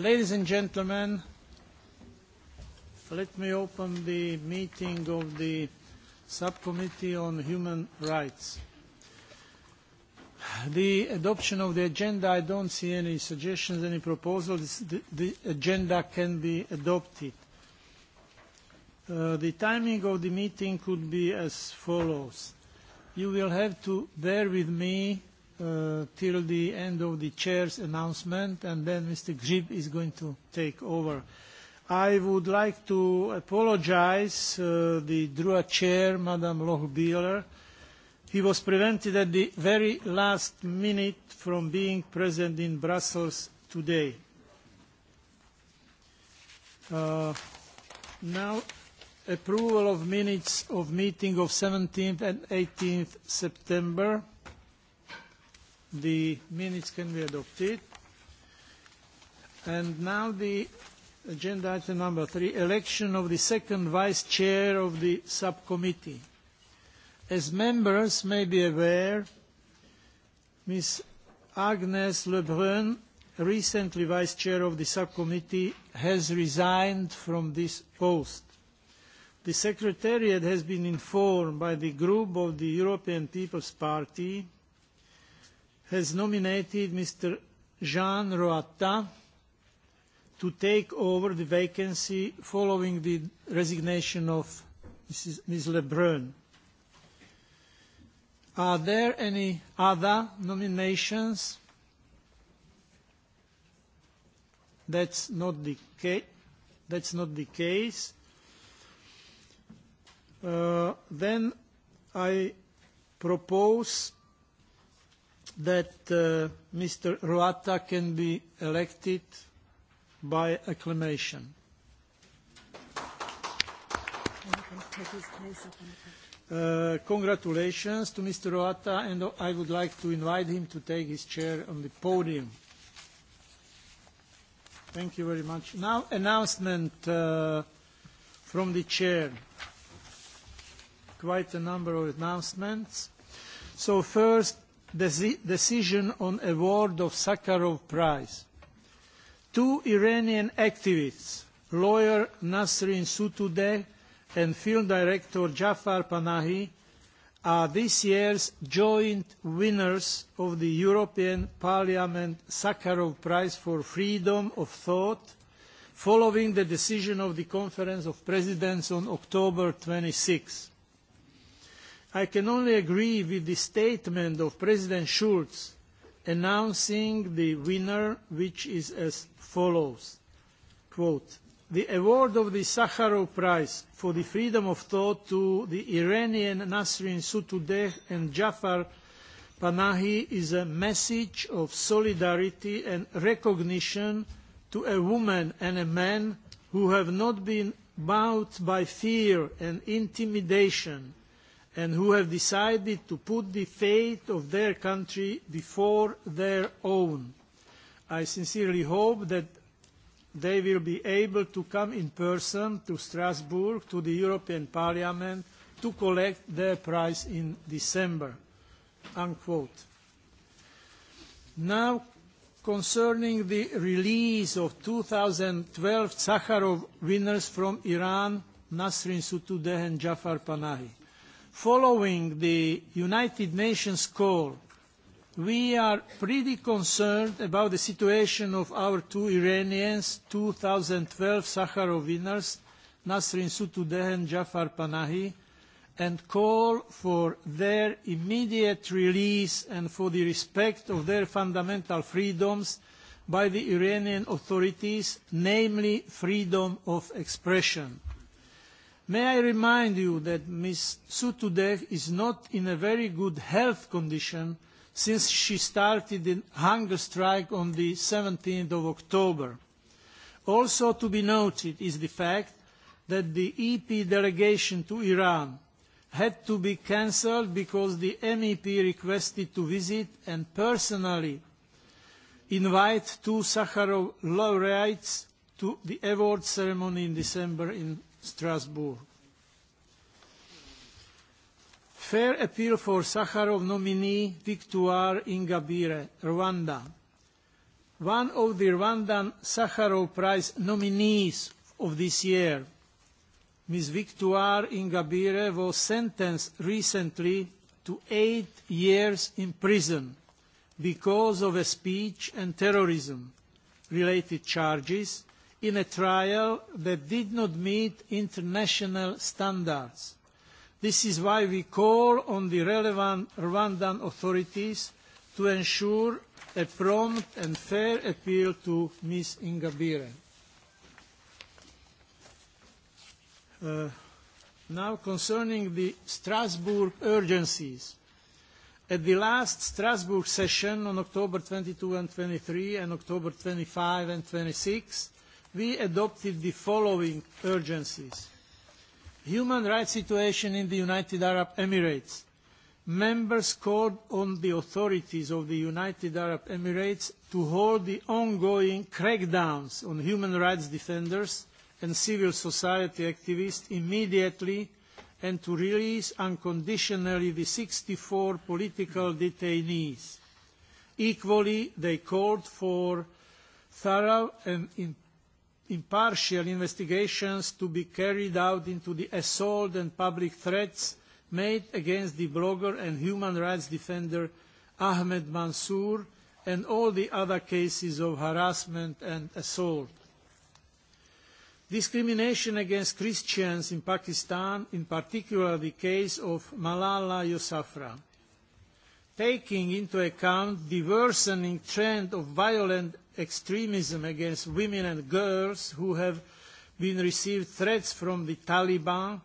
Ladies and gentlemen, let me open the meeting of the Subcommittee on Human Rights. The adoption of the agenda, I don't see any suggestions, any proposals. The agenda can be adopted. The timing of the meeting could be as follows. You will have to bear with me till the end of the chair's announcement, and then Mr. Grzyb is going to take over. I would like to apologize the DRUA chair, Madam Lochbihler. He was prevented at the very last minute from being present in Brussels today. Now, approval of minutes of meeting of 17th and 18th September. The minutes can be adopted. And now the agenda item number three, election of the second vice chair of the subcommittee. As members may be aware, Ms. Agnes Lebrun, recently vice chair of the subcommittee, has resigned from this post. The Secretariat has been informed by the group of the European People's Party has nominated Mr. Jean Roatta to take over the vacancy following the resignation of Ms. Lebrun. Are there any other nominations? That's not the case. That's not the case. Then I propose that Mr. Roata can be elected by acclamation. Congratulations to Mr. Roata, and I would like to invite him to take his chair on the podium. Thank you very much. Now, announcement from the chair. Quite a number of announcements. So first, decision on award of Sakharov Prize. Two Iranian activists, lawyer Nasrin Sotoudeh and film director Jafar Panahi, are this year's joint winners of the European Parliament Sakharov Prize for Freedom of Thought, following the decision of the Conference of Presidents on October 26. I can only agree with the statement of President Schulz announcing the winner, which is as follows. The award of the Sakharov Prize for the freedom of thought to the Iranian Nasrin Sotoudeh and Jafar Panahi is a message of solidarity and recognition to a woman and a man who have not been bound by fear and intimidation and who have decided to put the fate of their country before their own. I sincerely hope that they will be able to come in person to Strasbourg, to the European Parliament, to collect their prize in December." Now, concerning the release of 2012 Sakharov winners from Iran, Nasrin Sotoudeh and Jafar Panahi. Following the United Nations call, we are pretty concerned about the situation of our two Iranians, 2012 Sakharov winners, Nasrin Sotoudeh and Jafar Panahi, and call for their immediate release and for the respect of their fundamental freedoms by the Iranian authorities, namely freedom of expression. May I remind you that Ms. Sutudeh is not in a very good health condition since she started the hunger strike on the 17th of October. Also to be noted is the fact that the EP delegation to Iran had to be cancelled because the MEP requested to visit and personally invite two Sakharov laureates to the award ceremony in December in Strasbourg. Fair appeal for Sakharov nominee Victoire Ingabire, Rwanda. One of the Rwandan Sakharov Prize nominees of this year, Ms. Victoire Ingabire was sentenced recently to eight years in prison because of a speech and terrorism-related charges in a trial that did not meet international standards. This is why we call on the relevant Rwandan authorities to ensure a prompt and fair appeal to Ms. Ingabire. Now concerning the Strasbourg urgencies. At the last Strasbourg session on October 22 and 23 and October 25 and 26, we adopted the following urgencies. Human rights situation in the United Arab Emirates. Members called on the authorities of the United Arab Emirates to hold the ongoing crackdowns on human rights defenders and civil society activists immediately and to release unconditionally the 64 political detainees. Equally, they called for thorough and impartial investigations to be carried out into the assault and public threats made against the blogger and human rights defender Ahmed Mansour and all the other cases of harassment and assault. Discrimination against Christians in Pakistan, in particular the case of Malala Yousafzai. Taking into account the worsening trend of violent extremism against women and girls who have been received threats from the Taliban,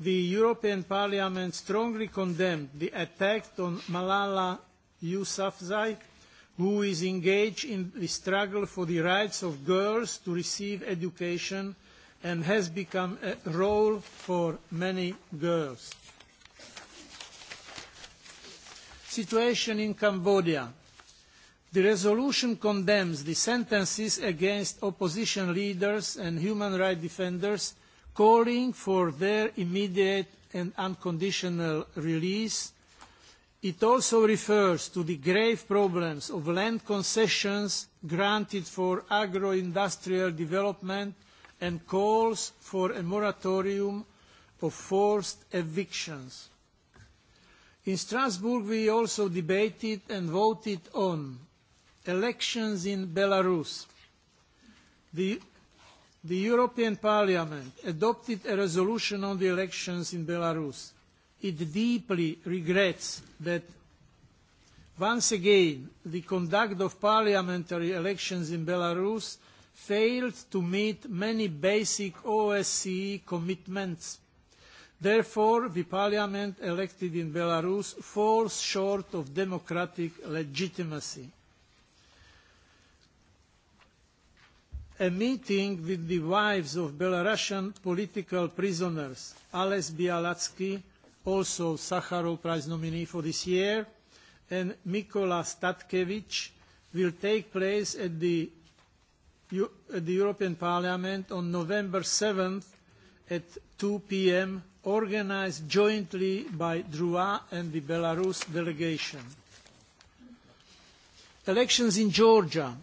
the European Parliament strongly condemned the attack on Malala Yousafzai, who is engaged in the struggle for the rights of girls to receive education and has become a role for many girls. Situation in Cambodia The resolution condemns the sentences against opposition leaders and human rights defenders, calling for their immediate and unconditional release. It also refers to the grave problems of land concessions granted for agro-industrial development and calls for a moratorium of forced evictions. In Strasbourg we also debated and voted on elections in Belarus. The European Parliament adopted a resolution on the elections in Belarus. It deeply regrets that once again the conduct of parliamentary elections in Belarus failed to meet many basic OSCE commitments. Therefore, the parliament elected in Belarus falls short of democratic legitimacy. a meeting with the wives of Belarusian political prisoners, Ales Bialatsky, also Sakharov Prize nominee for this year, and Mikola Statkevich, will take place at the European Parliament on November 7 at 2 p.m., organised jointly by DRUA and the Belarus delegation. Elections in Georgia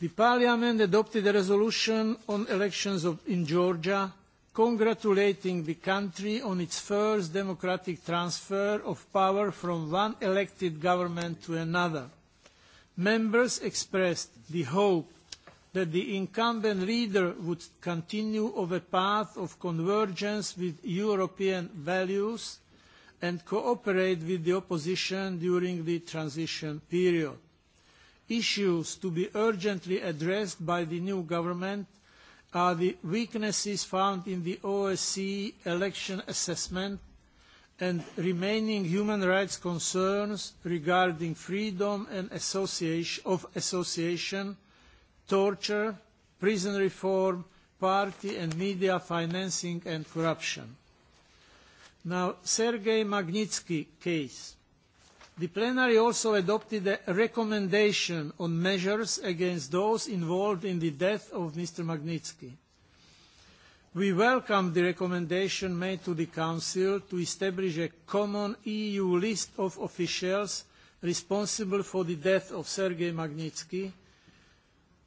The Parliament adopted a resolution on elections in Georgia, congratulating the country on its first democratic transfer of power from one elected government to another. Members expressed the hope that the incumbent leader would continue on a path of convergence with European values and cooperate with the opposition during the transition period issues to be urgently addressed by the new government are the weaknesses found in the OSCE election assessment and remaining human rights concerns regarding freedom of association, torture, prison reform, party and media financing and corruption. Now, Sergei Magnitsky case. The plenary also adopted a recommendation on measures against those involved in the death of Mr. Magnitsky. We welcome the recommendation made to the Council to establish a common EU list of officials responsible for the death of Sergei Magnitsky,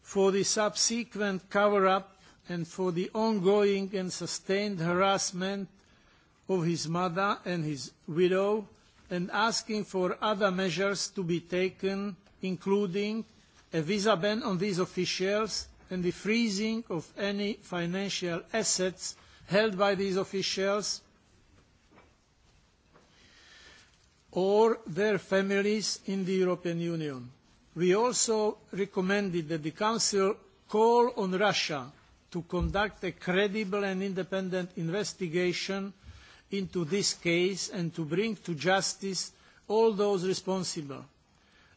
for the subsequent cover-up and for the ongoing and sustained harassment of his mother and his widow, and asking for other measures to be taken, including a visa ban on these officials and the freezing of any financial assets held by these officials or their families in the European Union. We also recommended that the Council call on Russia to conduct a credible and independent investigation into this case and to bring to justice all those responsible.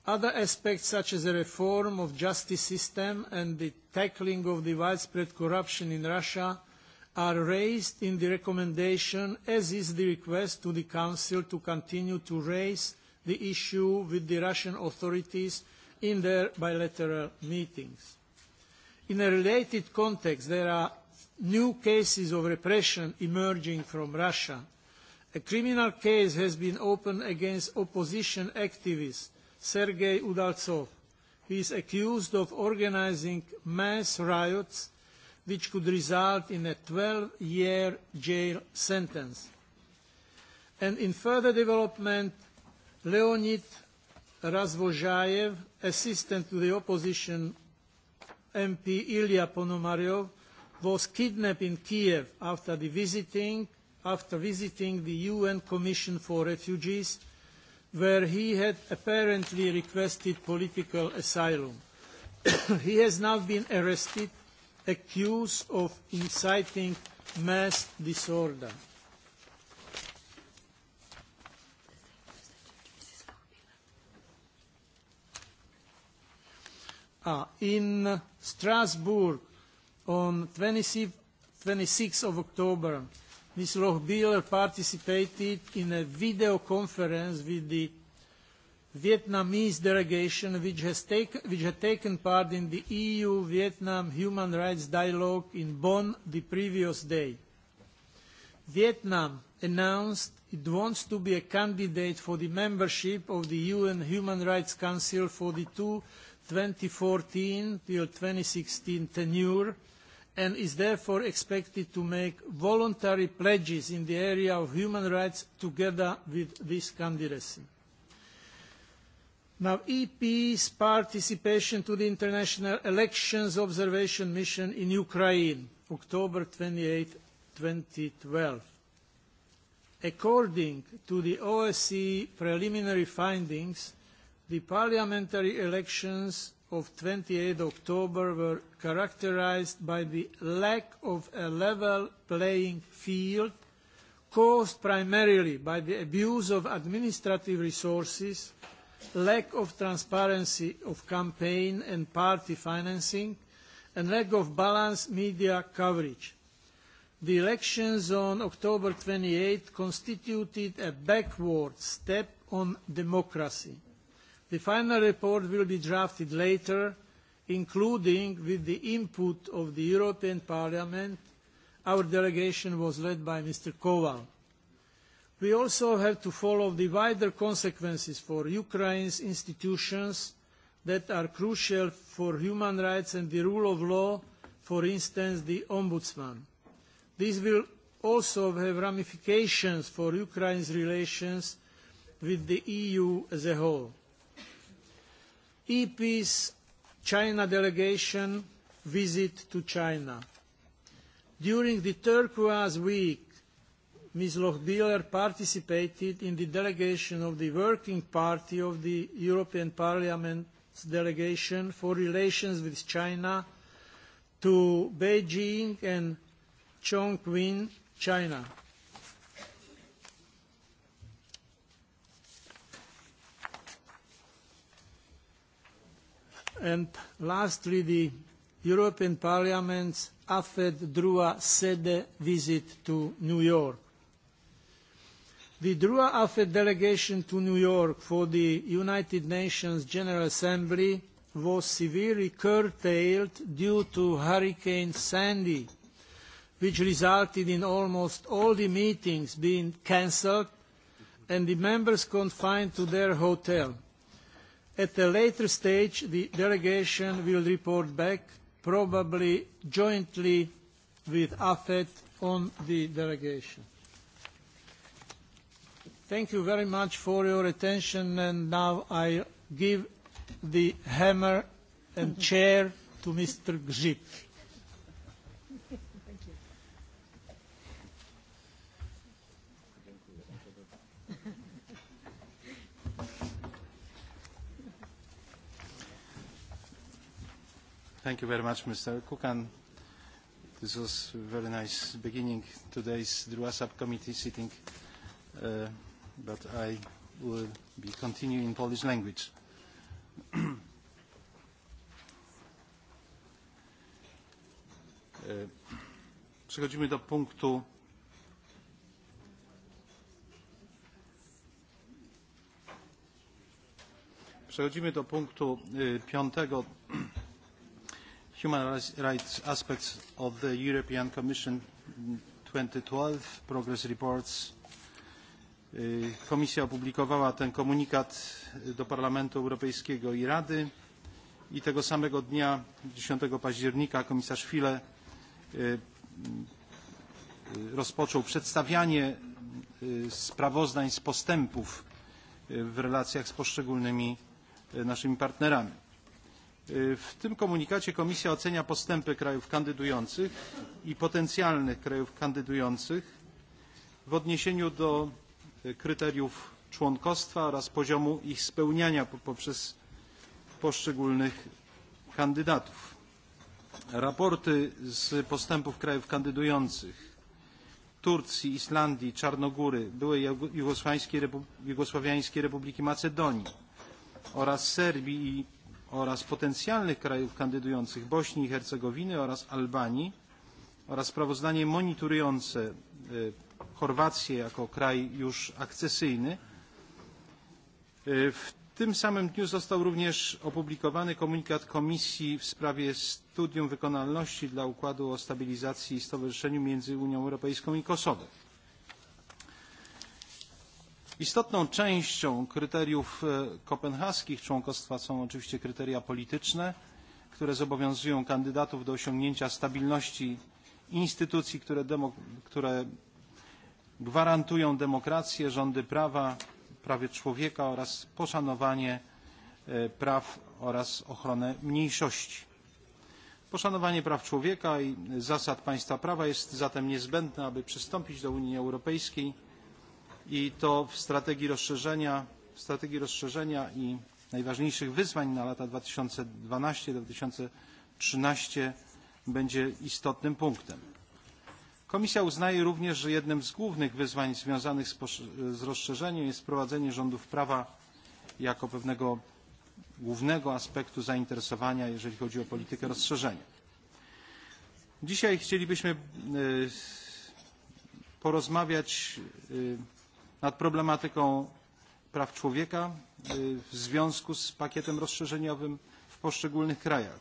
Other aspects such as the reform of the justice system and the tackling of the widespread corruption in Russia are raised in the recommendation, as is the request to the Council to continue to raise the issue with the Russian authorities in their bilateral meetings. In a related context, there are new cases of repression emerging from Russia. A criminal case has been opened against opposition activist Sergei Udaltsov. who is accused of organising mass riots which could result in a 12-year jail sentence. And in further development, Leonid Razvozhayev, assistant to the opposition MP Ilya Ponomaryov, was kidnapped in Kiev after visiting the UN Commission for Refugees, where he had apparently requested political asylum. He has now been arrested, accused of inciting mass disorder. In Strasbourg, On 26 of October, Ms. Rohbihler participated in a video conference with the Vietnamese delegation which had taken part in the EU-Vietnam Human Rights Dialogue in Bonn the previous day. Vietnam announced it wants to be a candidate for the membership of the UN Human Rights Council for the 2014-2016 tenure and is therefore expected to make voluntary pledges in the area of human rights together with this candidacy. Now, EP's participation to the International Elections Observation Mission in Ukraine, October 28, 2012. According to the OSCE preliminary findings, the parliamentary elections of 28 October were characterized by the lack of a level playing field caused primarily by the abuse of administrative resources, lack of transparency of campaign and party financing, and lack of balanced media coverage. The elections on October 28 constituted a backward step on democracy. The final report will be drafted later, including with the input of the European Parliament. Our delegation was led by Mr. Kowal. We also have to follow the wider consequences for Ukraine's institutions that are crucial for human rights and the rule of law, for instance, the Ombudsman. This will also have ramifications for Ukraine's relations with the EU as a whole. EP's China delegation visit to China. During the Turquoise Week, Ms. Lochbihler participated in the delegation of the Working Party of the European Parliament's delegation for relations with China to Beijing and Chongqing, China. And lastly, the European Parliament's AFED DRUA SEDE visit to New York. The DRUA AFED delegation to New York for the United Nations General Assembly was severely curtailed due to Hurricane Sandy, which resulted in almost all the meetings being cancelled and the members confined to their hotel. At a later stage, the delegation will report back, probably jointly with AFET, on the delegation. Thank you very much for your attention, and now I give the hammer and chair to Mr. Grzyb. Thank you very much, Mr. Kukan. This was a very nice beginning today's DRUA subcommittee sitting, but I will be continuing in Polish language. Przechodzimy do punktu Przechodzimy do punktu piątego human rights aspects of the European Commission 2012 Progress Reports. Komisja opublikowała ten komunikat do Parlamentu Europejskiego i Rady i tego samego dnia 10 października komisarz File rozpoczął przedstawianie sprawozdań z postępów w relacjach z poszczególnymi naszymi partnerami. W tym komunikacie Komisja ocenia postępy krajów kandydujących i potencjalnych krajów kandydujących w odniesieniu do kryteriów członkostwa oraz poziomu ich spełniania poprzez poszczególnych kandydatów. Raporty z postępów krajów kandydujących Turcji, Islandii, Czarnogóry, byłej Jugosławiańskiej Republiki Macedonii oraz Serbii i oraz potencjalnych krajów kandydujących Bośni i Hercegowiny oraz Albanii oraz sprawozdanie monitorujące Chorwację jako kraj już akcesyjny. W tym samym dniu został również opublikowany komunikat Komisji w sprawie studium wykonalności dla układu o stabilizacji i stowarzyszeniu między Unią Europejską i Kosowem. Istotną częścią kryteriów kopenhaskich członkostwa są oczywiście kryteria polityczne, które zobowiązują kandydatów do osiągnięcia stabilności instytucji, które gwarantują demokrację, rządy prawa, prawie człowieka oraz poszanowanie praw oraz ochronę mniejszości. Poszanowanie praw człowieka i zasad państwa prawa jest zatem niezbędne, aby przystąpić do Unii Europejskiej i to w strategii rozszerzenia, strategii rozszerzenia i najważniejszych wyzwań na lata 2012-2013 będzie istotnym punktem. Komisja uznaje również, że jednym z głównych wyzwań związanych z rozszerzeniem jest wprowadzenie rządów prawa jako pewnego głównego aspektu zainteresowania, jeżeli chodzi o politykę rozszerzenia. Dzisiaj chcielibyśmy porozmawiać nad problematyką praw człowieka w związku z pakietem rozszerzeniowym w poszczególnych krajach.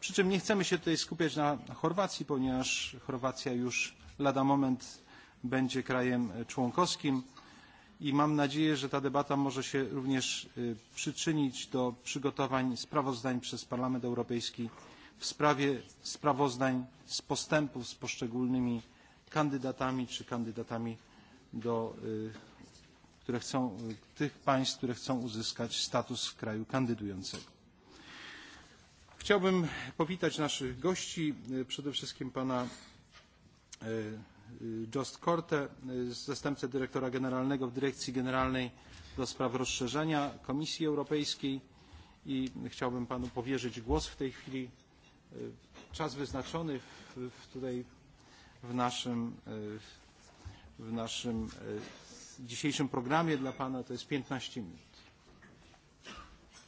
Przy czym nie chcemy się tutaj skupiać na Chorwacji, ponieważ Chorwacja już lada moment będzie krajem członkowskim i mam nadzieję, że ta debata może się również przyczynić do przygotowań sprawozdań przez Parlament Europejski w sprawie sprawozdań z postępów z poszczególnymi kandydatami czy kandydatami do które chcą, tych państw, które chcą uzyskać status kraju kandydującego. Chciałbym powitać naszych gości, przede wszystkim pana Just Korte, zastępcę dyrektora generalnego w Dyrekcji Generalnej do spraw rozszerzenia Komisji Europejskiej i chciałbym panu powierzyć głos w tej chwili. Czas wyznaczony tutaj w naszym w naszym dzisiejszym programie dla Pana to jest 15 minut.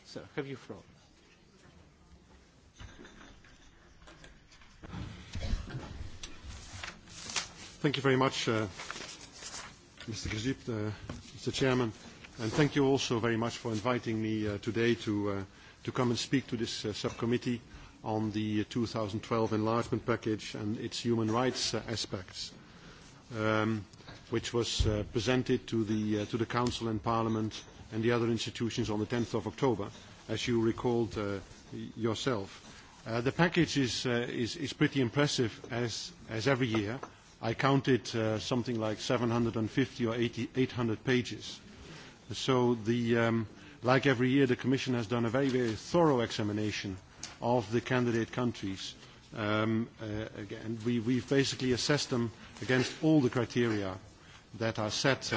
Sir, have you floor. Thank you very much, Mr. Grzyb, Mr. Chairman, and thank you also very much for inviting me today to to come and speak to this subcommittee on the 2012 enlargement package and its human rights aspects. Um, which was presented to the Council and Parliament and the other institutions on the 10th of October, as you recalled yourself. The package is pretty impressive, as every year. I counted something like 750 or 800 pages. So, like every year, the Commission has done a very, very thorough examination of the candidate countries. Again, we've basically assessed them against all the criteria that are set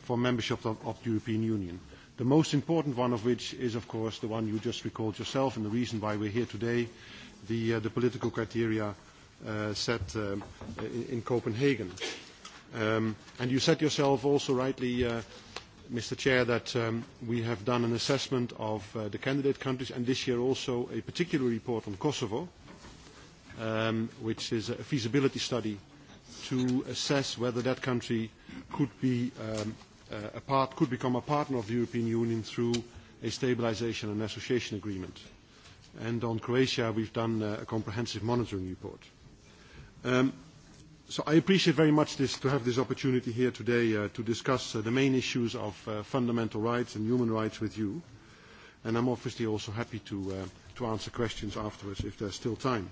for membership of the European Union. The most important one of which is, of course, the one you just recalled yourself and the reason why we're here today, the political criteria set in Copenhagen. And you said yourself also rightly, Mr. Chair, that we have done an assessment of the candidate countries and this year also a particular report on Kosovo, which is a feasibility study to assess whether that country could be a part could become a partner of the European Union through a stabilisation and association agreement. And on Croatia we've done a comprehensive monitoring report. So I appreciate very much this to have this opportunity here today to discuss the main issues of fundamental rights and human rights with you. And I'm obviously also happy to answer questions afterwards if there's still time.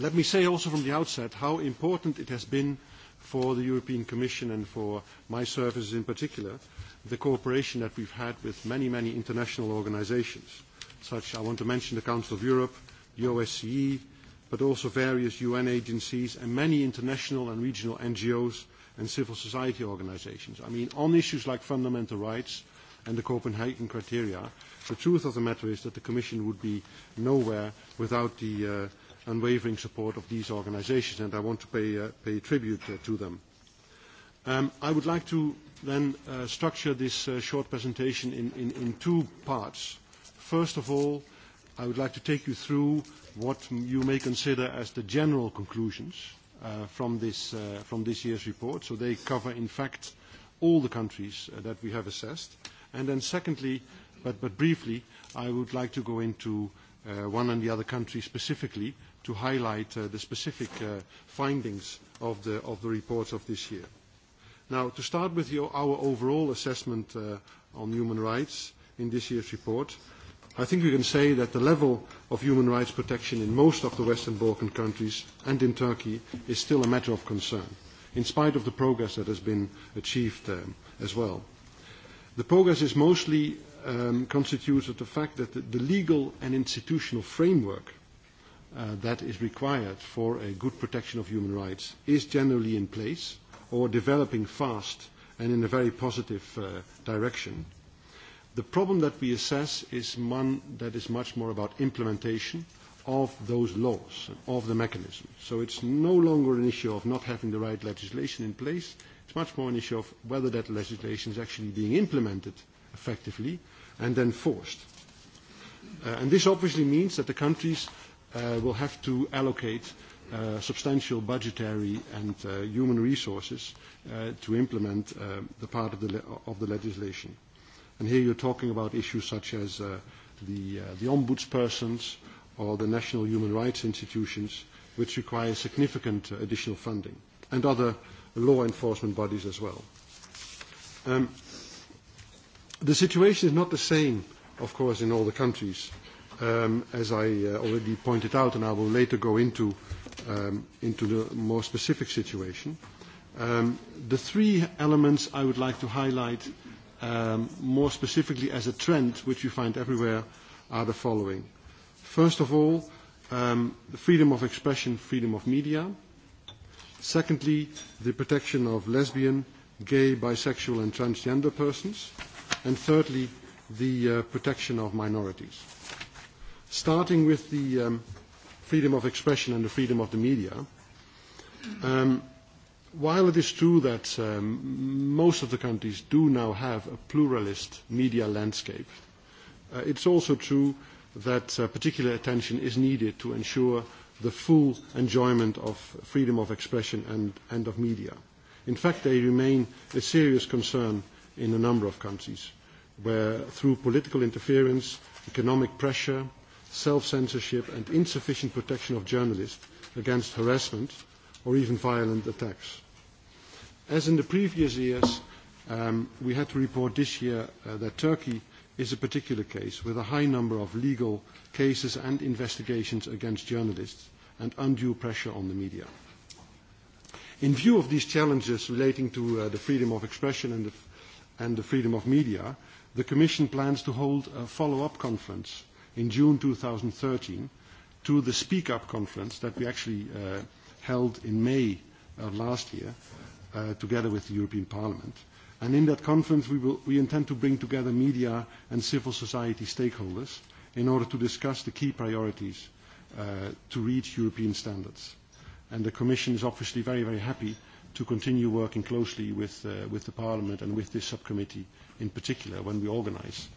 Let me say also from the outset how important it has been for the European Commission and for my services in particular, the cooperation that we've had with many, many international organisations, such I want to mention the Council of Europe, the OSCE, but also various UN agencies and many international and regional NGOs and civil society organisations. I mean, on issues like fundamental rights and the Copenhagen criteria, the truth of the matter is that the Commission would be nowhere without the unwavering support of these organisations, and I want to pay tribute to them. I would like to then structure this short presentation in two parts. First of all, I would like to take you through what you may consider as the general conclusions from this year's report. So they cover, in fact, all the countries that we have assessed. And then secondly, but briefly, I would like to go into one and the other country specifically to highlight the specific findings of the reports of this year. Now, to start with our overall assessment on human rights in this year's report, I think we can say that the level of human rights protection in most of the Western Balkan countries and in Turkey is still a matter of concern, in spite of the progress that has been achieved as well. The progress is mostly constituted of the fact that the legal and institutional framework that is required for a good protection of human rights is generally in place or developing fast and in a very positive direction. The problem that we assess is one that is much more about implementation of those laws, of the mechanism. So it's no longer an issue of not having the right legislation in place. It's much more an issue of whether that legislation is actually being implemented effectively and then forced. And this obviously means that the countries will have to allocate substantial budgetary and human resources to implement the part of the legislation. And here you're talking about issues such as the ombudspersons or the national human rights institutions, which require significant additional funding, and other law enforcement bodies as well. The situation is not the same, of course, in all the countries as I already pointed out, and I will later go into the more specific situation. The three elements I would like to highlight more specifically as a trend, which you find everywhere, are the following. First of all, freedom of expression, freedom of media. Secondly, the protection of lesbian, gay, bisexual and transgender persons. And thirdly, the protection of minorities. Starting with the freedom of expression and the freedom of the media, while it is true that most of the countries do now have a pluralist media landscape, it's also true that particular attention is needed to ensure the full enjoyment of freedom of expression and of media. In fact, they remain a serious concern in a number of countries, where through political interference, economic pressure, self-censorship and insufficient protection of journalists against harassment or even violent attacks. As in the previous years, we had to report this year that Turkey is a particular case with a high number of legal cases and investigations against journalists and undue pressure on the media. In view of these challenges relating to the freedom of expression and the freedom of media, the Commission plans to hold a follow-up conference in June 2013 to the Speak Up conference that we actually held in May of last year together with the European Parliament. And in that conference, we intend to bring together media and civil society stakeholders in order to discuss the key priorities to reach European standards. And the Commission is obviously very, very happy to continue working closely with the Parliament and with this subcommittee in particular when we organise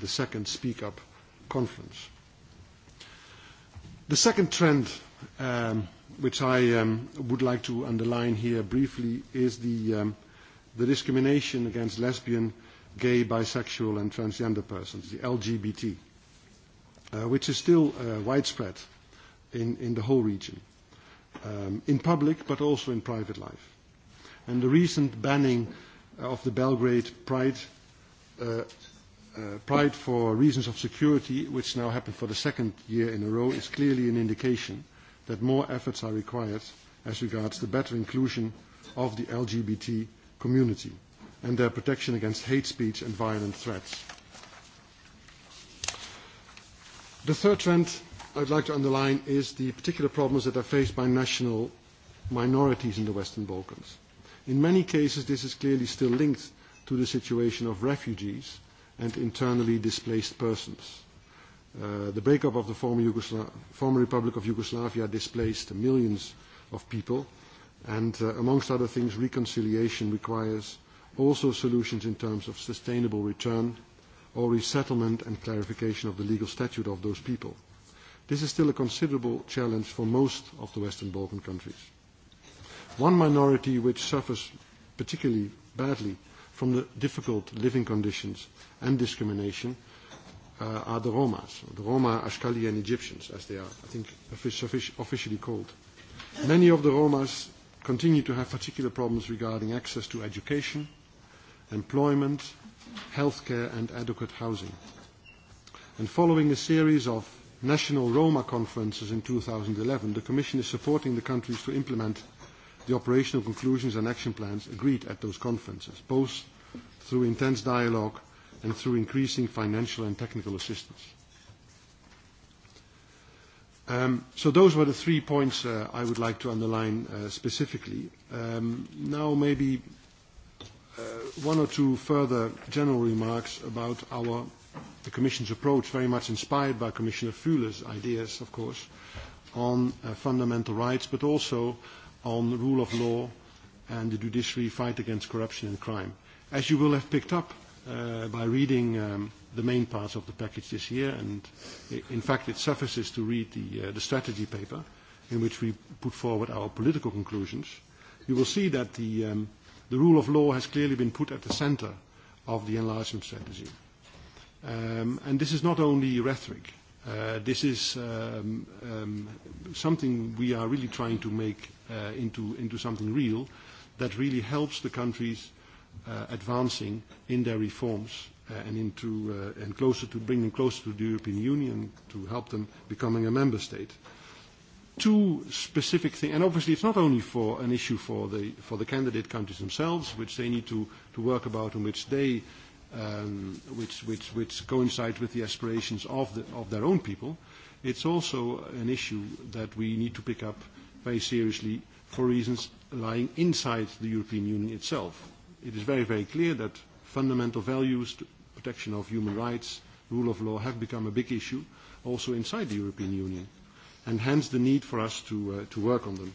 the second Speak Up conference. The second trend which I would like to underline here briefly is the discrimination against lesbian, gay, bisexual and transgender persons, the LGBT, which is still widespread in the whole region, in public but also in private life. And the recent banning of the Belgrade Pride pride for reasons of security, which now happened for the second year in a row, is clearly an indication that more efforts are required as regards the better inclusion of the LGBT community and their protection against hate speech and violent threats. The third trend I would like to underline is the particular problems that are faced by national minorities in the Western Balkans. In many cases, this is clearly still linked to the situation of refugees and internally displaced persons. The breakup of the former Republic of Yugoslavia displaced millions of people, and amongst other things, reconciliation requires also solutions in terms of sustainable return or resettlement and clarification of the legal statute of those people. This is still a considerable challenge for most of the Western Balkan countries. One minority which suffers particularly badly from the difficult living conditions and discrimination are the Romas, the Roma Ashkalian Egyptians, as they are, I think, officially called. Many of the Romas continue to have particular problems regarding access to education, employment, care and adequate housing. And following a series of national Roma conferences in 2011, the Commission is supporting the countries to implement the operational conclusions and action plans agreed at those conferences, both through intense dialogue and through increasing financial and technical assistance. So those were the three points I would like to underline specifically. Now maybe one or two further general remarks about our the Commission's approach, very much inspired by Commissioner Fuller's ideas, of course, on fundamental rights, but also on the rule of law and the judiciary fight against corruption and crime. As you will have picked up by reading the main parts of the package this year, and in fact it suffices to read the strategy paper in which we put forward our political conclusions, you will see that the rule of law has clearly been put at the center of the enlargement strategy. And this is not only rhetoric. This is something we are really trying to make into something real that really helps the countries advancing in their reforms and into and closer to bring them closer to the European Union to help them becoming a member state. Two specific things, and obviously it's not only for an issue for the for the candidate countries themselves, which they need to to work about and which they which coincides with the aspirations of their own people, it's also an issue that we need to pick up very seriously for reasons lying inside the European Union itself. It is very, very clear that fundamental values, protection of human rights, rule of law have become a big issue also inside the European Union, and hence the need for us to work on them.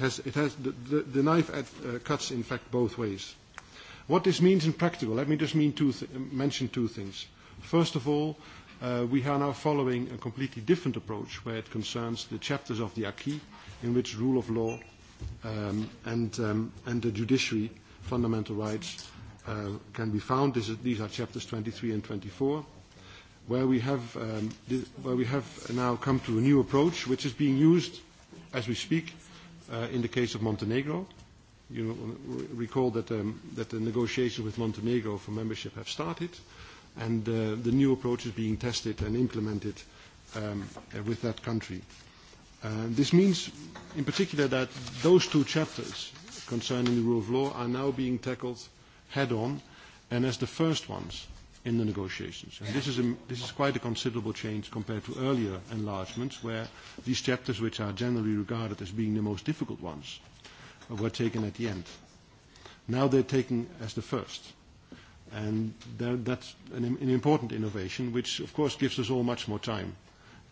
It has the knife cuts in fact both ways. What this means in practical, let me just mention two things. First of all, we are now following a completely different approach where it concerns the chapters of the acquis in which rule of law and the judiciary, fundamental rights, can be found. These are chapters 23 and 24, where we have now come to a new approach which is being used as we speak in the case of Montenegro You recall that the negotiations with Montenegro for membership have started, and the new approach is being tested and implemented with that country. This means, in particular, that those two chapters concerning the rule of law are now being tackled head-on and as the first ones in the negotiations. this is quite a considerable change compared to earlier enlargements, where these chapters, which are generally regarded as being the most difficult ones, were taken at the end. Now they're taken as the first. And that's an important innovation, which, of course, gives us all much more time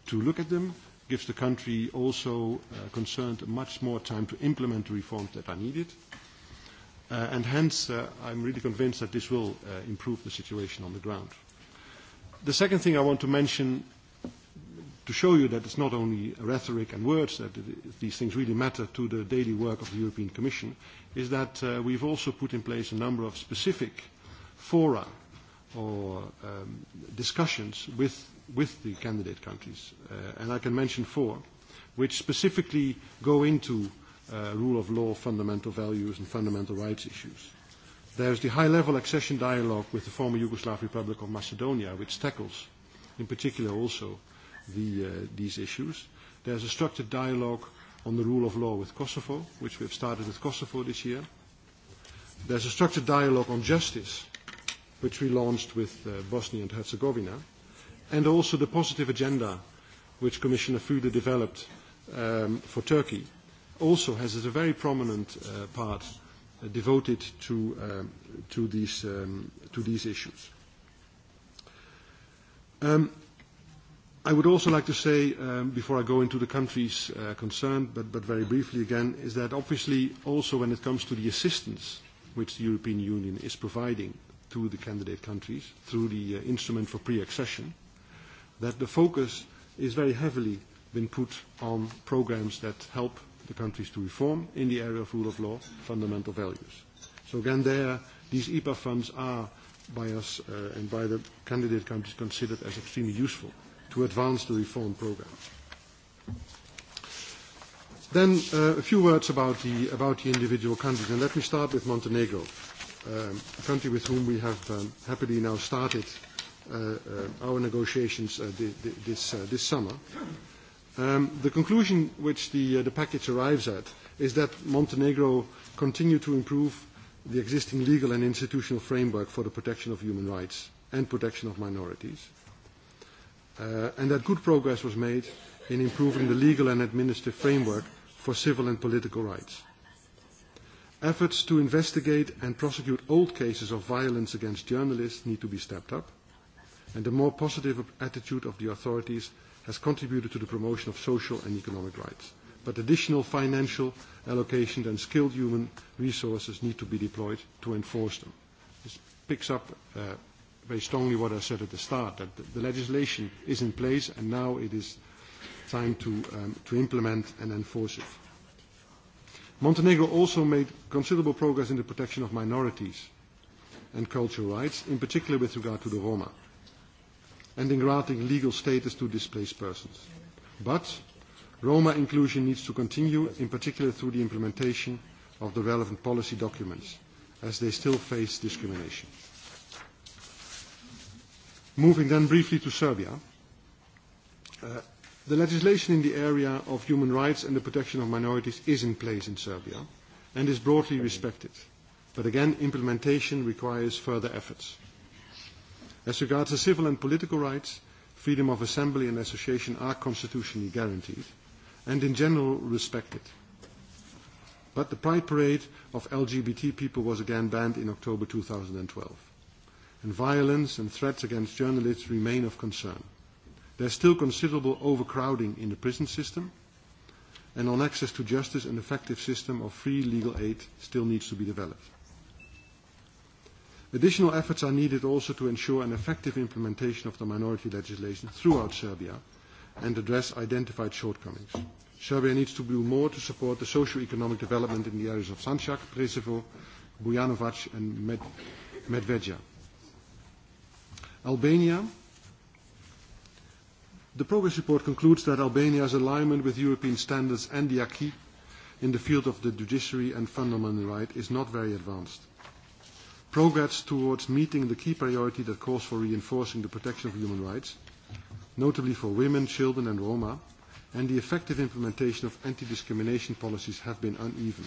to look at them, gives the country also concerned much more time to implement the reforms that are needed. And hence, I'm really convinced that this will improve the situation on the ground. The second thing I want to mention to show you that it's not only rhetoric and words that these things really matter to the daily work of the European Commission, is that we've also put in place a number of specific fora or discussions with the candidate countries. And I can mention four, which specifically go into rule of law, fundamental values, and fundamental rights issues. There's the high-level accession dialogue with the former Yugoslav Republic of Macedonia, which tackles, in particular also, these issues. There's a structured dialogue on the rule of law with Kosovo, which we have started with Kosovo this year. There's a structured dialogue on justice, which we launched with Bosnia and Herzegovina, and also the positive agenda, which Commissioner Fuda developed for Turkey, also has a very prominent part devoted to these issues. I would also like to say, before I go into the countries concerned, but very briefly again, is that obviously also when it comes to the assistance which the European Union is providing to the candidate countries through the instrument for pre-accession, that the focus is very heavily been put on programs that help the countries to reform in the area of rule of law, fundamental values. So again, there, these EPA funds are by us and by the candidate countries considered as extremely useful to advance the reform programme. Then a few words about the individual countries, and let me start with Montenegro, a country with whom we have happily now started our negotiations this summer. The conclusion which the package arrives at is that Montenegro continue to improve the existing legal and institutional framework for the protection of human rights and protection of minorities and that good progress was made in improving the legal and administrative framework for civil and political rights. Efforts to investigate and prosecute old cases of violence against journalists need to be stepped up, and the more positive attitude of the authorities has contributed to the promotion of social and economic rights. But additional financial allocation and skilled human resources need to be deployed to enforce them. This picks up very strongly what I said at the start, that the legislation is in place and now it is time to implement and enforce it. Montenegro also made considerable progress in the protection of minorities and cultural rights, in particular with regard to the Roma, and in granting legal status to displaced persons. But Roma inclusion needs to continue, in particular through the implementation of the relevant policy documents, as they still face discrimination. Moving then briefly to Serbia. The legislation in the area of human rights and the protection of minorities is in place in Serbia and is broadly respected. But again, implementation requires further efforts. As regards the civil and political rights, freedom of assembly and association are constitutionally guaranteed and in general respected. But the Pride Parade of LGBT people was again banned in October 2012 and violence and threats against journalists remain of concern. There is still considerable overcrowding in the prison system, and on access to justice an effective system of free legal aid still needs to be developed. Additional efforts are needed also to ensure an effective implementation of the minority legislation throughout Serbia and address identified shortcomings. Serbia needs to do more to support the socio-economic development in the areas of Sančak, Presevo, Bujanovac and Medvedja. Albania. The progress report concludes that Albania's alignment with European standards and the acquis in the field of the judiciary and fundamental right is not very advanced. Progress towards meeting the key priority that calls for reinforcing the protection of human rights, notably for women, children and Roma, and the effective implementation of anti-discrimination policies have been uneven.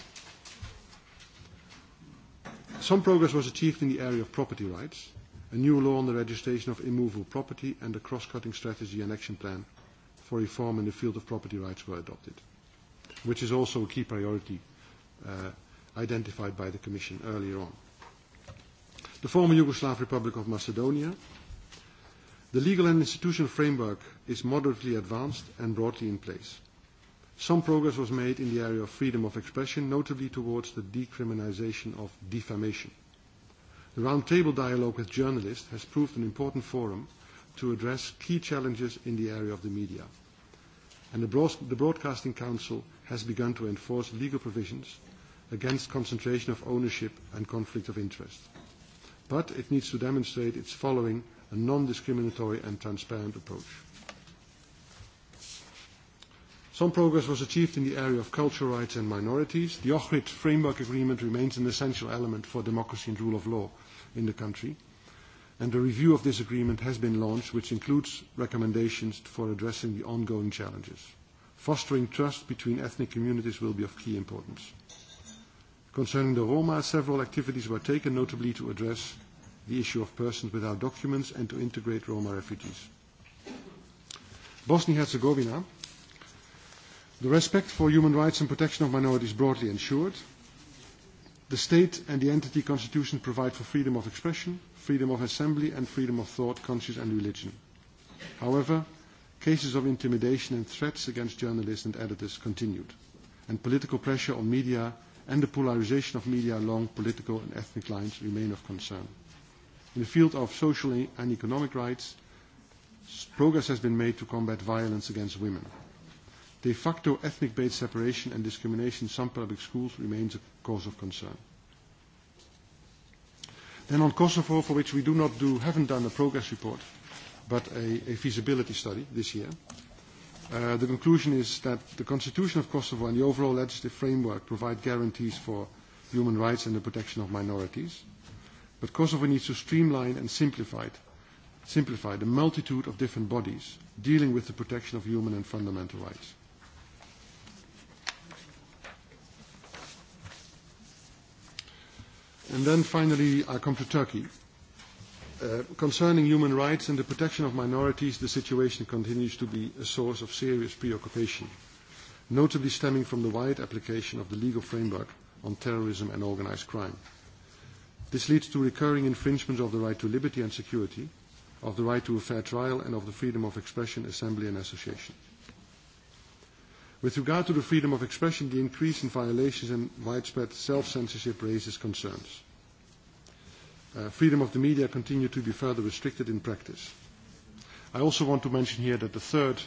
Some progress was achieved in the area of property rights, a new law on the registration of immovable property and a cross-cutting strategy and action plan for reform in the field of property rights were adopted, which is also a key priority identified by the Commission earlier on. The former Yugoslav Republic of Macedonia. The legal and institutional framework is moderately advanced and broadly in place. Some progress was made in the area of freedom of expression, notably towards the decriminalization of defamation. The roundtable dialogue with journalists has proved an important forum to address key challenges in the area of the media. And the Broadcasting Council has begun to enforce legal provisions against concentration of ownership and conflict of interest. But it needs to demonstrate its following a non-discriminatory and transparent approach. Some progress was achieved in the area of cultural rights and minorities. The Ohrid Framework Agreement remains an essential element for democracy and rule of law in the country, and a review of this agreement has been launched, which includes recommendations for addressing the ongoing challenges. Fostering trust between ethnic communities will be of key importance. Concerning the Roma, several activities were taken, notably to address the issue of persons without documents and to integrate Roma refugees. Bosnia-Herzegovina The respect for human rights and protection of minorities broadly ensured. The state and the entity constitution provide for freedom of expression, freedom of assembly and freedom of thought, conscience and religion. However, cases of intimidation and threats against journalists and editors continued, and political pressure on media and the polarisation of media along political and ethnic lines remain of concern. In the field of social and economic rights, progress has been made to combat violence against women. De facto ethnic-based separation and discrimination in some public schools remains a cause of concern. Then on Kosovo, for which we do not do, haven't done a progress report, but a feasibility study this year, the conclusion is that the Constitution of Kosovo and the overall legislative framework provide guarantees for human rights and the protection of minorities, but Kosovo needs to streamline and simplify simplify the multitude of different bodies dealing with the protection of human and fundamental rights. And then finally, I come to Turkey. Concerning human rights and the protection of minorities, the situation continues to be a source of serious preoccupation, notably stemming from the wide application of the legal framework on terrorism and organised crime. This leads to recurring infringements of the right to liberty and security, of the right to a fair trial, and of the freedom of expression, assembly, and association. With regard to the freedom of expression, the increase in violations and widespread self-censorship raises concerns. Freedom of the media continue to be further restricted in practice. I also want to mention here that the third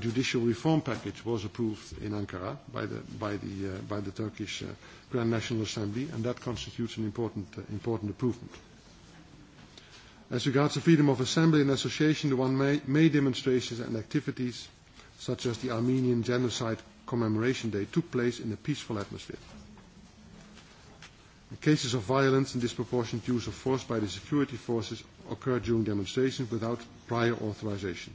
judicial reform package was approved in Ankara by the Turkish Grand National Assembly, and that constitutes an important improvement. As regards the freedom of assembly and association, the one May demonstrations and activities such as the Armenian Genocide Commemoration Day, took place in a peaceful atmosphere. Cases of violence and disproportionate use of force by the security forces occurred during demonstrations without prior authorization.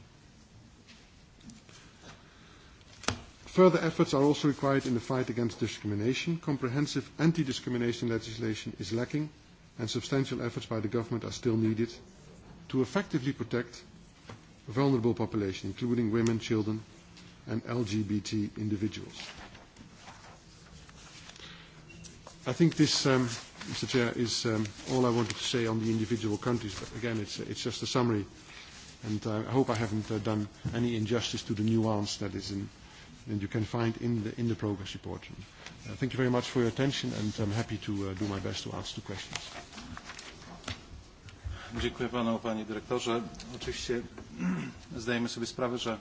Further efforts are also required in the fight against discrimination. Comprehensive anti-discrimination legislation is lacking, and substantial efforts by the government are still needed to effectively protect vulnerable populations, including women, children, and LGBT individuals. I think this, Mr. Chair, is all I wanted to say on the individual countries. But again, it's, it's just a summary, and I hope I haven't done any injustice to the nuance that is in, and you can find in the, in the progress report. thank you very much for your attention, and I'm happy to do my best to answer the questions. Dziękuję panu, panie dyrektorze. Oczywiście zdajemy sobie sprawę, że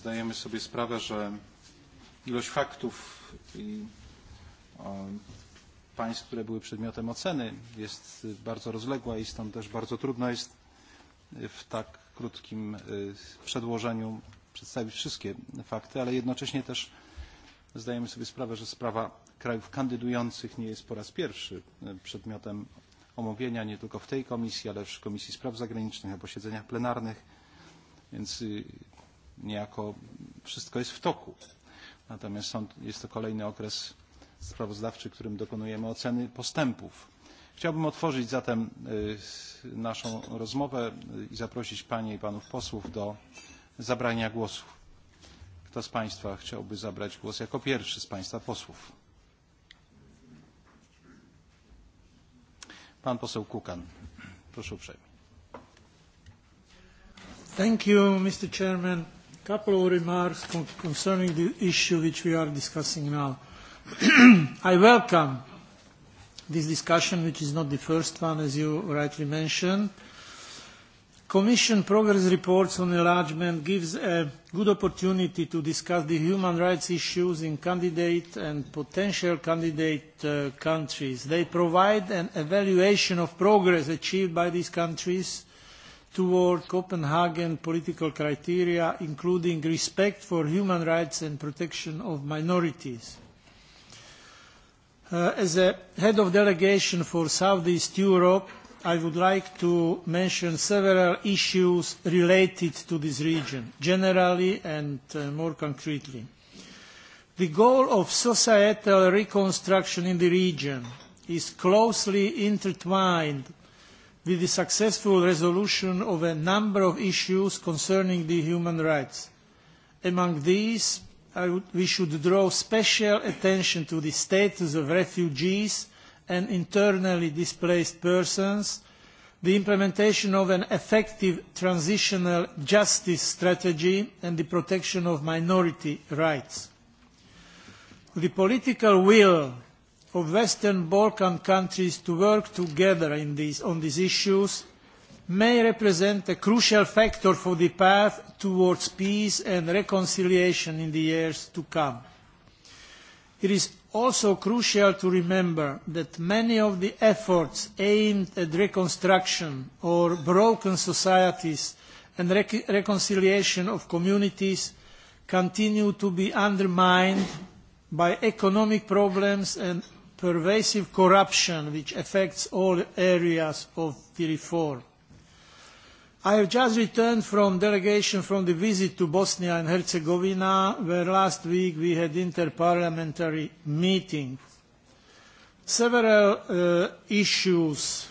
zdajemy sobie sprawę, że ilość faktów i państw, które były przedmiotem oceny jest bardzo rozległa i stąd też bardzo trudno jest w tak krótkim przedłożeniu przedstawić wszystkie fakty, ale jednocześnie też zdajemy sobie sprawę, że sprawa krajów kandydujących nie jest po raz pierwszy przedmiotem omówienia nie tylko w tej komisji, ale w Komisji Spraw Zagranicznych, na posiedzeniach plenarnych, więc niejako wszystko jest w toku. Natomiast jest to kolejny okres sprawozdawczy, którym dokonujemy oceny postępów. Chciałbym otworzyć zatem naszą rozmowę i zaprosić Panie i Panów posłów do zabrania głosu. Kto z Państwa chciałby zabrać głos jako pierwszy z Państwa posłów? Pan poseł Kukan. Proszę uprzejmie. Thank Mr. Chairman couple of remarks concerning the issue which we are discussing now. I welcome this discussion, which is not the first one, as you rightly mentioned. Commission progress reports on enlargement gives a good opportunity to discuss the human rights issues in candidate and potential candidate countries. They provide an evaluation of progress achieved by these countries toward Copenhagen political criteria, including respect for human rights and protection of minorities. As a head of delegation for Southeast Europe, I would like to mention several issues related to this region, generally and more concretely. The goal of societal reconstruction in the region is closely intertwined with the successful resolution of a number of issues concerning the human rights. Among these, we should draw special attention to the status of refugees and internally displaced persons, the implementation of an effective transitional justice strategy and the protection of minority rights. The political will of Western Balkan countries to work together on these issues may represent a crucial factor for the path towards peace and reconciliation in the years to come. It is also crucial to remember that many of the efforts aimed at reconstruction or broken societies and reconciliation of communities continue to be undermined by economic problems and pervasive corruption which affects all areas of the reform. I have just returned from delegation from the visit to Bosnia and Herzegovina, where last week we had interparliamentary meeting. Several issues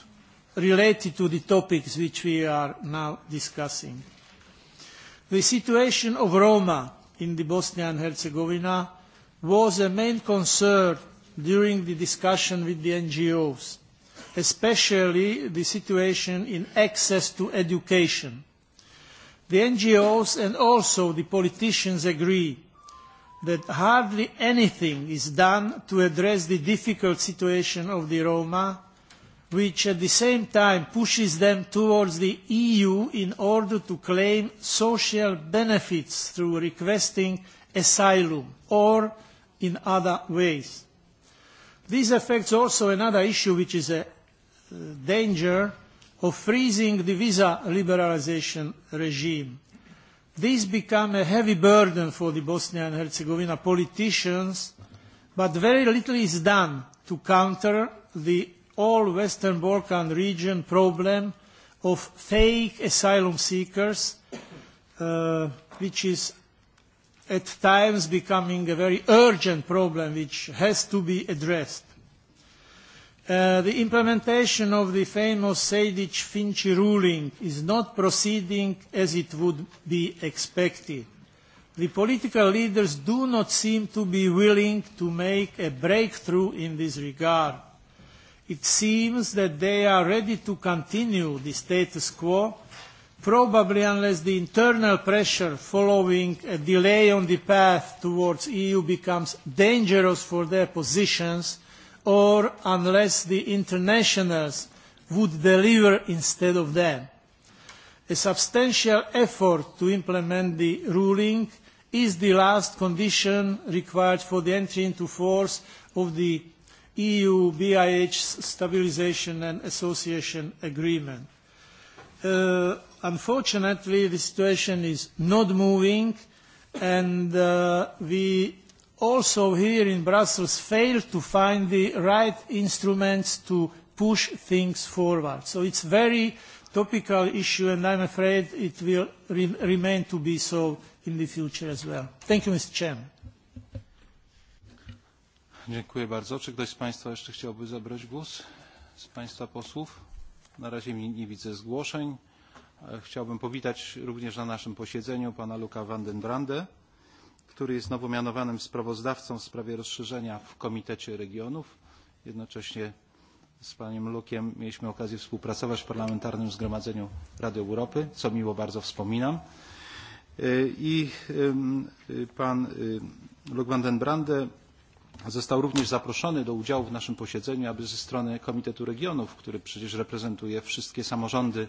related to the topics which we are now discussing. The situation of Roma in Bosnia and Herzegovina was a main concern during the discussion with the NGOs, especially the situation in access to education. The NGOs and also the politicians agree that hardly anything is done to address the difficult situation of the Roma, which at the same time pushes them towards the EU in order to claim social benefits through requesting asylum or in other ways. This affects also another issue which is a danger of freezing the visa liberalization regime. This becomes a heavy burden for the Bosnia and Herzegovina politicians, but very little is done to counter the all Western Balkan region problem of fake asylum seekers, which is at times becoming a very urgent problem which has to be addressed. The implementation of the famous Sejdic-Finci ruling is not proceeding as it would be expected. The political leaders do not seem to be willing to make a breakthrough in this regard. It seems that they are ready to continue the status quo probably unless the internal pressure following a delay on the path towards EU becomes dangerous for their positions or unless the internationals would deliver instead of them. A substantial effort to implement the ruling is the last condition required for the entry into force of the EU BIH Stabilisation and Association Agreement. Unfortunately, the situation is not moving, and we also here in Brussels fail to find the right instruments to push things forward. So it's a very topical issue, and I'm afraid it will remain to be so in the future as well. Thank you, Mr. Chairman. Dziękuję bardzo. Czy ktoś z Państwa jeszcze chciałby zabrać głos? Z Państwa posłów? Na razie nie widzę zgłoszeń. Chciałbym powitać również na naszym posiedzeniu pana Luka Vandenbrande, który jest nowo mianowanym sprawozdawcą w sprawie rozszerzenia w Komitecie Regionów. Jednocześnie z panem Lukiem mieliśmy okazję współpracować w Parlamentarnym Zgromadzeniu Rady Europy, co miło bardzo wspominam. I pan Luk van Brande został również zaproszony do udziału w naszym posiedzeniu, aby ze strony Komitetu Regionów, który przecież reprezentuje wszystkie samorządy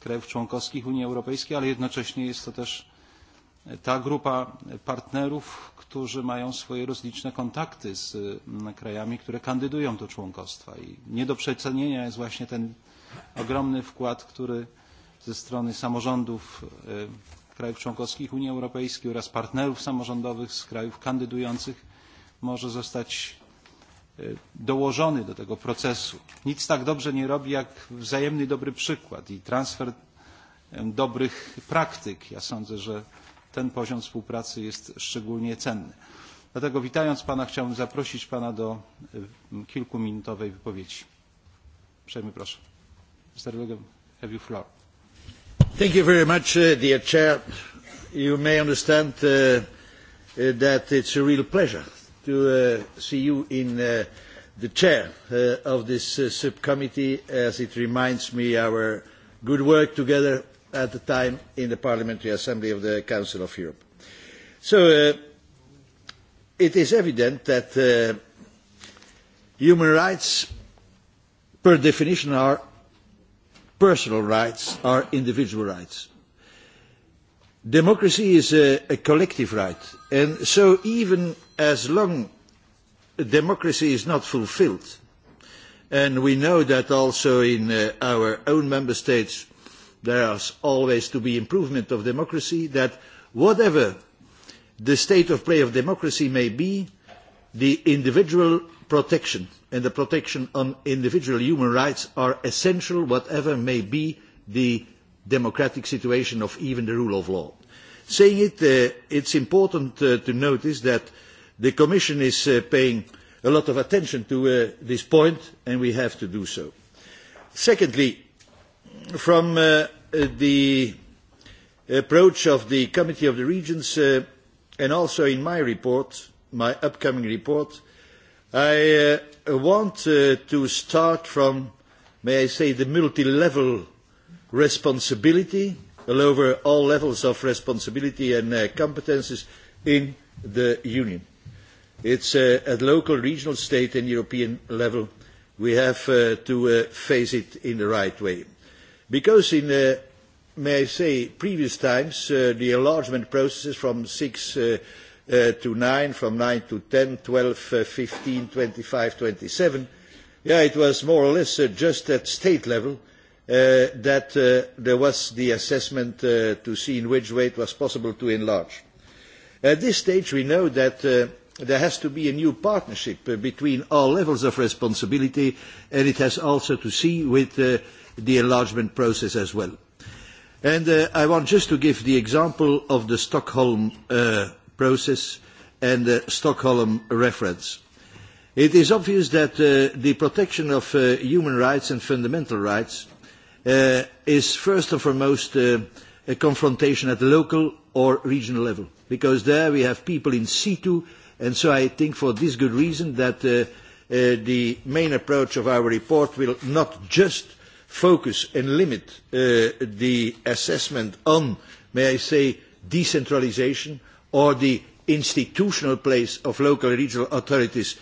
krajów członkowskich Unii Europejskiej, ale jednocześnie jest to też ta grupa partnerów, którzy mają swoje rozliczne kontakty z krajami, które kandydują do członkostwa. I nie do przecenienia jest właśnie ten ogromny wkład, który ze strony samorządów krajów członkowskich Unii Europejskiej oraz partnerów samorządowych z krajów kandydujących może zostać dołożony do tego procesu. Nic tak dobrze nie robi jak wzajemny dobry przykład i transfer dobrych praktyk. Ja sądzę, że ten poziom współpracy jest szczególnie cenny. Dlatego witając Pana chciałbym zaprosić Pana do kilkuminutowej wypowiedzi. Uprzejmie proszę. Mr. have floor. Thank you very much, dear Chair. You may understand that it's a real pleasure to see you in the chair of this subcommittee as it reminds me our good work together at the time in the Parliamentary Assembly of the Council of Europe. So it is evident that human rights per definition are personal rights, are individual rights. Democracy is a collective right and so even as long democracy is not fulfilled, and we know that also in our own member states there is always to be improvement of democracy, that whatever the state of play of democracy may be, the individual protection and the protection on individual human rights are essential, whatever may be the democratic situation of even the rule of law. Saying it, it's important to notice that the commission is paying a lot of attention to this point and we have to do so. secondly from the approach of the committee of the regions and also in my report my upcoming report i want to start from may i say the multi level responsibility all over all levels of responsibility and competences in the union. It's at local, regional, state and European level we have to face it in the right way. Because in, may I say, previous times, the enlargement processes from 6 to 9, from 9 to 10, 12, 15, 25, 27, yeah, it was more or less just at state level that there was the assessment to see in which way it was possible to enlarge. At this stage, we know that there has to be a new partnership between all levels of responsibility and it has also to see with the enlargement process as well. And I want just to give the example of the Stockholm process and the Stockholm reference. It is obvious that the protection of human rights and fundamental rights is first and foremost a confrontation at the local or regional level because there we have people in situ And so I think for this good reason that the main approach of our report will not just focus and limit the assessment on, may I say, decentralisation or the institutional place of local regional authorities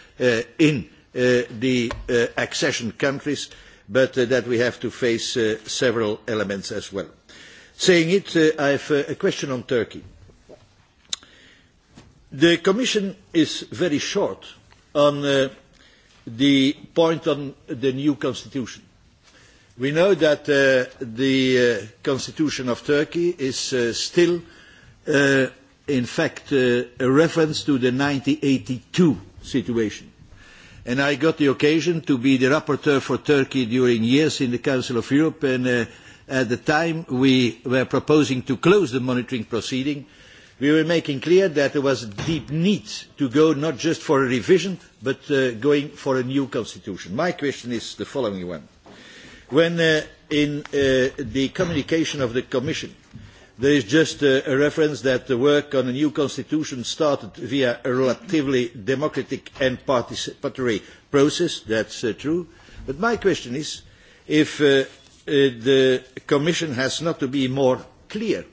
in the accession countries, but that we have to face several elements as well. Saying it, I have a question on Turkey The Commission is very short on the point on the new constitution. We know that the constitution of Turkey is still, in fact, a reference to the 1982 situation. And I got the occasion to be the rapporteur for Turkey during years in the Council of Europe, and at the time we were proposing to close the monitoring proceeding We were making clear that there was a deep need to go not just for a revision, but going for a new constitution. My question is the following one. When in the communication of the Commission, there is just a reference that the work on a new constitution started via a relatively democratic and participatory process, that's true. But my question is if the Commission has not to be more clear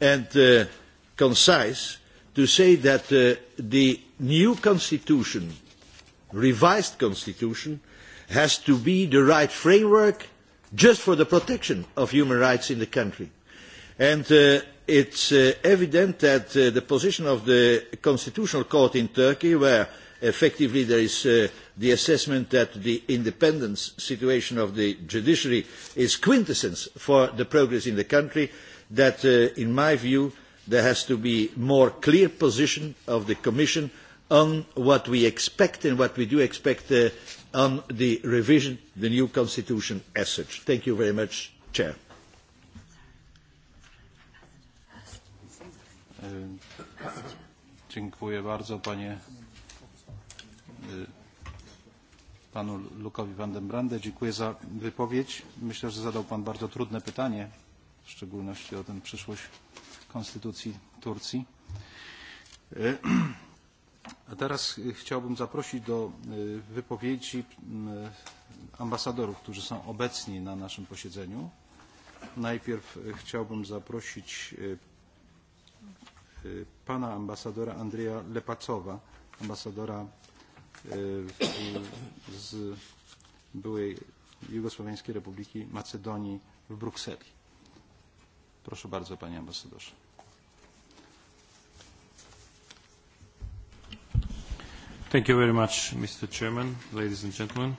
and concise to say that the new constitution, revised constitution, has to be the right framework just for the protection of human rights in the country. And it's evident that the position of the Constitutional Court in Turkey, where effectively there is the assessment that the independence situation of the judiciary is quintessence for the progress in the country, that in my view there has to be a more clear position of the commission on what we expect and what we do expect on the revision the new constitution as such. thank you very much chair. dziękuję bardzo panie panu Lukowi van den Brande. Dziękuję za wypowiedź. Myślę, że zadał pan bardzo trudne pytanie, w szczególności o ten przyszłość konstytucji Turcji. A teraz chciałbym zaprosić do wypowiedzi ambasadorów, którzy są obecni na naszym posiedzeniu. Najpierw chciałbym zaprosić pana ambasadora Andreja Lepacowa, ambasadora z byłej Jugosłowiańskiej Republiki Macedonii w Brukseli. Proszę bardzo, panie ambasadorze. Thank you very much, Mr. Chairman, ladies and gentlemen.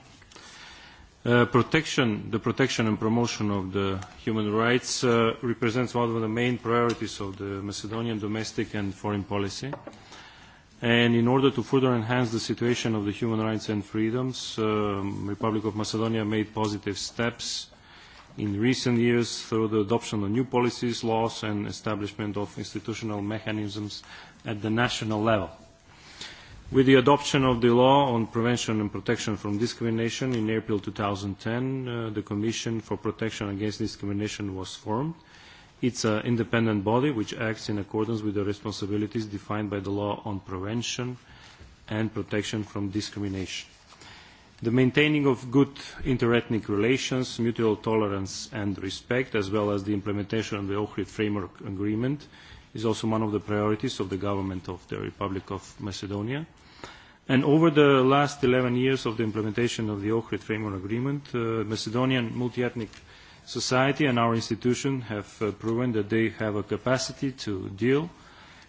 Protection, the protection and promotion of the human rights represents one of the main priorities of the Macedonian domestic and foreign policy. And in order to further enhance the situation of the human rights and freedoms, the Republic of Macedonia made positive steps in recent years through the adoption of new policies, laws and establishment of institutional mechanisms at the national level. With the adoption of the law on prevention and protection from discrimination in April 2010, the Commission for Protection Against Discrimination was formed. It's an independent body which acts in accordance with the responsibilities defined by the law on prevention and protection from discrimination the maintaining of good interethnic relations, mutual tolerance and respect, as well as the implementation of the Ohrid Framework Agreement, is also one of the priorities of the government of the Republic of Macedonia. And over the last 11 years of the implementation of the Ohrid Framework Agreement, Macedonian multi-ethnic society and our institution have proven that they have a capacity to deal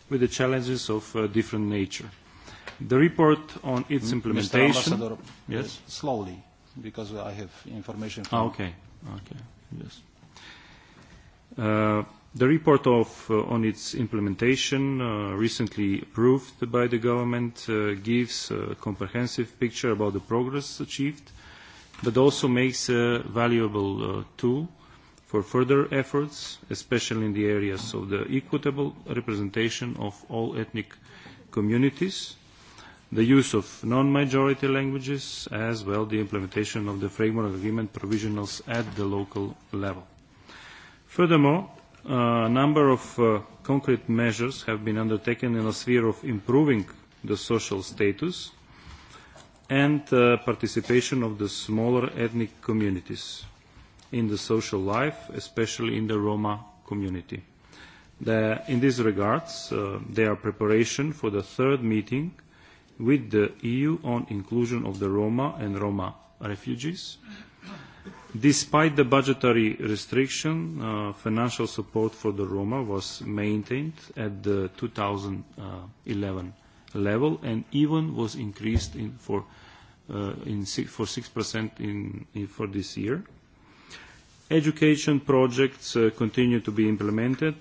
with the challenges of different nature. The report on its implementation. Yes. Slowly, because I have information. Okay. Okay. Yes. The report on its implementation, recently approved by the government, gives a comprehensive picture about the progress achieved, but also makes a valuable tool for further efforts, especially in the areas of the equitable representation of all ethnic communities the use of non-majority languages, as well the implementation of the framework agreement provisionals at the local level. Furthermore, a number of concrete measures have been undertaken in the sphere of improving the social status and participation of the smaller ethnic communities in the social life, especially in the Roma community. In this regard, their preparation for the third meeting with the EU on inclusion of the Roma and Roma refugees. Despite the budgetary restriction, financial support for the Roma was maintained at the 2011 level and even was increased for 6% for this year Education projects continue to be implemented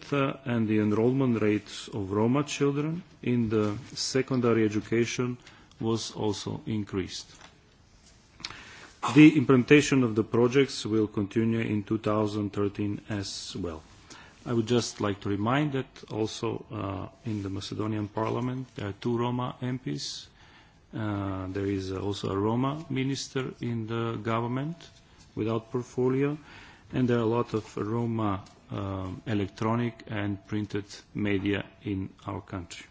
and the enrollment rates of Roma children in the secondary education was also increased. The implementation of the projects will continue in 2013 as well. I would just like to remind that also in the Macedonian Parliament there are two Roma MPs. There is also a Roma minister in the government without portfolio and there are a lot of Roma electronic and printed media in our country.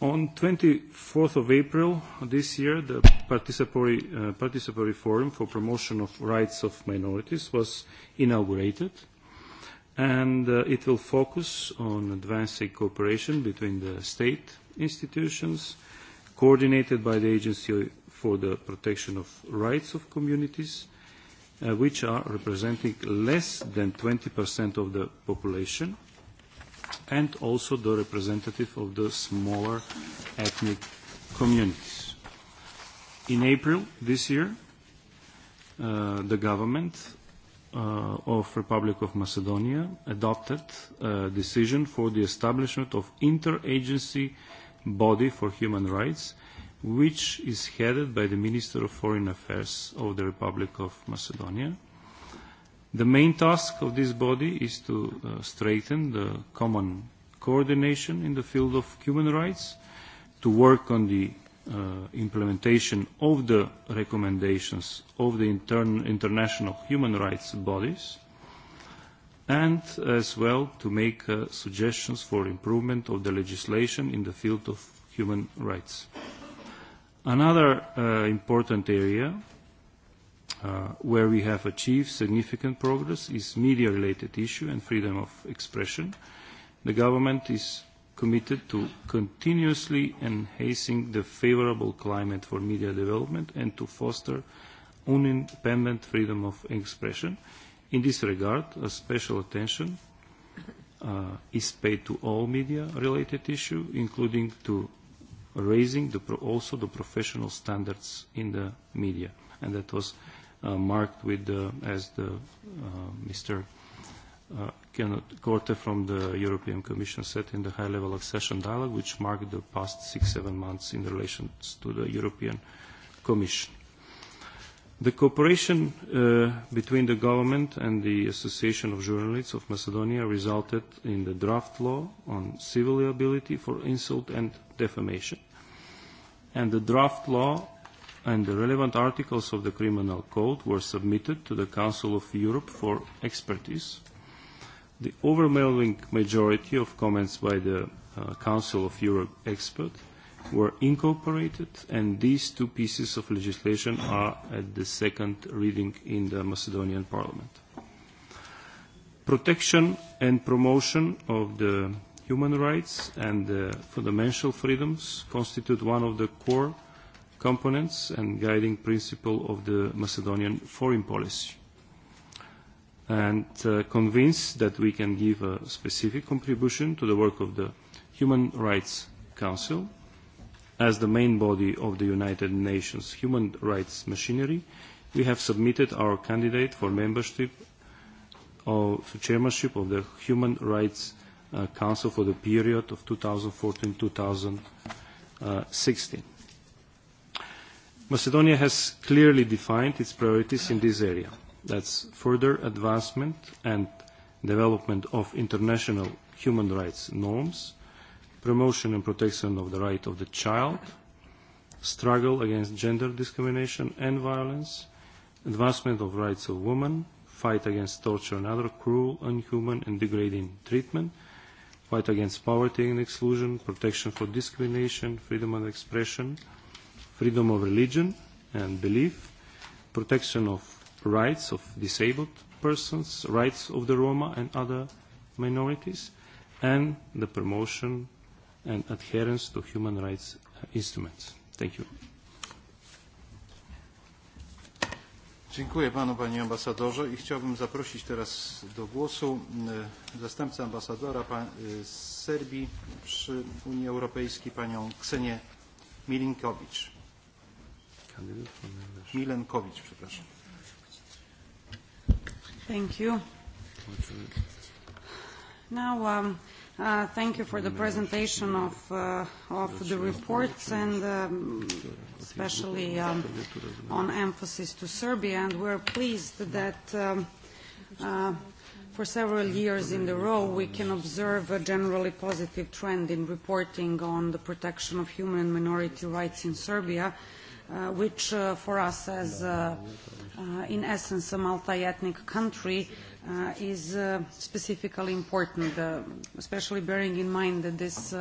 On 24th of April this year, the Participatory Forum for Promotion of Rights of Minorities was inaugurated, and it will focus on advancing cooperation between the state institutions, coordinated by the Agency for the Protection of Rights of Communities, which are representing less than 20% of the population and also the representative of the smaller ethnic communities. In April this year, the government of Republic of Macedonia adopted a decision for the establishment of interagency body for human rights which is headed by the Minister of Foreign Affairs of the Republic of Macedonia. The main task of this body is to strengthen the common coordination in the field of human rights, to work on the implementation of the recommendations of the international human rights bodies, and as well to make suggestions for improvement of the legislation in the field of human rights. Another important area where we have achieved significant progress is media-related issue and freedom of expression. The government is committed to continuously enhancing the favourable climate for media development and to foster independent freedom of expression. In this regard, a special attention is paid to all media-related issues, including to raising also the professional standards in the media. And that was marked with, as the Mr. Korte from the European Commission said in the high-level accession dialogue, which marked the past six, seven months in relation to the European Commission. The cooperation between the government and the Association of Journalists of Macedonia resulted in the draft law on civil liability for insult and defamation and the draft law and the relevant articles of the Criminal Code were submitted to the Council of Europe for expertise. The overwhelming majority of comments by the Council of Europe experts were incorporated, and these two pieces of legislation are at the second reading in the Macedonian Parliament. Protection and promotion of the Human rights and fundamental freedoms constitute one of the core components and guiding principle of the Macedonian foreign policy. And convinced that we can give a specific contribution to the work of the Human Rights Council, as the main body of the United Nations human rights machinery, we have submitted our candidate for membership of chairmanship of the Human Rights Council for the period of 2014-2016. Macedonia has clearly defined its priorities in this area. That's further advancement and development of international human rights norms, promotion and protection of the right of the child, struggle against gender discrimination and violence, advancement of rights of women, fight against torture and other cruel, unhuman and degrading treatment, fight against poverty and exclusion, protection for discrimination, freedom of expression, freedom of religion and belief, protection of rights of disabled persons, rights of the Roma and other minorities, and the promotion and adherence to human rights instruments. Thank you. Dziękuję panu, panie ambasadorze. I chciałbym zaprosić teraz do głosu zastępcę ambasadora z Serbii przy Unii Europejskiej, panią Ksenię Milinkowicz. Milenkowicz, przepraszam. Thank Thank you for the presentation of the reports and especially on emphasis to Serbia. And we're pleased that for several years in a row we can observe a generally positive trend in reporting on the protection of human and minority rights in Serbia, which for us as in essence a multi-ethnic country is specifically important, especially bearing in mind that this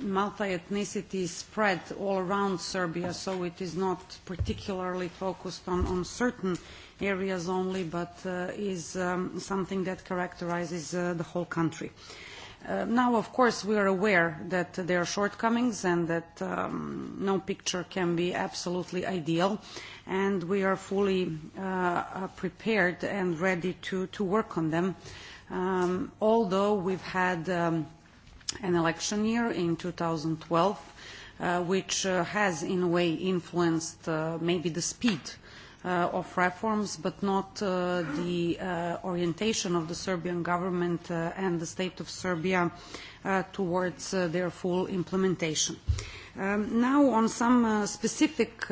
multi-ethnicity spread all around Serbia, so it is not particularly focused on certain areas only, but is something that characterizes the whole country. Now, of course, we are aware that there are shortcomings and that no picture can be absolutely ideal, and we are fully prepared and ready to work on them. Although we've had an election year in 2012, which has in a way influenced maybe the speed of reforms, but not the orientation of the Serbian government and the state of Serbia towards their full implementation. Now on some specific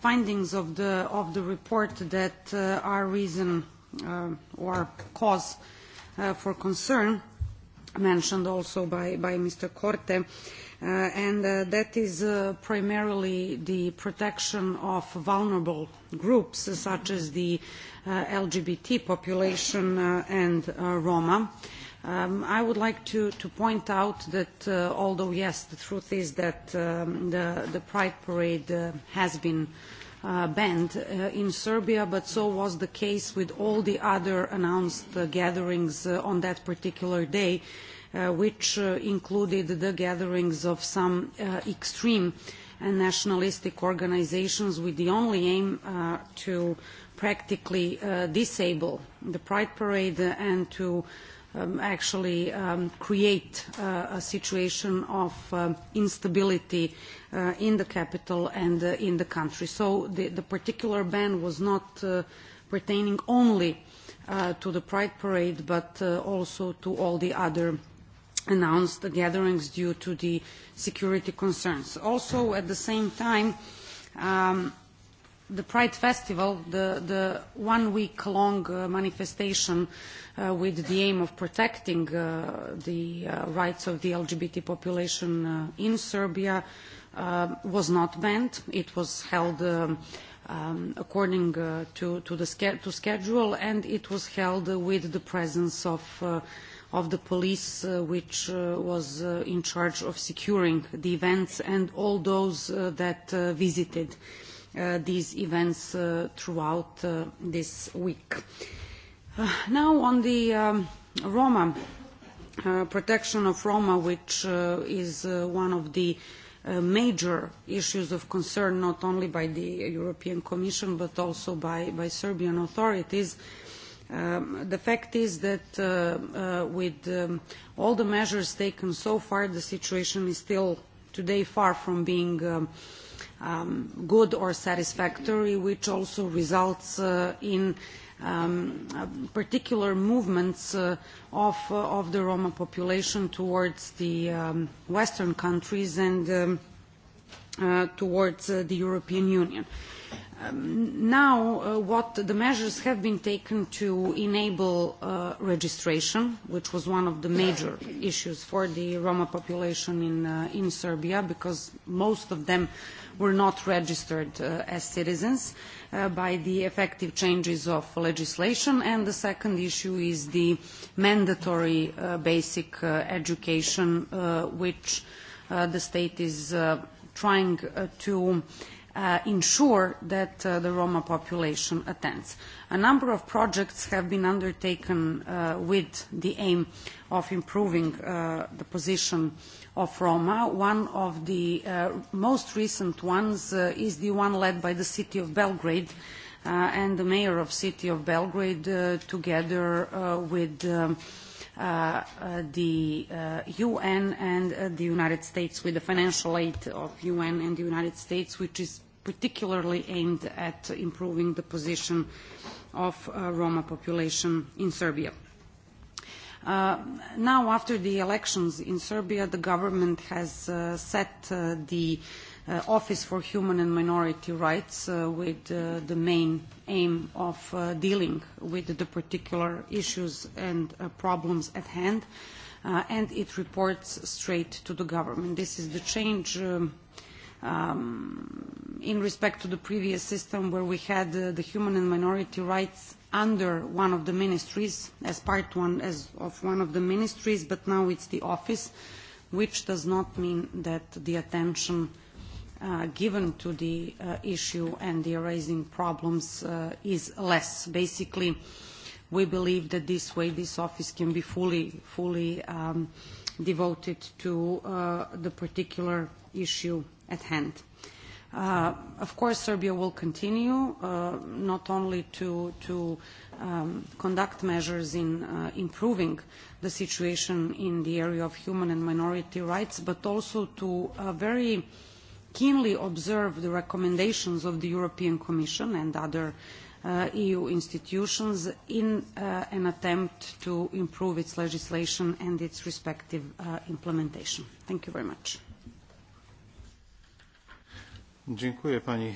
findings of the report that are reason or cause for concern, mentioned also by Mr. Corte and that is primarily the protection of vulnerable groups such as the LGBT population and Roma. I would like to point out that although yes, the truth is that the Pride Parade has been banned in Serbia, but so was the case with all the other announced gatherings on that particular day which included the gatherings of some extreme and nationalistic organisations with the only aim to practically disable the Pride Parade and to actually create a situation of instability in the capital and in the country. So the particular ban was not pertaining only to the Pride Parade but also to all the other announced the gatherings due to the security concerns. Also, at the same time, the Pride Festival, the one-week-long manifestation with the aim of protecting the rights of the LGBT population in Serbia, was not banned. It was held according to schedule, and it was held with the presence of of the police which was in charge of securing the events and all those that visited these events throughout this week. Now on the Roma protection of Roma which is one of the major issues of concern not only by the European Commission but also by Serbian authorities The fact is that with all the measures taken so far, the situation is still today far from being good or satisfactory, which also results in particular movements of the Roma population towards the Western countries and towards the European Union. Now, what the measures have been taken to enable registration, which was one of the major issues for the Roma population in Serbia, because most of them were not registered as citizens, by the effective changes of legislation. And the second issue is the mandatory basic education, which the state is trying to ensure that the Roma population attends. A number of projects have been undertaken with the aim of improving the position of Roma. One of the most recent ones is the one led by the city of Belgrade and the mayor of the city of Belgrade together with the UN and the United States, with the financial aid of UN and the United States, which is particularly aimed at improving the position of Roma population in Serbia. Now, after the elections in Serbia, the government has set the Office for Human and Minority Rights with the main aim of dealing with the particular issues and problems at hand, and it reports straight to the government. This is the change in respect to the previous system where we had the human and minority rights under one of the ministries, as part one of one of the ministries, but now it's the office, which does not mean that the attention given to the issue and the arising problems is less. Basically, we believe that this way this office can be fully devoted to the particular issue at hand. Of course, Serbia will continue not only to conduct measures in improving the situation in the area of human and minority rights, but also to very keenly observe the recommendations of the European Commission and other EU institutions in an attempt to improve its legislation and its respective implementation. Thank you very much. Dziękuję Pani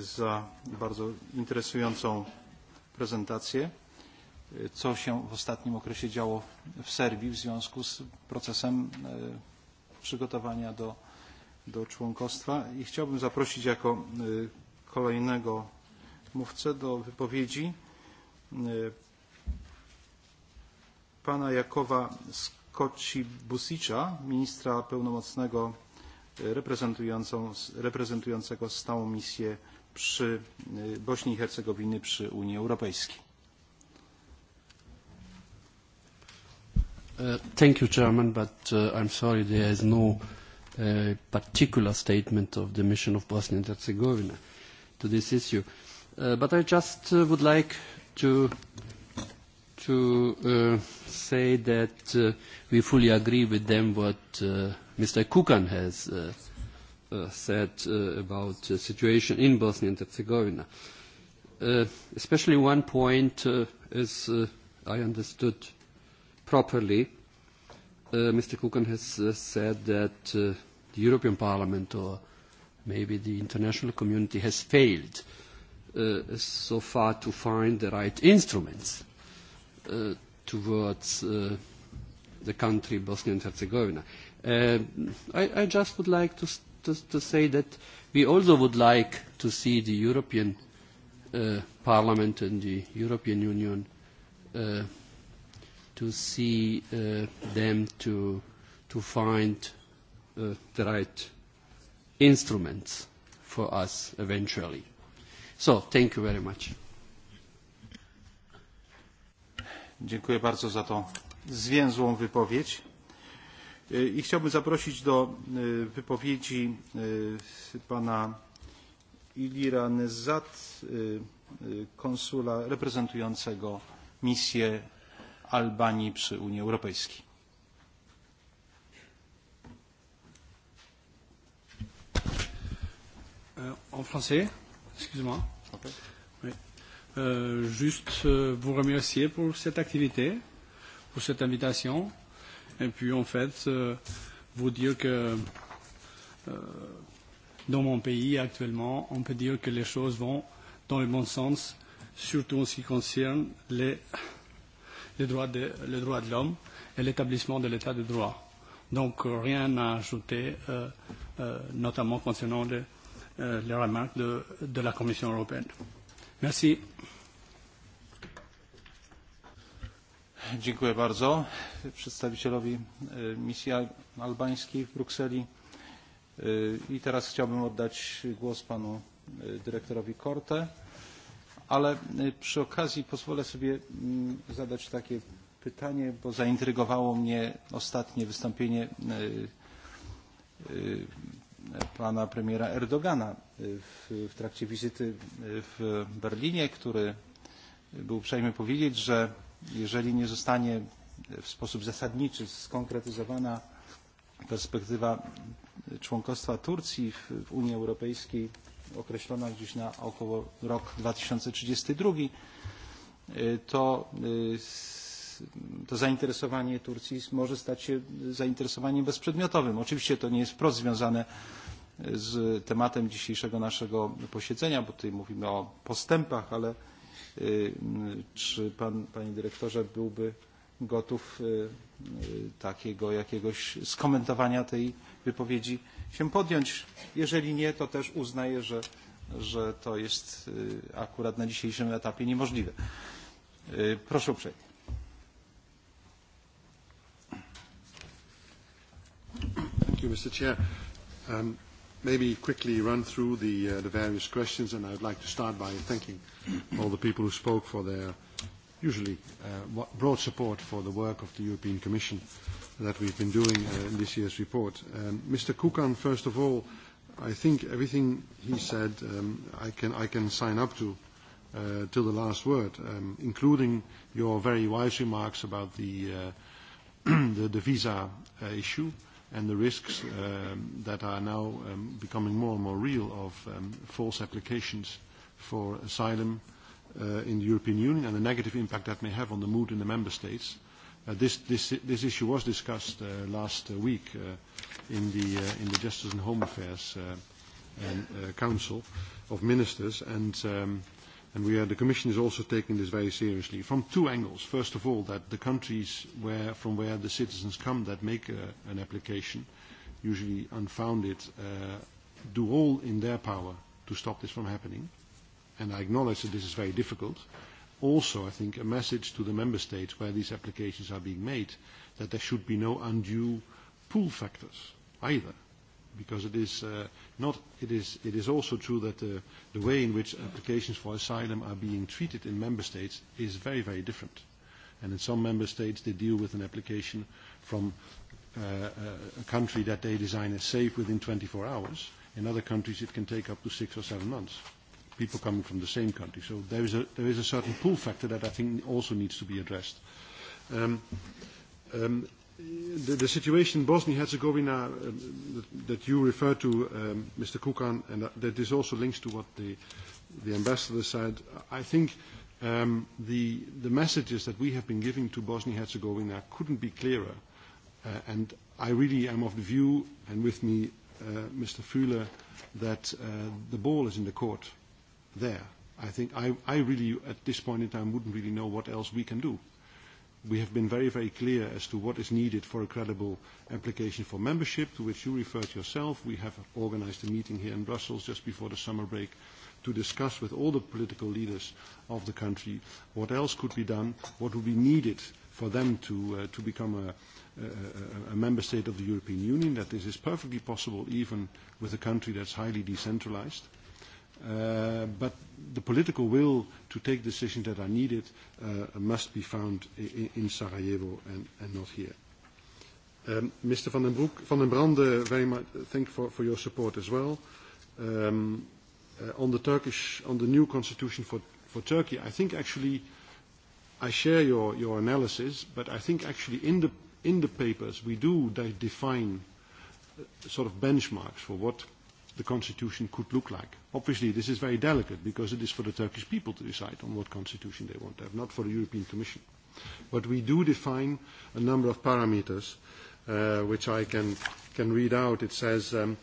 za bardzo interesującą prezentację, co się w ostatnim okresie działo w Serbii w związku z procesem przygotowania do, członkostwa i chciałbym zaprosić jako kolejnego mówcę do wypowiedzi pana Jakowa Skoci busicza ministra pełnomocnego reprezentującego stałą misję przy Bośni i Hercegowiny przy Unii Europejskiej. Thank you, Chairman, but I'm sorry there is no particular statement of the mission of Bosnia and Herzegovina to this issue. But I just would like to say that we fully agree with them what Mr. Kukan has said about the situation in Bosnia and Herzegovina. Especially one point as I understood properly, Mr. Kukan has said that the European Parliament or maybe the international community has failed so far to find the right instruments towards the country Bosnia and Herzegovina. I just would like to say that we also would like to see the European Parliament and the European Union to see them to find the right instruments for us eventually. So, thank you very much. Dziękuję bardzo za tą zwięzłą wypowiedź. I chciałbym zaprosić do wypowiedzi pana Ilira Nezat, konsula reprezentującego misję Albanii przy Unii Europejskiej. En francais excusez excuse-moi. Juste vous remercier pour cette activité, pour cette invitation Et puis, en fait, vous dire que dans mon pays, actuellement, on peut dire que les choses vont dans le bon sens, surtout en ce qui concerne les droits de l'homme et l'établissement de l'état de droit. Donc, rien à ajouter, notamment concernant les remarques de la Commission européenne. Merci. Dziękuję bardzo przedstawicielowi misji albańskiej w Brukseli. I teraz chciałbym oddać głos panu dyrektorowi Korte, ale przy okazji pozwolę sobie zadać takie pytanie, bo zaintrygowało mnie ostatnie wystąpienie pana premiera Erdogana w trakcie wizyty w Berlinie, który był uprzejmy powiedzieć, że jeżeli nie zostanie w sposób zasadniczy skonkretyzowana perspektywa członkostwa Turcji w Unii Europejskiej określona gdzieś na około rok 2032, to zainteresowanie Turcji może stać się zainteresowaniem bezprzedmiotowym. Oczywiście to nie jest wprost związane z tematem dzisiejszego naszego posiedzenia, bo tutaj mówimy o postępach, ale Czy pan, panie dyrektorze, byłby gotów takiego jakiegoś skomentowania tej wypowiedzi się podjąć? Jeżeli nie, to też uznaję, że, że to jest akurat na dzisiejszym etapie niemożliwe. Proszę uprzejmie. Thank you, maybe quickly run through the various questions, and I would like to start by thanking all the people who spoke for their usually broad support for the work of the European Commission that we've been doing in this year's report. Mr. Kukan, first of all, I think everything he said I can sign up to till the last word, including your very wise remarks about the visa issue and the risks that are now becoming more and more real of false applications for asylum in the European Union and the negative impact that may have on the mood in the member states. This issue was discussed last week in the Justice and Home Affairs Council of Ministers, and And the Commission is also taking this very seriously from two angles. First of all, that the countries from where the citizens come that make an application, usually unfounded, do all in their power to stop this from happening. And I acknowledge that this is very difficult. Also, I think a message to the member states where these applications are being made that there should be no undue pull factors either because it is not it is it is also true that the way in which applications for asylum are being treated in member states is very very different and in some member states they deal with an application from a country that they design as safe within 24 hours in other countries it can take up to six or seven months people coming from the same country so there is a there is a certain pull factor that i think also needs to be addressed um The situation in Bosnia-Herzegovina that you refer to, Mr. Kukan, and that this also links to what the ambassador said, I think the messages that we have been giving to Bosnia-Herzegovina couldn't be clearer. And I really am of the view, and with me, Mr. Fühler that the ball is in the court there. I think I really, at this point in time, wouldn't really know what else we can do. We have been very, very clear as to what is needed for a credible application for membership, to which you referred yourself. We have organized a meeting here in Brussels just before the summer break to discuss with all the political leaders of the country what else could be done, what would be needed for them to become a member state of the European Union, that this is perfectly possible even with a country that's highly decentralized but the political will to take decisions that are needed must be found in Sarajevo and not here. Mr. Van den Broek, Van den Brande, very much thank for for your support as well. On the Turkish, on the new constitution for for Turkey, I think actually I share your your analysis, but I think actually in the in the papers we do define sort of benchmarks for what the constitution could look like. Obviously, this is very delicate because it is for the Turkish people to decide on what constitution they want to have, not for the European Commission. But we do define a number of parameters, which I can read out. It says the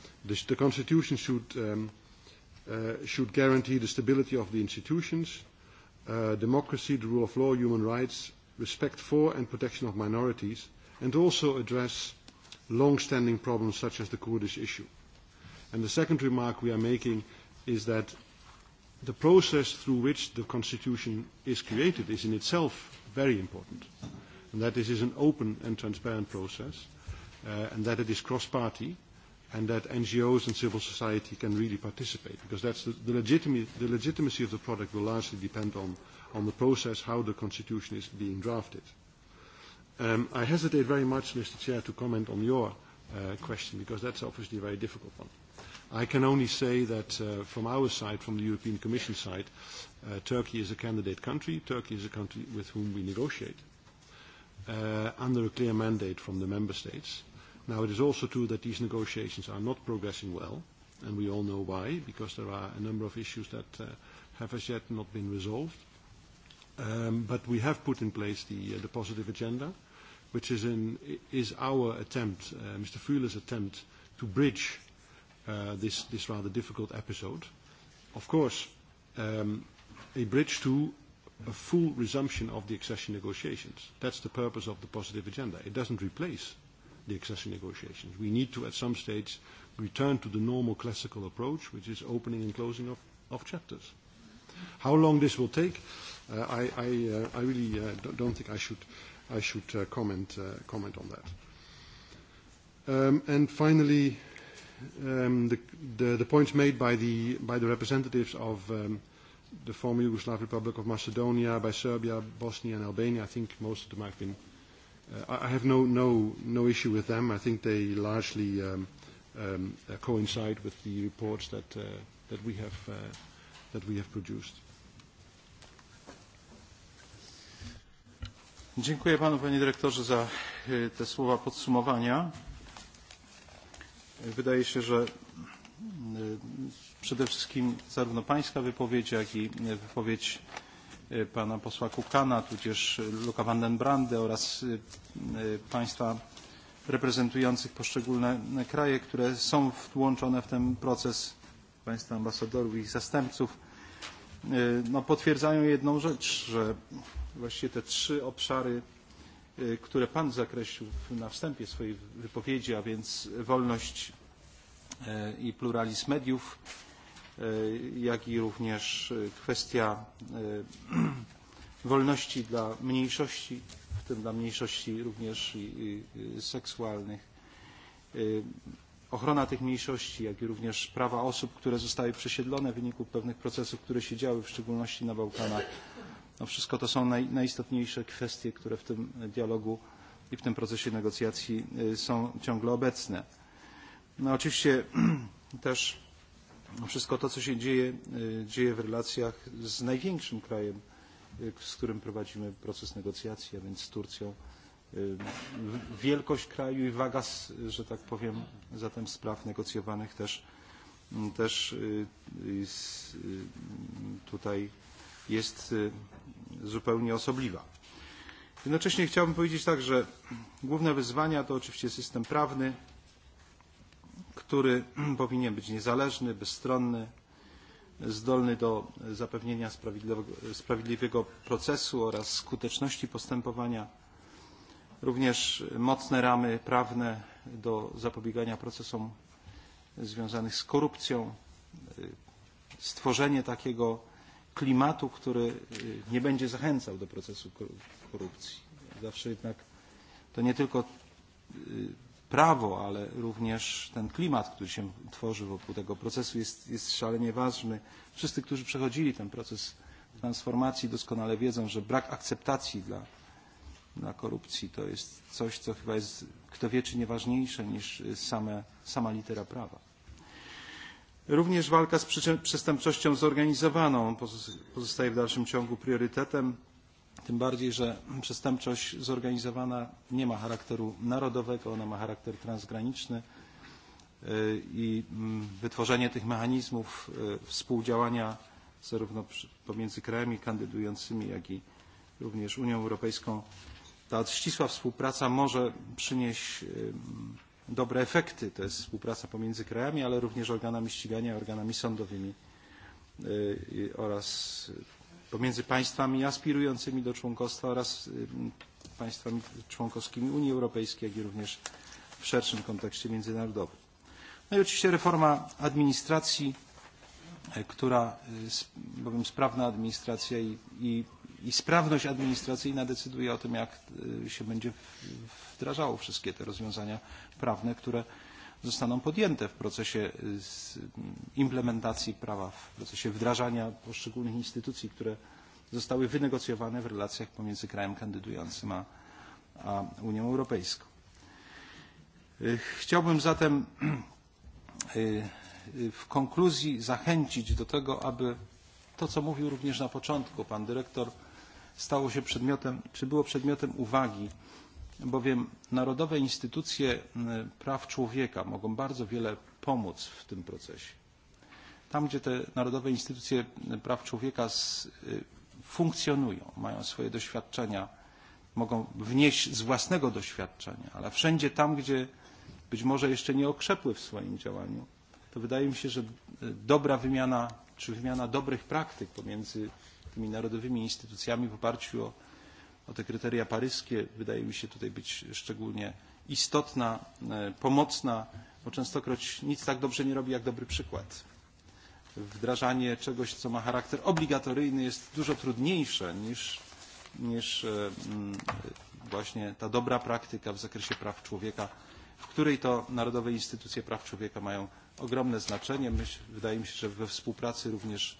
constitution should guarantee the stability of the institutions, democracy, the rule of law, human rights, respect for and protection of minorities, and also address long-standing problems such as the Kurdish issue. And the second remark we are making is that the process through which the Constitution is created is in itself very important, and that this is an open and transparent process, and that it is cross-party, and that NGOs and civil society can really participate, because that's the legitimacy of the product will largely depend on the process, how the Constitution is being drafted. I hesitate very much, Mr. Chair, to comment on your question, because that's obviously a very difficult one. I can only say that from our side, from the European Commission side, Turkey is a candidate country. Turkey is a country with whom we negotiate under a clear mandate from the member states. Now, it is also true that these negotiations are not progressing well, and we all know why, because there are a number of issues that have as yet not been resolved. But we have put in place the positive agenda, which is our attempt, Mr. Fuhler's attempt, to bridge this this rather difficult episode. Of course, a bridge to a full resumption of the accession negotiations. That's the purpose of the positive agenda. It doesn't replace the accession negotiations. We need to, at some stage, return to the normal classical approach, which is opening and closing of of chapters. How long this will take, I I really don't think I should I should comment comment on that. And finally the the, the points made by the by the representatives of the former Yugoslav Republic of Macedonia, by Serbia, Bosnia and Albania, I think most of them have been. I have no no, no issue with them. I think they largely coincide with the reports that we have produced. Dziękuję panu, panie dyrektorze, za te słowa podsumowania. Wydaje się, że przede wszystkim zarówno Pańska wypowiedź, jak i wypowiedź pana posła Kukana, tudzież Luka van den Brande oraz Państwa reprezentujących poszczególne kraje, które są włączone w ten proces, Państwa ambasadorów i ich zastępców, potwierdzają jedną rzecz, że właściwie te trzy obszary które Pan zakreślił na wstępie swojej wypowiedzi, a więc wolność i pluralizm mediów, jak i również kwestia wolności dla mniejszości, w tym dla mniejszości również seksualnych, ochrona tych mniejszości, jak i również prawa osób, które zostały przesiedlone w wyniku pewnych procesów, które się działy, w szczególności na Bałkanach No wszystko to są najistotniejsze kwestie, które w tym dialogu i w tym procesie negocjacji są ciągle obecne. oczywiście też wszystko to, co się dzieje, dzieje w relacjach z największym krajem, z którym prowadzimy proces negocjacji, a więc z Turcją. Wielkość kraju i waga, że tak powiem, zatem spraw negocjowanych też tutaj jest zupełnie osobliwa. Jednocześnie chciałbym powiedzieć tak, że główne wyzwania to oczywiście system prawny, który powinien być niezależny, bezstronny, zdolny do zapewnienia sprawiedliwego procesu oraz skuteczności postępowania, również mocne ramy prawne do zapobiegania procesom związanych z korupcją, stworzenie takiego klimatu, który nie będzie zachęcał do procesu korupcji. Zawsze jednak to nie tylko prawo, ale również ten klimat, który się tworzy wokół tego procesu jest szalenie ważny. Wszyscy, którzy przechodzili ten proces transformacji doskonale wiedzą, że brak akceptacji dla korupcji to jest coś, co chyba jest kto wie czy nieważniejsze niż sama litera prawa. Również walka z przestępczością zorganizowaną pozostaje w dalszym ciągu priorytetem, tym bardziej, że przestępczość zorganizowana nie ma charakteru narodowego, ona ma charakter transgraniczny i wytworzenie tych mechanizmów współdziałania zarówno pomiędzy krajami kandydującymi, jak i również Unią Europejską, ta ścisła współpraca może przynieść dobre efekty. To jest współpraca pomiędzy krajami, ale również organami ścigania, organami sądowymi oraz pomiędzy państwami aspirującymi do członkostwa oraz państwami członkowskimi Unii Europejskiej, jak i również w szerszym kontekście międzynarodowym. No i oczywiście reforma administracji, która, bowiem sprawna administracja i i sprawność administracyjna decyduje o tym, jak się będzie wdrażało wszystkie te rozwiązania prawne, które zostaną podjęte w procesie implementacji prawa, w procesie wdrażania poszczególnych instytucji, które zostały wynegocjowane w relacjach pomiędzy krajem kandydującym a Unią Europejską. Chciałbym zatem w konkluzji zachęcić do tego, aby to, co mówił również na początku pan dyrektor stało się przedmiotem, czy było przedmiotem uwagi, bowiem narodowe instytucje praw człowieka mogą bardzo wiele pomóc w tym procesie. Tam, gdzie te narodowe instytucje praw człowieka funkcjonują, mają swoje doświadczenia, mogą wnieść z własnego doświadczenia, ale wszędzie tam, gdzie być może jeszcze nie okrzepły w swoim działaniu, to wydaje mi się, że dobra wymiana czy wymiana dobrych praktyk pomiędzy tymi narodowymi instytucjami w oparciu o, te kryteria paryskie wydaje mi się tutaj być szczególnie istotna, pomocna, bo częstokroć nic tak dobrze nie robi jak dobry przykład. Wdrażanie czegoś, co ma charakter obligatoryjny jest dużo trudniejsze niż, niż właśnie ta dobra praktyka w zakresie praw człowieka, w której to Narodowe Instytucje Praw Człowieka mają ogromne znaczenie. Wydaje mi się, że we współpracy również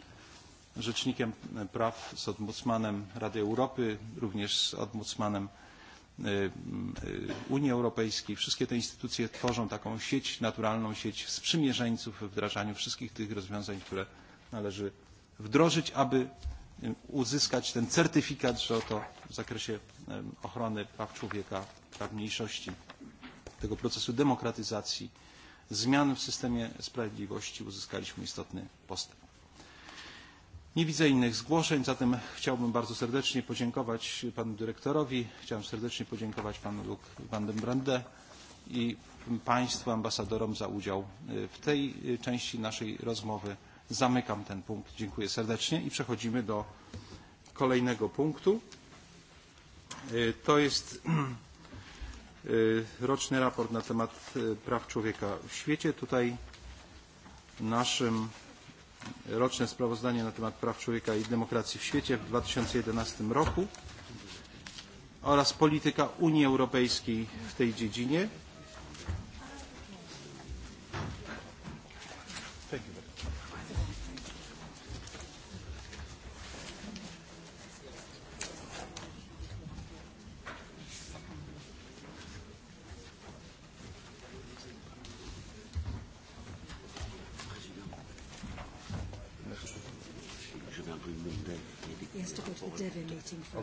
Rzecznikiem Praw, z ombudsmanem Rady Europy, również z ombudsmanem Unii Europejskiej. Wszystkie te instytucje tworzą taką sieć, naturalną sieć sprzymierzeńców w wdrażaniu wszystkich tych rozwiązań, które należy wdrożyć, aby uzyskać ten certyfikat, że oto w zakresie ochrony praw człowieka, praw mniejszości, tego procesu demokratyzacji, zmian w systemie sprawiedliwości uzyskaliśmy istotny postęp. Nie widzę innych zgłoszeń, zatem chciałbym bardzo serdecznie podziękować panu dyrektorowi, chciałbym serdecznie podziękować panu Luc van den Brande i państwu ambasadorom za udział w tej części naszej rozmowy. Zamykam ten punkt. Dziękuję serdecznie i przechodzimy do kolejnego punktu. To jest roczny raport na temat praw człowieka w świecie. Tutaj naszym roczne sprawozdanie na temat praw człowieka i demokracji w świecie w 2011 roku oraz polityka Unii Europejskiej w tej dziedzinie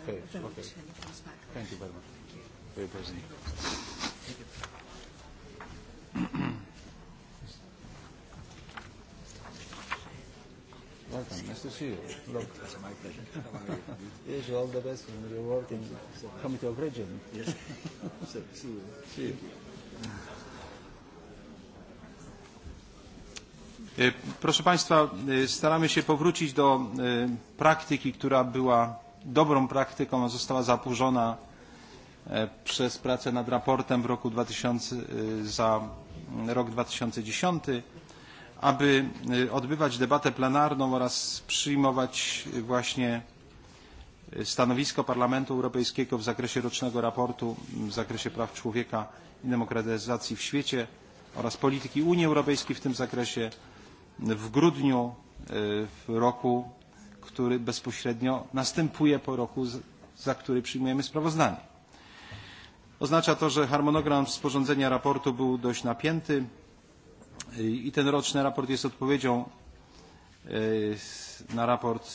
Okay. Okay. Thank you very much. Very pleasant. Welcome. Nice to see you. Look, it's my pleasure. How are Wish you all the best in your work in Committee of Region. Yes. see you. See you. Proszę Państwa, staramy się powrócić do praktyki, która była dobrą praktyką została zaburzona przez pracę nad raportem w roku 2000, za rok 2010, aby odbywać debatę plenarną oraz przyjmować właśnie stanowisko Parlamentu Europejskiego w zakresie rocznego raportu w zakresie praw człowieka i demokratyzacji w świecie oraz polityki Unii Europejskiej w tym zakresie w grudniu w roku który bezpośrednio następuje po roku, za który przyjmujemy sprawozdanie. Oznacza to, że harmonogram sporządzenia raportu był dość napięty i ten roczny raport jest odpowiedzią na raport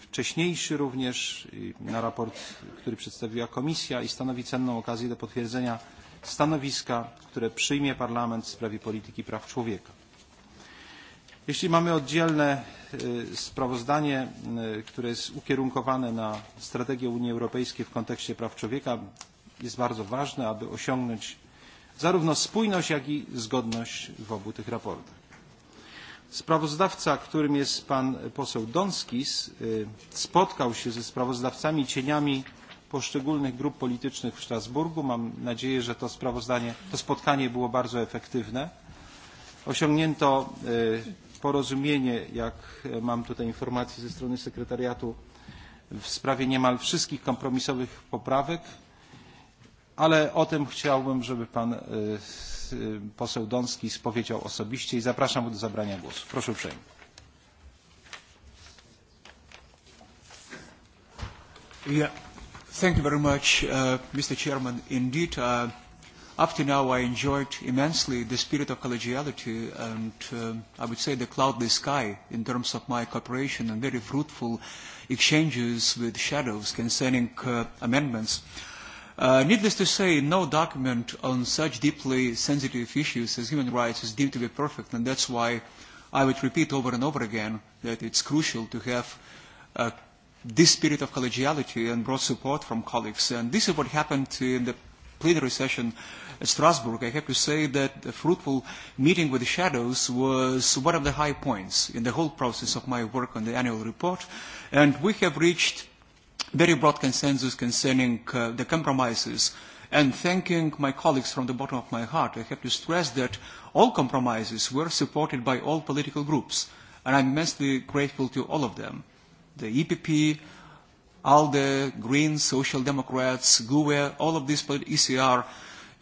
wcześniejszy również, na raport, który przedstawiła Komisja i stanowi cenną okazję do potwierdzenia stanowiska, które przyjmie Parlament w sprawie polityki praw człowieka. Jeśli mamy oddzielne sprawozdanie, które jest ukierunkowane na strategię Unii Europejskiej w kontekście praw człowieka, jest bardzo ważne, aby osiągnąć zarówno spójność, jak i zgodność w obu tych raportach. Sprawozdawca, którym jest pan poseł Donskis, spotkał się ze sprawozdawcami cieniami poszczególnych grup politycznych w Strasburgu. Mam nadzieję, że to sprawozdanie spotkanie było bardzo efektywne. Osiągnięto porozumienie, jak mam tutaj informację ze strony sekretariatu, w sprawie niemal wszystkich kompromisowych poprawek, ale o tym chciałbym, żeby pan poseł Donski spowiedział osobiście i zapraszam do zabrania głosu. Proszę uprzejmie. Up to now, I enjoyed immensely the spirit of collegiality and I would say the cloudless sky in terms of my cooperation and very fruitful exchanges with shadows concerning amendments. Needless to say, no document on such deeply sensitive issues as human rights is deemed to be perfect, and that's why I would repeat over and over again that it's crucial to have this spirit of collegiality and broad support from colleagues. And this is what happened in the plenary session Strasbourg, I have to say that the fruitful meeting with the shadows was one of the high points in the whole process of my work on the annual report, and we have reached very broad consensus concerning the compromises. And thanking my colleagues from the bottom of my heart, I have to stress that all compromises were supported by all political groups, and I am immensely grateful to all of them. The EPP, ALDE, Greens, Social Democrats, GUE, all of these ECR,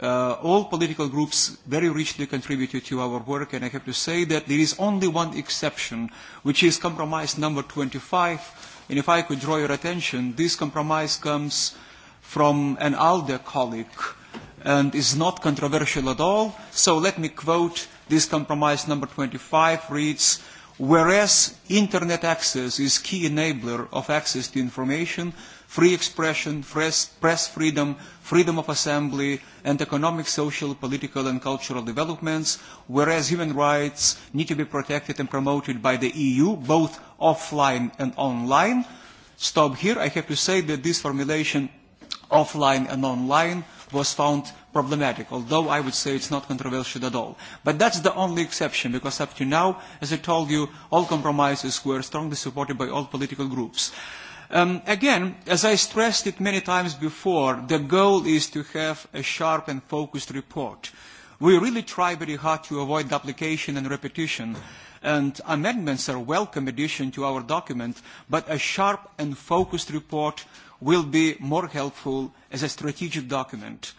all political groups very richly contributed to our work, and I have to say that there is only one exception, which is compromise number 25. And if I could draw your attention, this compromise comes from an ALDE colleague and is not controversial at all. So let me quote this compromise number 25 reads, whereas Internet access is key enabler of access to information, free expression, press freedom, freedom of assembly, and economic, social, political, and cultural developments, whereas human rights need to be protected and promoted by the EU, both offline and online. Stop here. I have to say that this formulation, offline and online, was found problematic, although I would say it's not controversial at all. But that's the only exception, because up to now, as I told you, all compromises were strongly supported by all political groups. Again, as I stressed it many times before, the goal is to have a sharp and focused report. We really try very hard to avoid duplication and repetition, and amendments are a welcome addition to our document, but a sharp and focused report will be more helpful as a strategic document.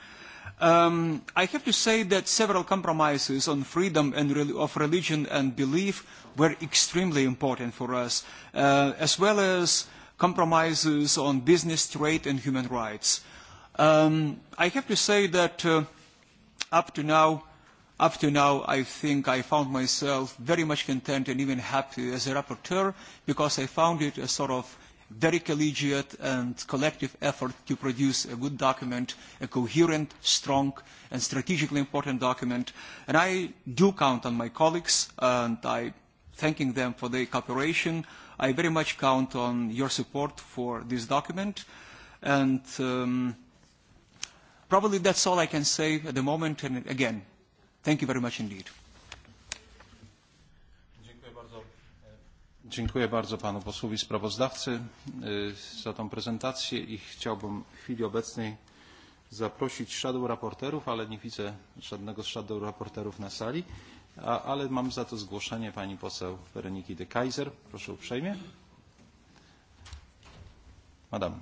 I have to say that several compromises on freedom of religion and belief were extremely important for us, as well as compromises on business, trade and human rights. I have to say that up to now, up to now, I think I found myself very much content and even happy as a rapporteur because I found it a sort of very collegiate and collective effort to produce a good document, a coherent, strong and strategically important document. And I do count on my colleagues and I thanking them for their cooperation. I very much count on your support for this document. And probably that's all I can say at the moment. And again, thank you very much indeed. Dziękuję bardzo panu posłowi sprawozdawcy za tą prezentację i chciałbym w chwili obecnej zaprosić shadow raporterów, ale nie widzę żadnego z shadow raporterów na sali ale mam za to zgłoszenie pani poseł Weroniki de Kaiser. Proszę uprzejmie. Madame.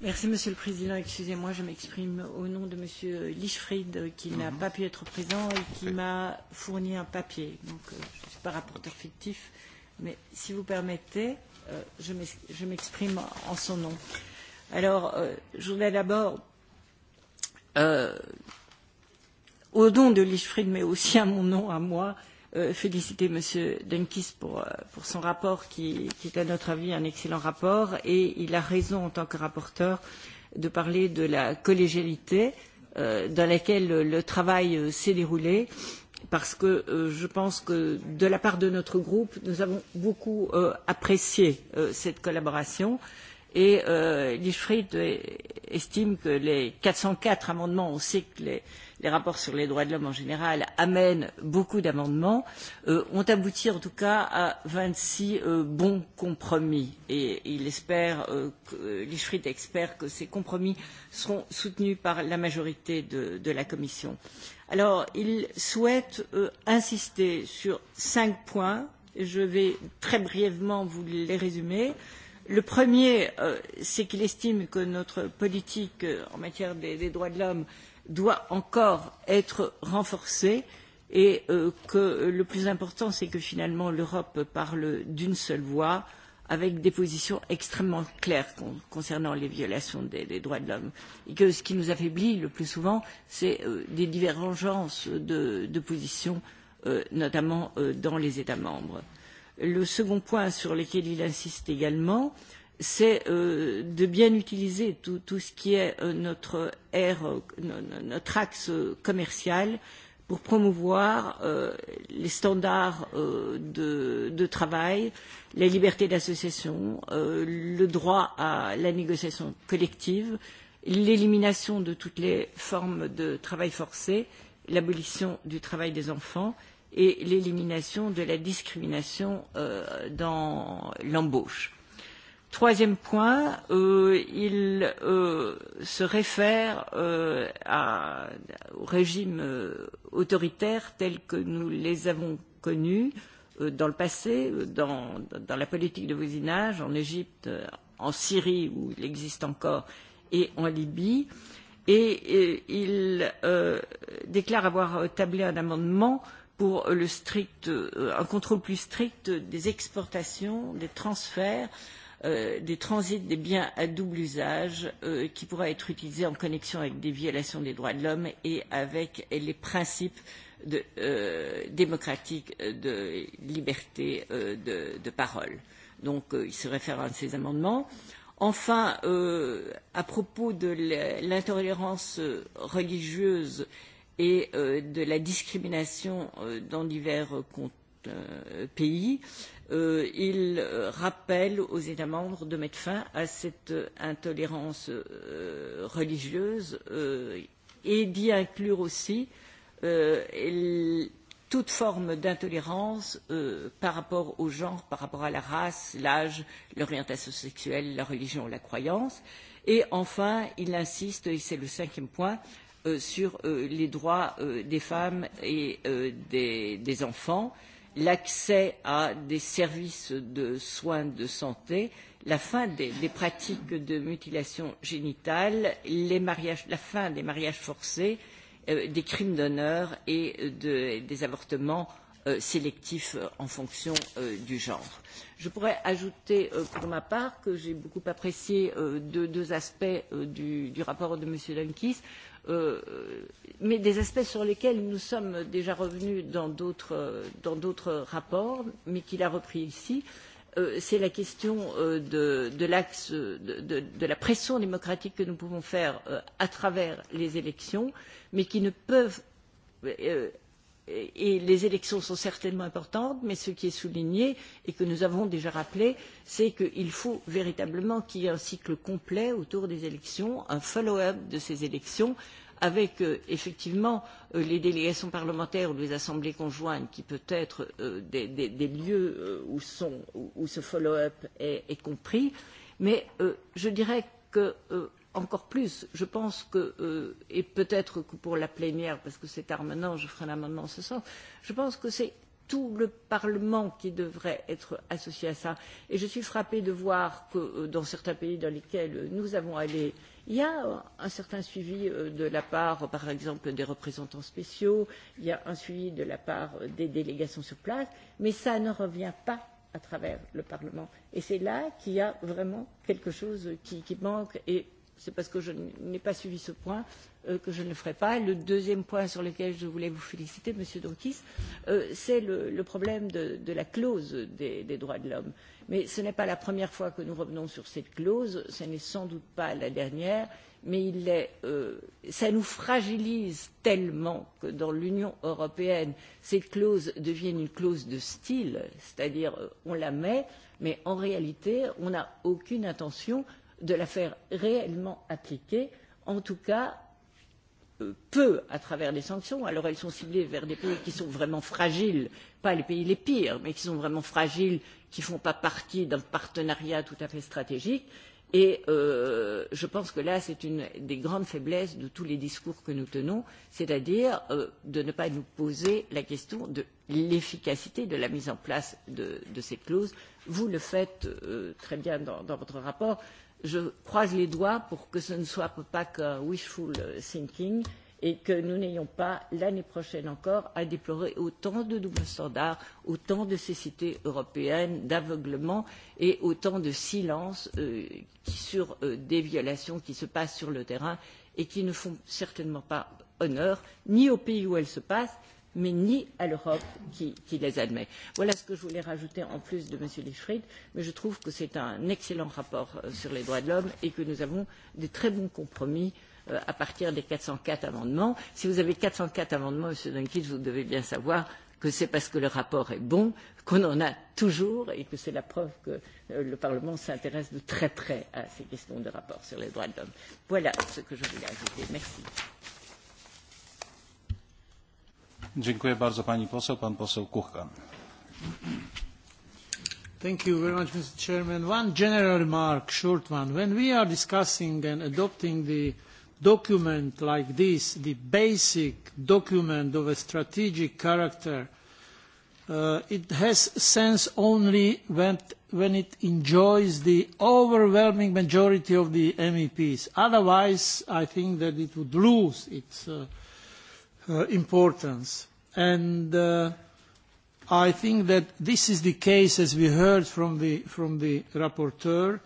Merci Monsieur le Président. Excusez-moi, je m'exprime au nom de Monsieur Lichfried qui n'a pas pu être présent et qui m'a fourni un papier. Donc, je ne suis pas rapporteur fictif, mais si vous permettez, je m'exprime en son nom. Alors, je voudrais d'abord au nom de Lichfried, mais aussi à mon nom, à moi, féliciter M. Denkis pour son rapport, qui est à notre avis un excellent rapport. Et il a raison, en tant que rapporteur, de parler de la collégialité dans laquelle le travail s'est déroulé, parce que je pense que, de la part de notre groupe, nous avons beaucoup apprécié cette collaboration. Et Lichfried estime que les 404 amendements, on sait que les les rapports sur les droits de l'homme en général amènent beaucoup d'amendements, ont abouti en tout cas à 26 bons compromis. Et il espère, Lichfried espère que ces compromis seront soutenus par la majorité de la Commission. Alors, il souhaite insister sur cinq points. et Je vais très brièvement vous les résumer. Le premier, c'est qu'il estime que notre politique en matière des droits de l'homme doit encore être renforcée et que le plus important, c'est que finalement l'Europe parle d'une seule voix avec des positions extrêmement claires concernant les violations des droits de l'homme. Et que ce qui nous affaiblit le plus souvent, c'est des divergences de positions, notamment dans les États membres. Le second point sur lequel il insiste également, c'est de bien utiliser tout ce qui est notre notre axe commercial pour promouvoir les standards de travail, la liberté d'association, le droit à la négociation collective, l'élimination de toutes les formes de travail forcé, l'abolition du travail des enfants et l'élimination de la discrimination dans l'embauche Troisième point, il se réfère aux régimes autoritaires tels que nous les avons connus dans le passé, dans la politique de voisinage, en Égypte, en Syrie où il existe encore, et en Libye. Et il déclare avoir tablé un amendement pour un contrôle plus strict des exportations, des transferts des transit des biens à double usage qui pourra être utilisé en connexion avec des violations des droits de l'homme et avec les principes démocratiques de liberté de parole. Donc, il se réfère à ces amendements. Enfin, à propos de l'intolérance religieuse et de la discrimination dans divers pays, il rappelle aux États membres de mettre fin à cette intolérance religieuse et d'y inclure aussi toute forme d'intolérance par rapport au genre, par rapport à la race, l'âge, l'orientation sexuelle, la religion, la croyance. Et enfin, il insiste, et c'est le cinquième point, sur les droits des femmes et des enfants l'accès à des services de soins de santé, la fin des pratiques de mutilation génitale, la fin des mariages forcés, des crimes d'honneur et des avortements sélectifs en fonction du genre. Je pourrais ajouter pour ma part que j'ai beaucoup apprécié deux aspects du rapport de M. Dunkis mais des aspects sur lesquels nous sommes déjà revenus dans d'autres rapports, mais qu'il a repris ici, c'est la question de l'axe de la pression démocratique que nous pouvons faire à travers les élections, mais qui ne peuvent et les élections sont certainement importantes mais ce qui est souligné et que nous avons déjà rappelé c'est qu'il faut véritablement qu'il y ait un cycle complet autour des élections un follow up de ces élections avec effectivement les délégations parlementaires ou les assemblées conjointes qui peuvent être des lieux où ce follow up est compris mais je dirais que encore plus. Je pense que, et peut-être que pour la plénière, parce que c'est tard maintenant, je ferai un amendement en ce sens, je pense que c'est tout le Parlement qui devrait être associé à ça. Et je suis frappée de voir que dans certains pays dans lesquels nous avons allé, il y a un certain suivi de la part, par exemple, des représentants spéciaux, il y a un suivi de la part des délégations sur place, mais ça ne revient pas à travers le Parlement. Et c'est là qu'il y a vraiment quelque chose qui manque. Et c'est parce que je n'ai pas suivi ce point que je ne le ferai pas. Le deuxième point sur lequel je voulais vous féliciter, Monsieur Donkis, c'est le problème de la clause des droits de l'homme. Mais ce n'est pas la première fois que nous revenons sur cette clause, ce n'est sans doute pas la dernière, mais ça nous fragilise tellement que dans l'Union européenne, cette clause devienne une clause de style, c'est-à-dire on la met, mais en réalité, on n'a aucune intention de la faire réellement appliquer, en tout cas peu à travers des sanctions. Alors elles sont ciblées vers des pays qui sont vraiment fragiles, pas les pays les pires, mais qui sont vraiment fragiles, qui ne font pas partie d'un partenariat tout à fait stratégique. Et je pense que là, c'est une des grandes faiblesses de tous les discours que nous tenons, c'est-à-dire de ne pas nous poser la question de l'efficacité de la mise en place de ces clauses. Vous le faites très bien dans votre rapport je croise les doigts pour que ce ne soit pas que wishful thinking et que nous n'ayons pas l'année prochaine encore à déplorer autant de doubles standards, autant de cécité européenne, d'aveuglement et autant de silence sur des violations qui se passent sur le terrain et qui ne font certainement pas honneur ni aux pays où elles se passent mais ni à l'Europe qui les admet. Voilà ce que je voulais rajouter en plus de M. Lichfried, mais je trouve que c'est un excellent rapport sur les droits de l'homme et que nous avons de très bons compromis à partir des 404 amendements. Si vous avez 404 amendements, Monsieur Dunkis, vous devez bien savoir que c'est parce que le rapport est bon qu'on en a toujours et que c'est la preuve que le Parlement s'intéresse de très près à ces questions de rapport sur les droits de l'homme. Voilà ce que je voulais ajouter. Merci. Dziękuję bardzo pani poseł. Pan poseł Thank you very much, Mr. Chairman. One general remark, short one. When we are discussing and adopting the document like this, the basic document of a strategic character, it has sense only when it enjoys the overwhelming majority of the MEPs. Otherwise, I think that it would lose its importance. And I think that this is the case, as we heard from the rapporteur.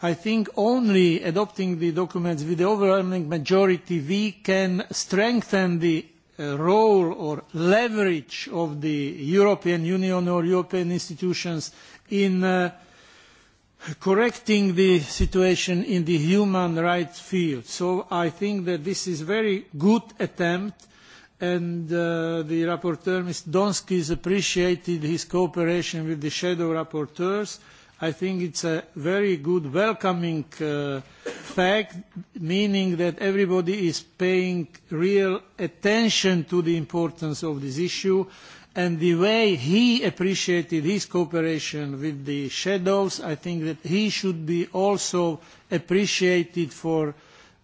I think only adopting the documents with the overwhelming majority, we can strengthen the role or leverage of the European Union or European institutions in correcting the situation in the human rights field. So I think that this is a very good attempt and the rapporteur, Ms. Donskis, appreciated his cooperation with the shadow rapporteurs. I think it's a very good welcoming fact, meaning that everybody is paying real attention to the importance of this issue, and the way he appreciated his cooperation with the shadows, I think that he should be also appreciated for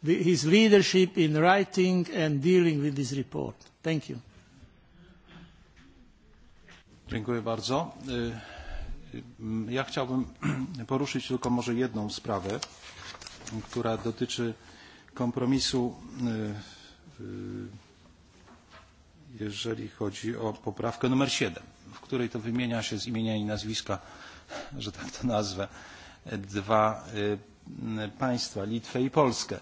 his leadership in writing and dealing with this report. Thank you. Dziękuję bardzo. Ja chciałbym poruszyć tylko może jedną sprawę, która dotyczy kompromisu, jeżeli chodzi o poprawkę numer 7, w której to wymienia się z imienia i nazwiska, że tak to nazwę, dwa państwa, Litwę i Polskę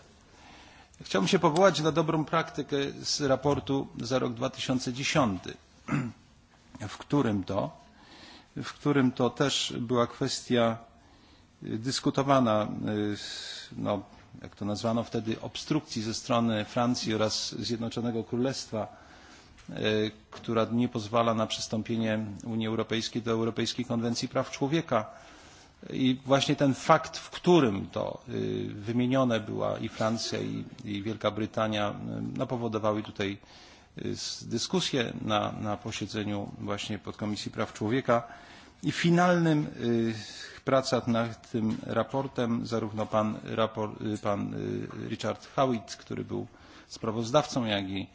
Chciałbym się powołać na dobrą praktykę z raportu za rok 2010, w którym to, w którym to też była kwestia dyskutowana, jak to nazwano wtedy, obstrukcji ze strony Francji oraz Zjednoczonego Królestwa, która nie pozwala na przystąpienie Unii Europejskiej do Europejskiej Konwencji Praw Człowieka. I właśnie ten fakt, w którym to wymienione była i Francja, i Wielka Brytania, powodowały tutaj dyskusję na posiedzeniu właśnie Podkomisji Praw Człowieka. I w finalnym pracach nad tym raportem zarówno pan Richard Howitt, który był sprawozdawcą, jak i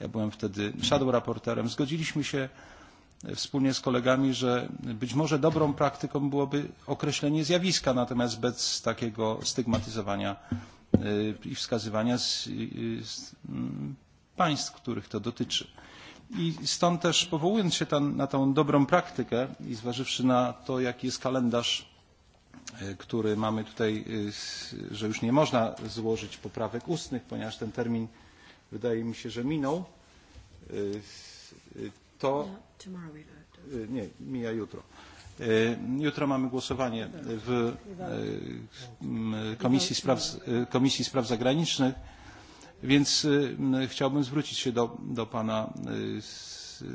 ja byłem wtedy shadow raporterem, zgodziliśmy się wspólnie z kolegami, że być może dobrą praktyką byłoby określenie zjawiska, natomiast bez takiego stygmatyzowania i wskazywania państw, których to dotyczy. I stąd też powołując się na tą dobrą praktykę i zważywszy na to, jaki jest kalendarz, który mamy tutaj, że już nie można złożyć poprawek ustnych, ponieważ ten termin wydaje mi się, że minął, to Nie, mija jutro. Jutro mamy głosowanie w Komisji Spraw, Komisji Spraw Zagranicznych, więc chciałbym zwrócić się do, do Pana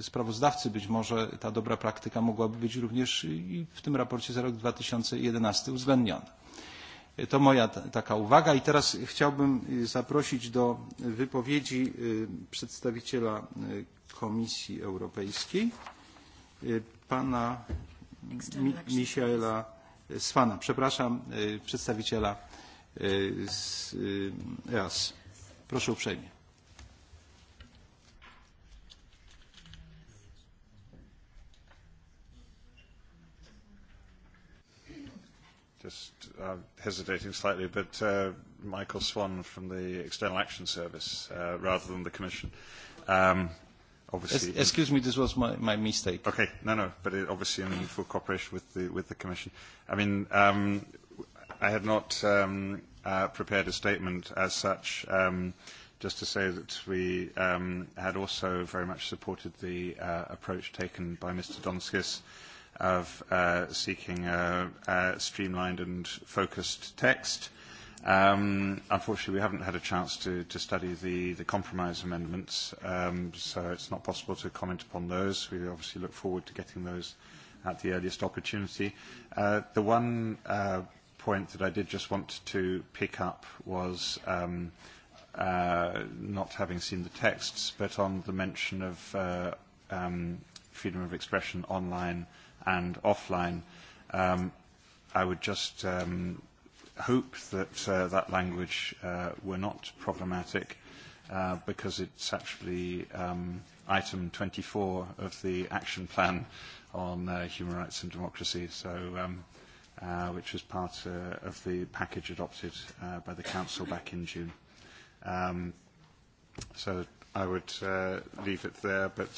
sprawozdawcy. Być może ta dobra praktyka mogłaby być również i w tym raporcie za rok 2011 uwzględniona. To moja taka uwaga i teraz chciałbym zaprosić do wypowiedzi przedstawiciela Komisji Europejskiej, pana Michaela Swana, przepraszam, przedstawiciela z EAS. Proszę uprzejmie. Just hesitating slightly, but Michael Swan from the External Action Service rather than the Commission. Um obviously. Excuse me, this was my, mistake. Okay, no, no, but it, obviously in full cooperation with the with the Commission. I mean, um, I had not um, prepared a statement as such. Um, just to say that we um, had also very much supported the approach taken by Mr. Donskis of seeking a streamlined and focused text Unfortunately, we haven't had a chance to study the compromise amendments, so it's not possible to comment upon those. We obviously look forward to getting those at the earliest opportunity. The one point that I did just want to pick up was not having seen the texts, but on the mention of freedom of expression online and offline, I would just hope that that language were not problematic because it's actually item 24 of the action plan on human rights and democracy, so which was part of the package adopted by the Council back in June. So I would leave it there, but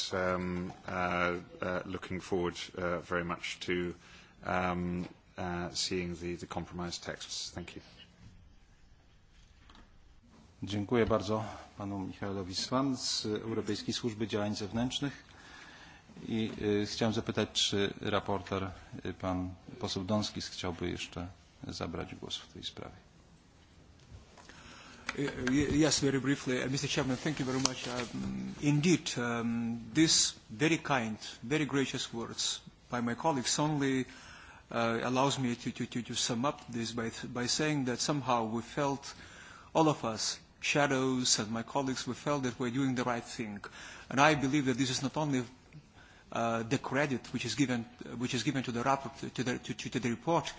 looking forward very much to seeing the, the compromise texts. Thank you. Dziękuję bardzo panu Michałowi Swan z Europejskiej Służby Działań Zewnętrznych. I chciałem zapytać, czy raporter, pan poseł Donskis, chciałby jeszcze zabrać głos w tej sprawie. Yes, very briefly. Mr. Chairman, thank you very much. Indeed, these very kind, very gracious words by my colleagues only allows me to sum up this by saying that somehow we felt, all of us, shadows and my colleagues, we felt that we're doing the right thing. And I believe that this is not only the credit which is given which is given to the to the report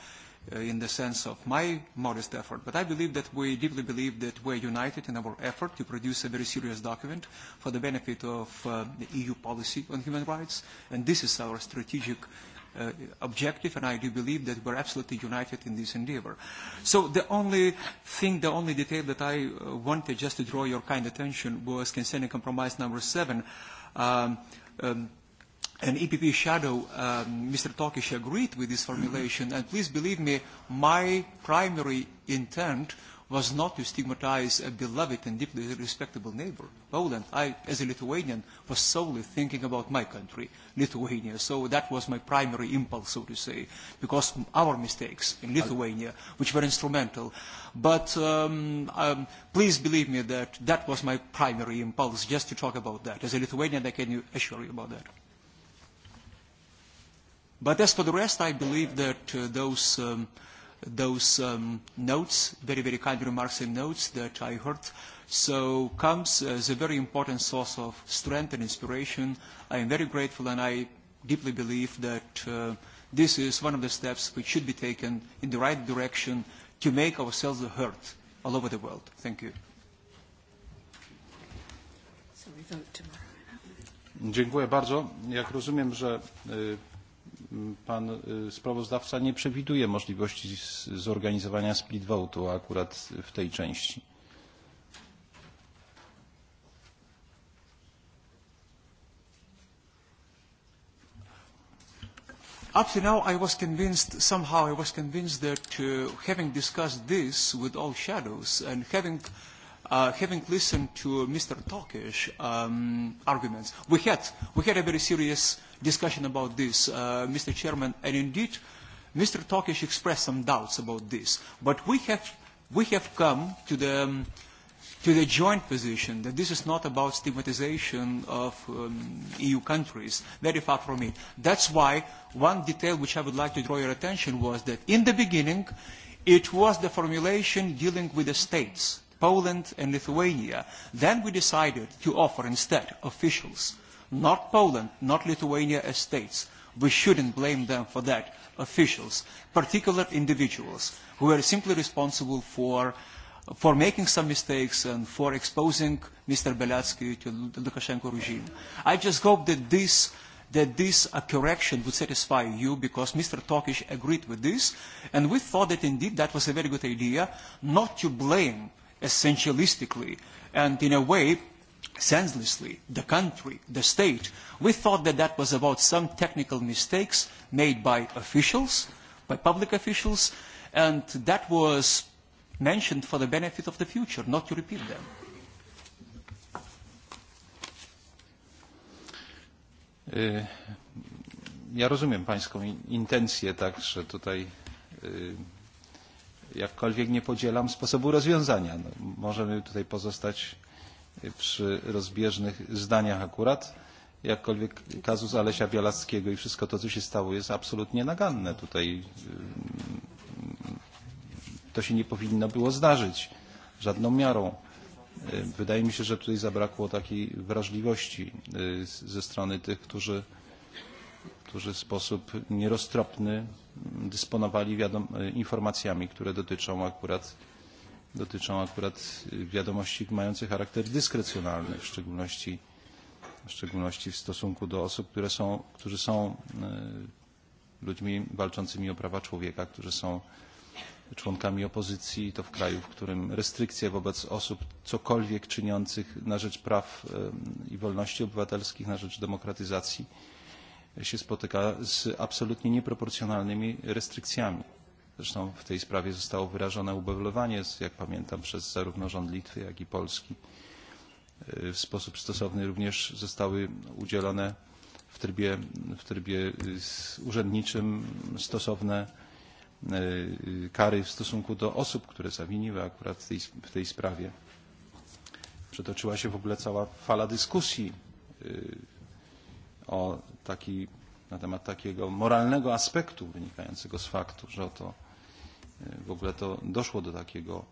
in the sense of my modest effort. But I believe that we deeply believe that we're united in our effort to produce a very serious document for the benefit of the EU policy on human rights. And this is our strategic objective, and I do believe that we're absolutely united in this endeavor. So the only thing, the only detail that I wanted just to draw your kind attention was concerning compromise number seven. An EPP shadow, Mr. Tokish, agreed with this formulation, and please believe me, my primary intent was not to stigmatize a beloved and deeply respectable neighbor, Poland. I, as a Lithuanian, was solely thinking about my country, Lithuania. So that was my primary impulse, so to say, because our mistakes in Lithuania, which were instrumental. But please believe me that that was my primary impulse, just to talk about that. As a Lithuanian, I can assure you about that. But as for the rest, I believe that those those notes, very, very kind remarks and notes that I heard. So comes as a very important source of strength and inspiration. I am very grateful and I deeply believe that this is one of the steps which should be taken in the right direction to make ourselves heard all over the world. Thank you pan sprawozdawca nie przewiduje możliwości zorganizowania split vote'u akurat w tej części. Up to now, I was convinced, somehow I was convinced that having discussed this with all shadows and having having listened to Mr. Tokish arguments, we had a very serious discussion about this, Mr. Chairman, and indeed, Mr. Tokish expressed some doubts about this. But we have come to the to the joint position that this is not about stigmatization of EU countries, very far from it. That's why one detail which I would like to draw your attention was that in the beginning, it was the formulation dealing with the states Poland and Lithuania. Then we decided to offer instead officials, not Poland, not Lithuania as states. We shouldn't blame them for that, officials, particular individuals who are simply responsible for making some mistakes and for exposing Mr. Belatsky to the Lukashenko regime. I just hope that this that this correction would satisfy you because Mr. Tokish agreed with this and we thought that indeed that was a very good idea not to blame essentialistically and in a way senselessly the country, the state. We thought that that was about some technical mistakes made by officials, by public officials, and that was mentioned for the benefit of the future, not to repeat them. Ja rozumiem Pańską intencję, także tutaj jakkolwiek nie podzielam sposobu rozwiązania. Możemy tutaj pozostać przy rozbieżnych zdaniach akurat, jakkolwiek kazus Alesia Bialackiego i wszystko to, co się stało, jest absolutnie naganne. Tutaj to się nie powinno było zdarzyć żadną miarą. Wydaje mi się, że tutaj zabrakło takiej wrażliwości ze strony tych, którzy którzy w sposób nieroztropny dysponowali informacjami, które dotyczą akurat dotyczą akurat wiadomości mających charakter dyskrecjonalny, w szczególności, w stosunku do osób, które są, którzy są ludźmi walczącymi o prawa człowieka, którzy są członkami opozycji, to w kraju, w którym restrykcje wobec osób cokolwiek czyniących na rzecz praw i wolności obywatelskich, na rzecz demokratyzacji się spotyka z absolutnie nieproporcjonalnymi restrykcjami. Zresztą w tej sprawie zostało wyrażone ubolewanie, jak pamiętam, przez zarówno rząd Litwy, jak i Polski. W sposób stosowny również zostały udzielone w trybie, w trybie urzędniczym stosowne kary w stosunku do osób, które zawiniły akurat w tej, w tej sprawie. Przetoczyła się w ogóle cała fala dyskusji o taki, na temat takiego moralnego aspektu wynikającego z faktu, że oto w ogóle to doszło do takiego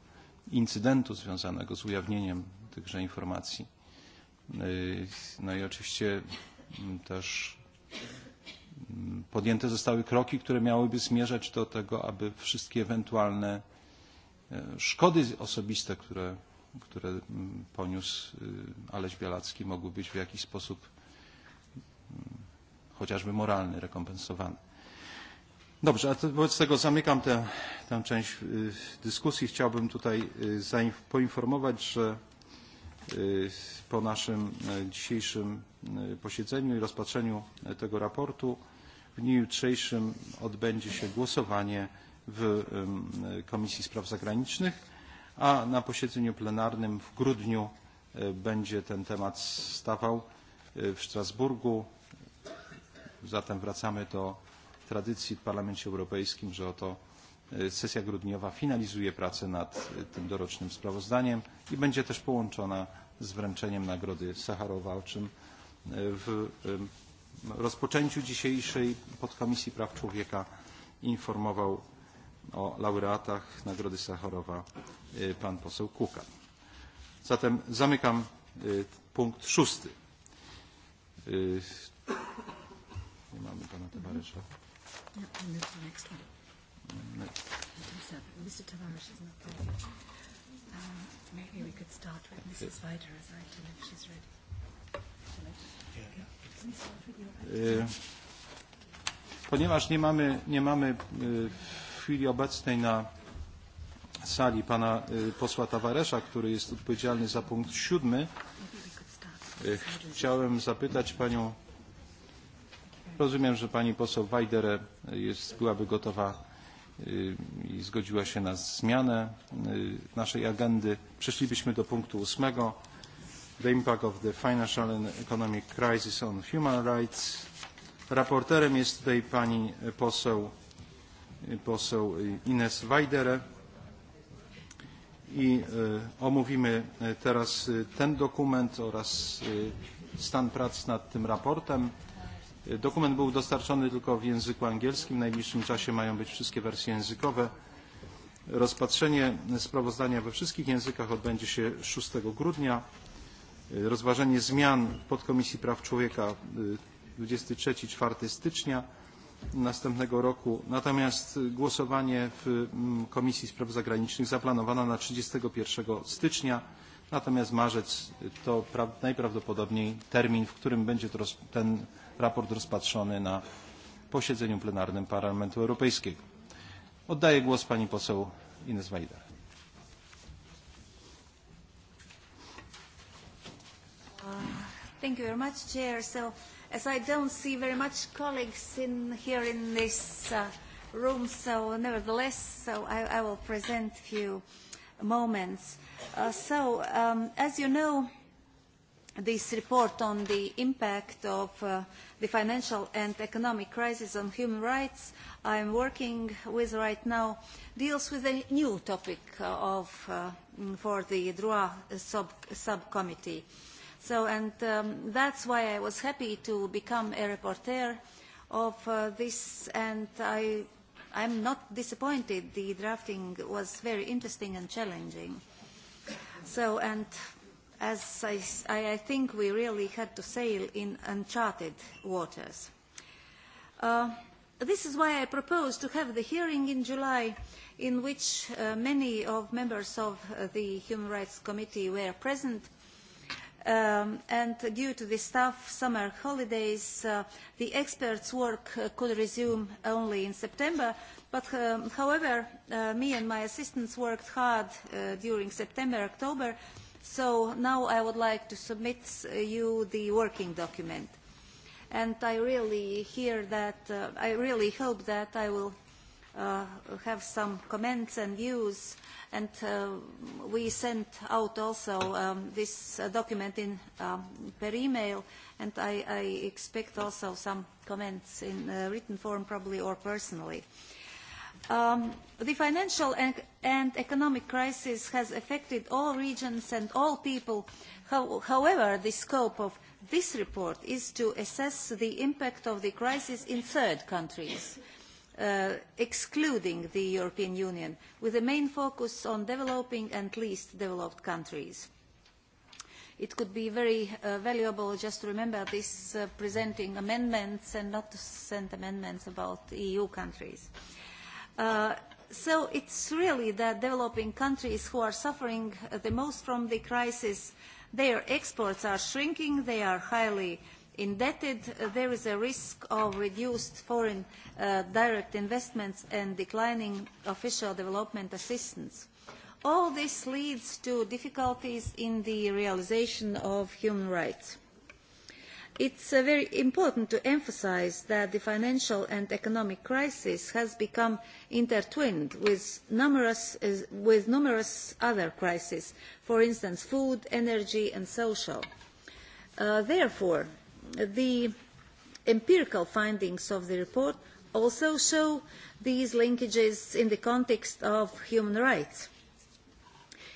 incydentu związanego z ujawnieniem tychże informacji. No i oczywiście też podjęte zostały kroki, które miałyby zmierzać do tego, aby wszystkie ewentualne szkody osobiste, które poniósł Aleś Bialacki, mogły być w jakiś sposób chociażby moralny rekompensowany. Dobrze, a wobec tego zamykam tę część dyskusji. Chciałbym tutaj poinformować, że po naszym dzisiejszym posiedzeniu i rozpatrzeniu tego raportu w dniu jutrzejszym odbędzie się głosowanie w Komisji Spraw Zagranicznych, a na posiedzeniu plenarnym w grudniu będzie ten temat stawał w Strasburgu. Zatem wracamy do tradycji w Parlamencie Europejskim, że oto sesja grudniowa finalizuje pracę nad tym dorocznym sprawozdaniem i będzie też połączona z wręczeniem Nagrody Sacharowa, o czym w rozpoczęciu dzisiejszej podkomisji praw człowieka informował o laureatach Nagrody Sacharowa pan poseł Kuka. Zatem zamykam punkt szósty. Nie mamy pana Ponieważ nie mamy, nie mamy w chwili obecnej na sali pana posła Tawaresza, który jest odpowiedzialny za punkt siódmy, chciałem zapytać panią Rozumiem, że pani poseł jest byłaby gotowa i zgodziła się na zmianę naszej agendy. Przeszlibyśmy do punktu ósmego. The impact of the financial and economic crisis on human rights. Raporterem jest tutaj pani poseł, poseł Ines Wajdere. I omówimy teraz ten dokument oraz stan prac nad tym raportem. Dokument był dostarczony tylko w języku angielskim. W najbliższym czasie mają być wszystkie wersje językowe. Rozpatrzenie sprawozdania we wszystkich językach odbędzie się 6 grudnia. Rozważenie zmian w Podkomisji Praw Człowieka 23-4 stycznia następnego roku. Natomiast głosowanie w Komisji Spraw Zagranicznych zaplanowano na 31 stycznia. Natomiast marzec to najprawdopodobniej termin, w którym będzie ten raport rozpatrzony na posiedzeniu plenarnym Parlamentu Europejskiego. Oddaję głos pani poseł Ines Weider. Thank you very much, Chair. So, as I don't see very much colleagues in here in this room, so nevertheless, so I I will present a few moments. So, um, as you know, this report on the impact of the financial and economic crisis on human rights I am working with right now deals with a new topic for the DROA subcommittee. So and that's why I was happy to become a reporter of this and I I'm not disappointed. The drafting was very interesting and challenging. So and as I think we really had to sail in uncharted waters. This is why I propose to have the hearing in July in which many of members of the Human Rights Committee were present and due to the staff summer holidays the experts' work could resume only in September but however me and my assistants worked hard during September-October So now I would like to submit you the working document. And I really hear that, I really hope that I will have some comments and views. And we sent out also this document in per email, and I expect also some comments in written form probably or personally. The financial and economic crisis has affected all regions and all people. However, the scope of this report is to assess the impact of the crisis in third countries, excluding the European Union, with a main focus on developing and least developed countries. It could be very valuable just to remember this, presenting amendments and not to send amendments about EU countries. So it's really the developing countries who are suffering the most from the crisis, their exports are shrinking, they are highly indebted, there is a risk of reduced foreign direct investments and declining official development assistance. All this leads to difficulties in the realization of human rights. It is very important to emphasise that the financial and economic crisis has become intertwined with numerous other crises, for instance food, energy and social. Therefore, the empirical findings of the report also show these linkages in the context of human rights.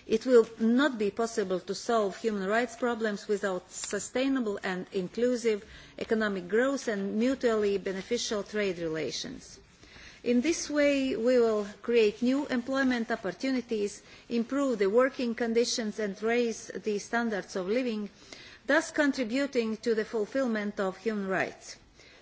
It will not be possible to solve human rights problems without sustainable and inclusive economic growth and mutually beneficial trade relations. In this way, we will create new employment opportunities, improve the working conditions and raise the standards of living, thus contributing to the fulfilment of human rights.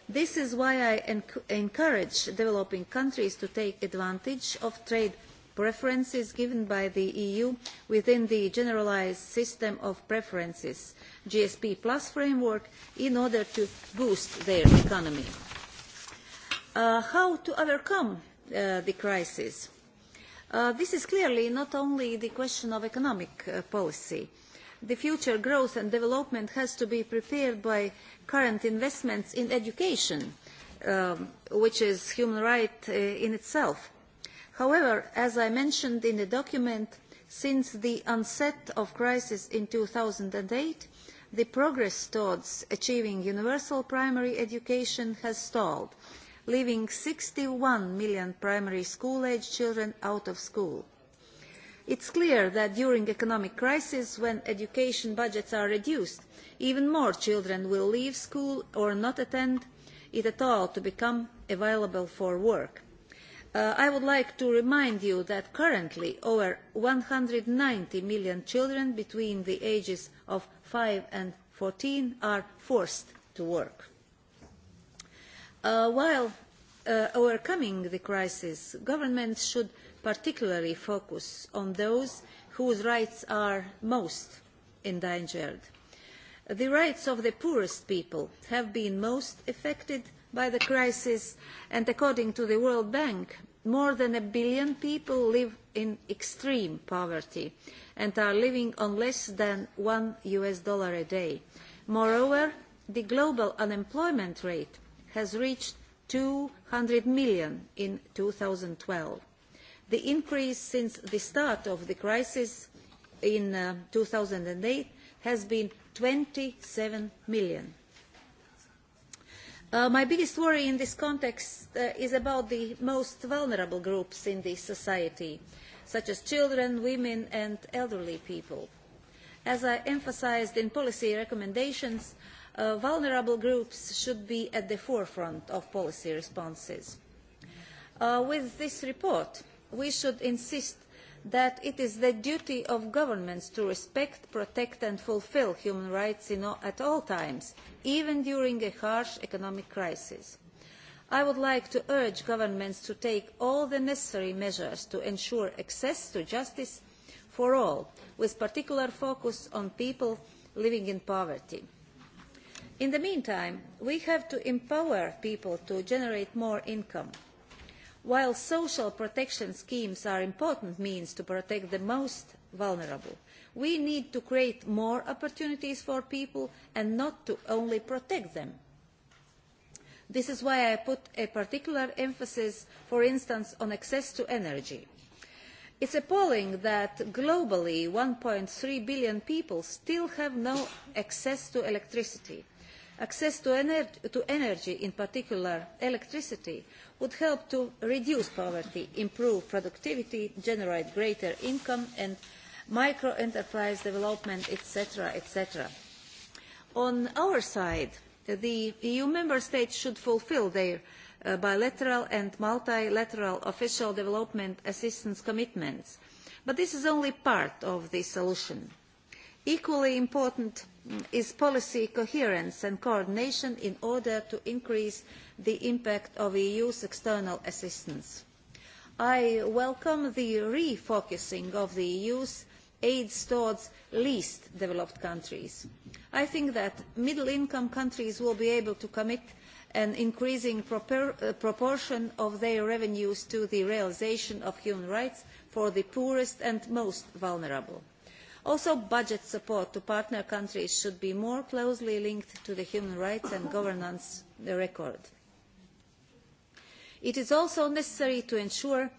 This is why I encourage developing countries to take advantage of trade preferences given by the EU within the generalised system of preferences GSP Plus framework in order to boost their economy. How to overcome the crisis? This is clearly not only the question of economic policy. The future growth and development has to be prepared by current investments in education, which is human right in itself However, as I mentioned in the document, since the onset of crisis in two thousand 2008, the progress towards achieving universal primary education has stalled, leaving sixty one million primary school-age children out of school. It is clear that during economic crisis, when education budgets are reduced, even more children will leave school or not attend it at all to become available for work. I would like to remind you that currently over 190 million children between the ages of 5 and 14 are forced to work. While overcoming the crisis, governments should particularly focus on those whose rights are most endangered. The rights of the poorest people have been most affected by the crisis and according to the World Bank, more than a billion people live in extreme poverty and are living on less than one US dollar a day. Moreover, the global unemployment rate has reached 200 million in 2012. The increase since the start of the crisis in 2008 has been 27 million. My biggest worry in this context is about the most vulnerable groups in this society, such as children, women and elderly people. As I emphasised in policy recommendations, vulnerable groups should be at the forefront of policy responses. With this report, we should insist that it is the duty of governments to respect, protect and fulfil human rights at all times, even during a harsh economic crisis. I would like to urge governments to take all the necessary measures to ensure access to justice for all, with particular focus on people living in poverty. In the meantime, we have to empower people to generate more income. While social protection schemes are important means to protect the most vulnerable, we need to create more opportunities for people and not to only protect them. This is why I put a particular emphasis, for instance, on access to energy. It's appalling that globally 1.3 billion people still have no access to electricity. Access to energy, in particular electricity, would help to reduce poverty, improve productivity, generate greater income and micro-enterprise development, etc., etc. On our side, the EU member states should fulfil their bilateral and multilateral official development assistance commitments, but this is only part of the solution. Equally important is policy coherence and coordination in order to increase the impact of EU's external assistance. I welcome the refocusing of the EU's aid towards least developed countries. I think that middle income countries will be able to commit an increasing proportion of their revenues to the realisation of human rights for the poorest and most vulnerable. Also, budget support to partner countries should be more closely linked to the human rights and governance record. It is also necessary to ensure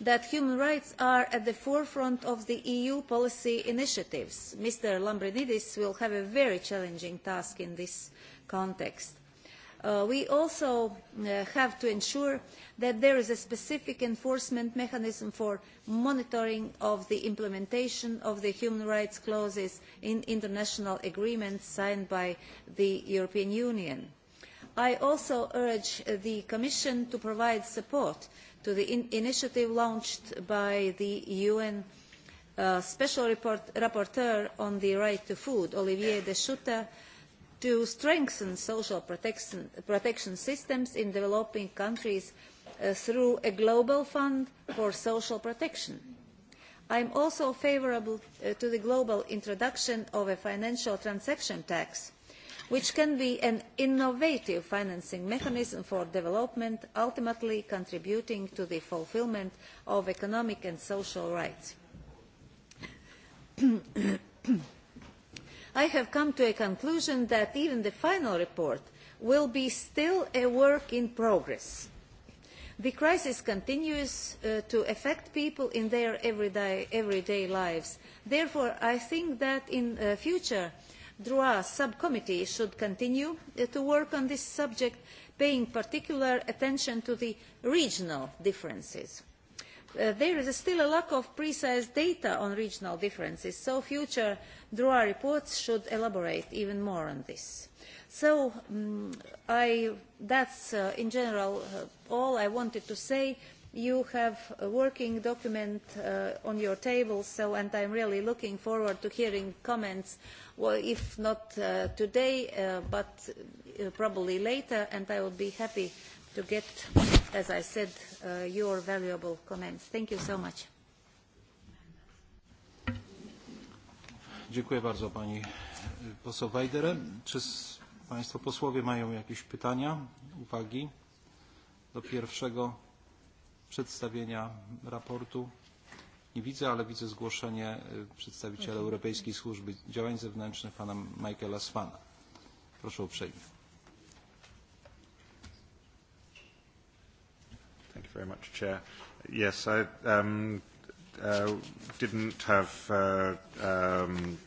that human rights are at the forefront of the EU policy initiatives. Mr. Lambrinidis will have a very challenging task in this context. We also have to ensure that there is a specific enforcement mechanism for monitoring of the implementation of the human rights clauses in international agreements signed by the European Union. I also urge the Commission to provide support to the initiative launched by the UN Special Rapporteur on the Right to Food, Olivier de Schutter, to strengthen social protection systems in developing countries through a global fund for social protection. I am also favourable to the global introduction of a financial transaction tax, which can be an innovative financing mechanism for development, ultimately contributing to the fulfilment of economic and social rights. I have come to a conclusion that even the final report will be still a work in progress. The crisis continues to affect people in their everyday lives. Therefore, I think that in future, DROA subcommittee should continue to work on this subject, paying particular attention to the regional differences. There is still a lack of precise data on regional differences, so future DROA reports should elaborate even more on this. So that's in general all I wanted to say. You have a working document on your table, so and I'm really looking forward to hearing comments, if not today, but probably later, and I would be happy to get, as I said, your valuable comments. Thank you so much. Dziękuję bardzo pani poseł Weidere. Czy państwo posłowie mają jakieś pytania, uwagi do pierwszego przedstawienia raportu? Nie widzę, ale widzę zgłoszenie przedstawiciela Europejskiej Służby Działań Zewnętrznych pana Michaela Swana. Proszę uprzejmie. very much, Chair. Yes, I didn't have um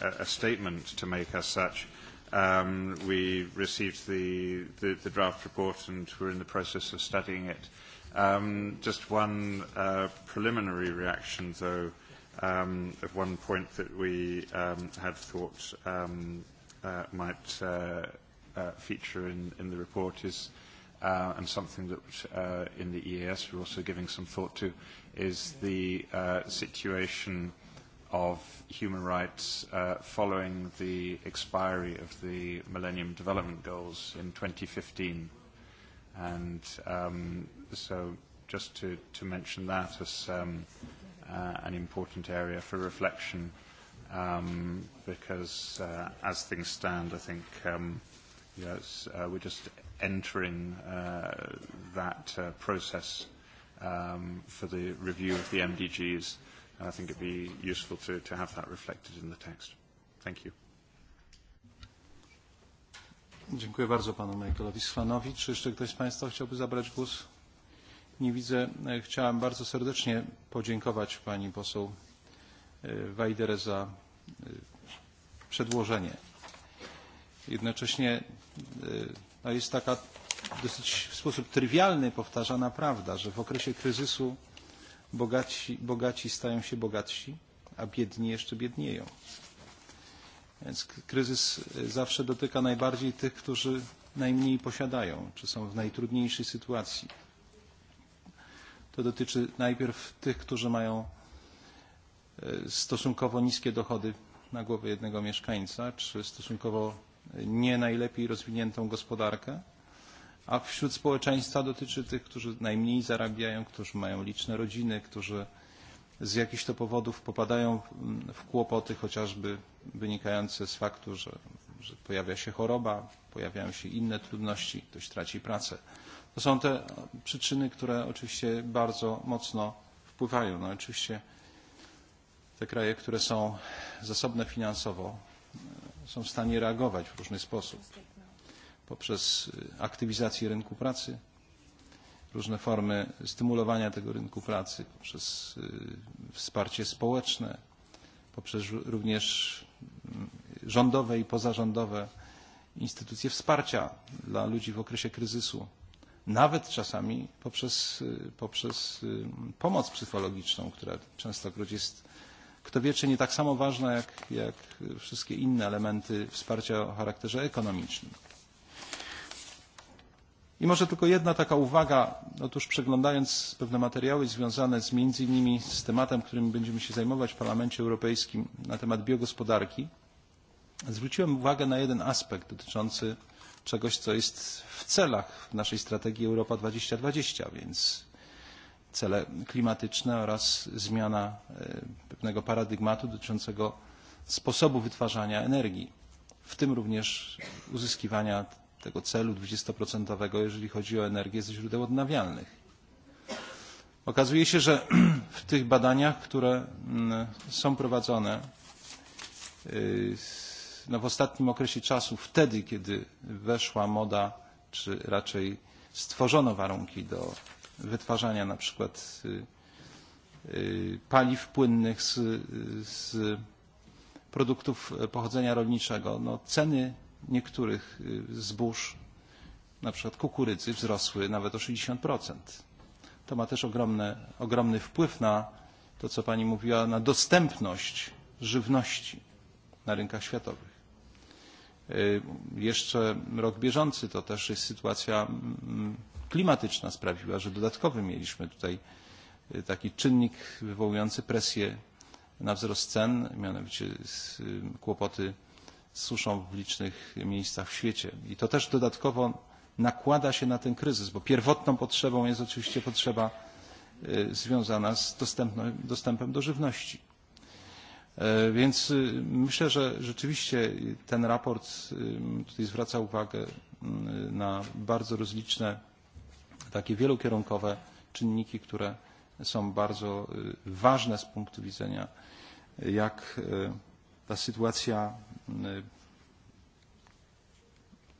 a statement to make as such. Um We received the the draft report and we're in the process of studying it. Um Just one preliminary reaction, though, of one point that we um had thought um might feature in the report is and something that in the EAS we're also giving some thought to is the situation of human rights following the expiry of the Millennium Development Goals in 2015. And so just to mention that as an important area for reflection because as things stand, I think we're just entering that process for the review of the MDGs. And I think it would be useful to, to have that reflected in the text. Thank you. Dziękuję bardzo panu Michaelowi Slanowi. Czy jeszcze ktoś z Państwa chciałby zabrać głos? Nie widzę. Chciałem bardzo serdecznie podziękować pani poseł Wajder za przedłożenie. Jednocześnie jest taka dosyć w sposób trywialny powtarzana prawda, że w okresie kryzysu bogaci stają się bogatsi, a biedni jeszcze biednieją. Więc kryzys zawsze dotyka najbardziej tych, którzy najmniej posiadają, czy są w najtrudniejszej sytuacji. To dotyczy najpierw tych, którzy mają stosunkowo niskie dochody na głowę jednego mieszkańca, czy stosunkowo nie najlepiej rozwiniętą gospodarkę, a wśród społeczeństwa dotyczy tych, którzy najmniej zarabiają, którzy mają liczne rodziny, którzy z jakichś to powodów popadają w kłopoty, chociażby wynikające z faktu, że pojawia się choroba, pojawiają się inne trudności, ktoś traci pracę. To są te przyczyny, które oczywiście bardzo mocno wpływają. No oczywiście te kraje, które są zasobne finansowo, są w stanie reagować w różny sposób poprzez aktywizację rynku pracy, różne formy stymulowania tego rynku pracy, poprzez wsparcie społeczne, poprzez również rządowe i pozarządowe instytucje wsparcia dla ludzi w okresie kryzysu, nawet czasami poprzez pomoc psychologiczną, która częstokroć jest kto wie, czy nie tak samo ważna jak wszystkie inne elementy wsparcia o charakterze ekonomicznym. I może tylko jedna taka uwaga, otóż przeglądając pewne materiały związane z między innymi z tematem, którym będziemy się zajmować w Parlamencie Europejskim na temat biogospodarki, zwróciłem uwagę na jeden aspekt dotyczący czegoś, co jest w celach naszej strategii Europa 2020, więc cele klimatyczne oraz zmiana pewnego paradygmatu dotyczącego sposobu wytwarzania energii, w tym również uzyskiwania tego celu 20% jeżeli chodzi o energię ze źródeł odnawialnych. Okazuje się, że w tych badaniach, które są prowadzone w ostatnim okresie czasu, wtedy kiedy weszła moda, czy raczej stworzono warunki do wytwarzania na przykład paliw płynnych z produktów pochodzenia rolniczego. Ceny niektórych zbóż, na przykład kukurydzy, wzrosły nawet o 60%. To ma też ogromny wpływ na to, co Pani mówiła, na dostępność żywności na rynkach światowych. Jeszcze rok bieżący to też jest sytuacja klimatyczna sprawiła, że dodatkowy mieliśmy tutaj taki czynnik wywołujący presję na wzrost cen, mianowicie kłopoty z suszą w licznych miejscach w świecie. I to też dodatkowo nakłada się na ten kryzys, bo pierwotną potrzebą jest oczywiście potrzeba związana z dostępem do żywności. Więc myślę, że rzeczywiście ten raport tutaj zwraca uwagę na bardzo rozliczne takie wielokierunkowe czynniki, które są bardzo ważne z punktu widzenia, jak ta sytuacja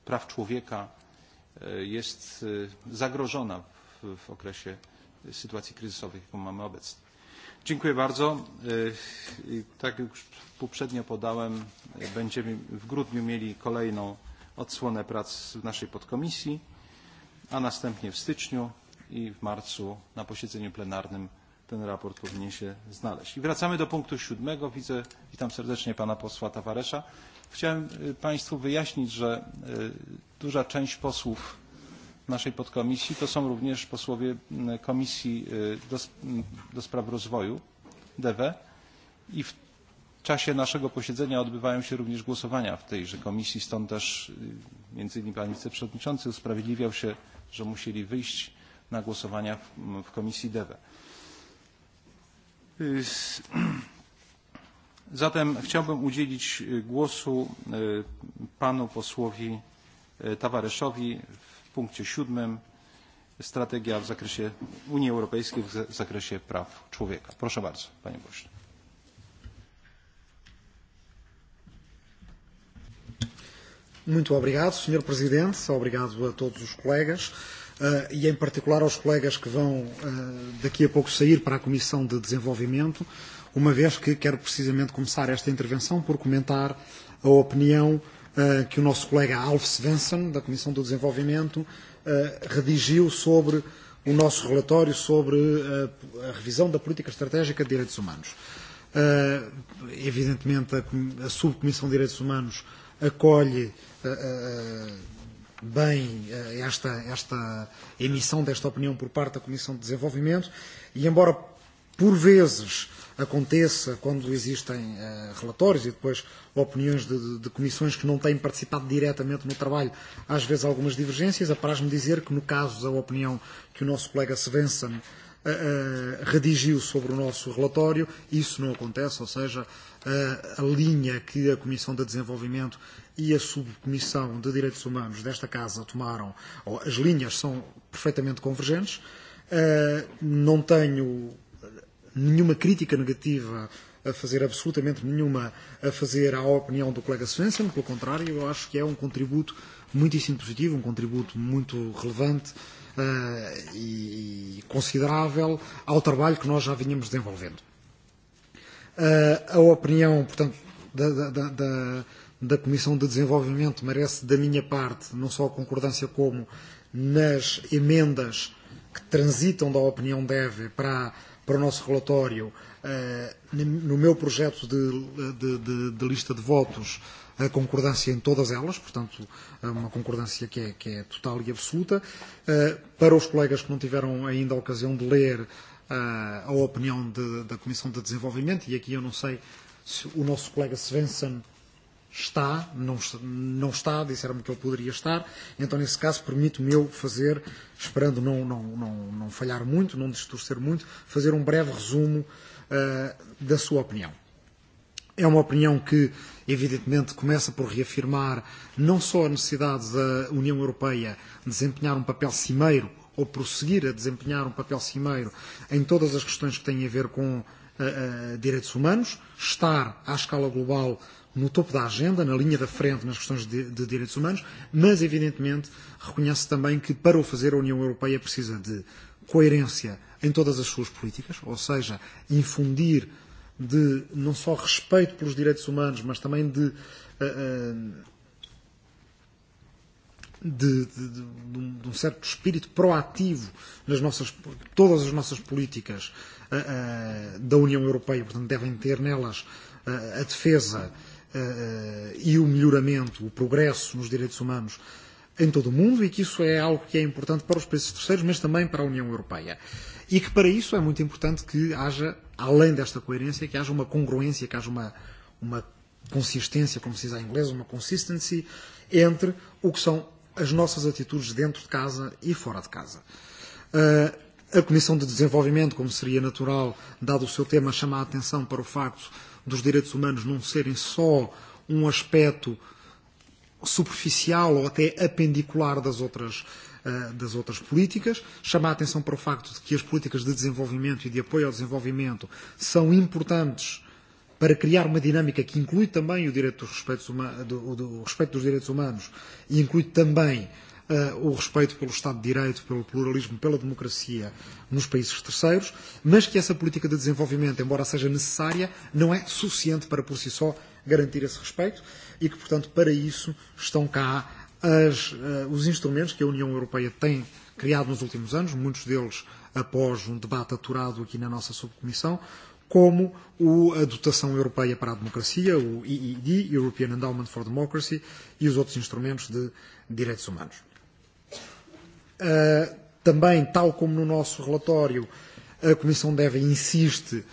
praw człowieka jest zagrożona w okresie sytuacji kryzysowej, jaką mamy obecnie. Dziękuję bardzo. Tak jak już poprzednio podałem, będziemy w grudniu mieli kolejną odsłonę prac w naszej podkomisji a następnie w styczniu i w marcu na posiedzeniu plenarnym ten raport powinien się znaleźć. I wracamy do punktu siódmego. Widzę, witam serdecznie pana posła Tavaresa. Chciałem państwu wyjaśnić, że duża część posłów naszej podkomisji to są również posłowie Komisji do Spraw Rozwoju, DW. I w W czasie naszego posiedzenia odbywają się również głosowania w tejże komisji, stąd też między innymi pan wiceprzewodniczący usprawiedliwiał się, że musieli wyjść na głosowania w komisji DEWE. Zatem chciałbym udzielić głosu panu posłowi Tawareszowi w punkcie siódmym strategia w zakresie Unii Europejskiej w zakresie praw człowieka. Proszę bardzo, panie pośle. Muito obrigado, Sr. Presidente, obrigado a todos os colegas e, em particular, aos colegas que vão daqui a pouco sair para a Comissão de Desenvolvimento, uma vez que quero precisamente começar esta intervenção por comentar a opinião que o nosso colega Alf Svensson, da Comissão do Desenvolvimento, redigiu sobre o nosso relatório sobre a revisão da política estratégica de direitos humanos. Evidentemente, a Subcomissão de Direitos Humanos acolhe bem esta, esta emissão desta opinião por parte da Comissão de Desenvolvimento e embora por vezes aconteça quando existem relatórios e depois opiniões de, de comissões que não têm participado diretamente no trabalho, às vezes algumas divergências, apraz-me dizer que no caso da opinião que o nosso colega Svensson redigiu sobre o nosso relatório, isso não acontece, ou seja, a linha que a Comissão de Desenvolvimento e a Subcomissão de Direitos Humanos desta Casa tomaram, as linhas são perfeitamente convergentes. Não tenho nenhuma crítica negativa a fazer absolutamente nenhuma a fazer à opinião do colega Svensson, pelo contrário, eu acho que é um contributo muitíssimo positivo, um contributo muito relevante e considerável ao trabalho que nós já vinhamos desenvolvendo. A opinião, portanto, da da Comissão de Desenvolvimento merece, da minha parte, não só a concordância como nas emendas que transitam da opinião deve para, para o nosso relatório, no meu projeto de, de, de, de lista de votos, a concordância em todas elas, portanto, uma concordância que é, que é total e absoluta. Para os colegas que não tiveram ainda a ocasião de ler a opinião da Comissão de Desenvolvimento, e aqui eu não sei se o nosso colega Svensson está, não está, disseram-me que ele poderia estar, então nesse caso permito-me eu fazer, esperando não, não, não, não falhar muito, não distorcer muito, fazer um breve resumo da sua opinião. É uma opinião que, evidentemente, começa por reafirmar não só a necessidade da União Europeia desempenhar um papel cimeiro ou prosseguir a desempenhar um papel cimeiro em todas as questões que têm a ver com direitos humanos, estar à escala global no topo da agenda, na linha da frente nas questões de direitos humanos, mas evidentemente reconhece também que para o fazer a União Europeia precisa de coerência em todas as suas políticas, ou seja, infundir de não só respeito pelos direitos humanos, mas também de de, de, de, um certo espírito proativo nas nossas, todas as nossas políticas da União Europeia, portanto devem ter nelas a defesa e o melhoramento, o progresso nos direitos humanos em todo o mundo e que isso é algo que é importante para os países terceiros, mas também para a União Europeia. E que para isso é muito importante que haja, além desta coerência, que haja uma congruência, que haja uma, uma consistência, como se diz em inglês, uma consistency entre o que são as nossas atitudes dentro de casa e fora de casa. A Comissão de Desenvolvimento, como seria natural, dado o seu tema, chama a atenção para o facto dos direitos humanos não serem só um aspecto superficial ou até apendicular das outras das outras políticas, chamar a atenção para o facto de que as políticas de desenvolvimento e de apoio ao desenvolvimento são importantes para criar uma dinâmica que inclui também o direito dos respeitos o respeito dos direitos humanos e inclui também o respeito pelo Estado de Direito, pelo pluralismo, pela democracia nos países terceiros, mas que essa política de desenvolvimento, embora seja necessária, não é suficiente para por si só garantir esse respeito e que, portanto, para isso estão cá as os instrumentos que a União Europeia tem criado nos últimos anos, muitos deles após um debate aturado aqui na nossa subcomissão, como a dotação europeia para a democracia, o EED, European Endowment for Democracy, e os outros instrumentos de direitos humanos. Também, tal como no nosso relatório, a Comissão deve insiste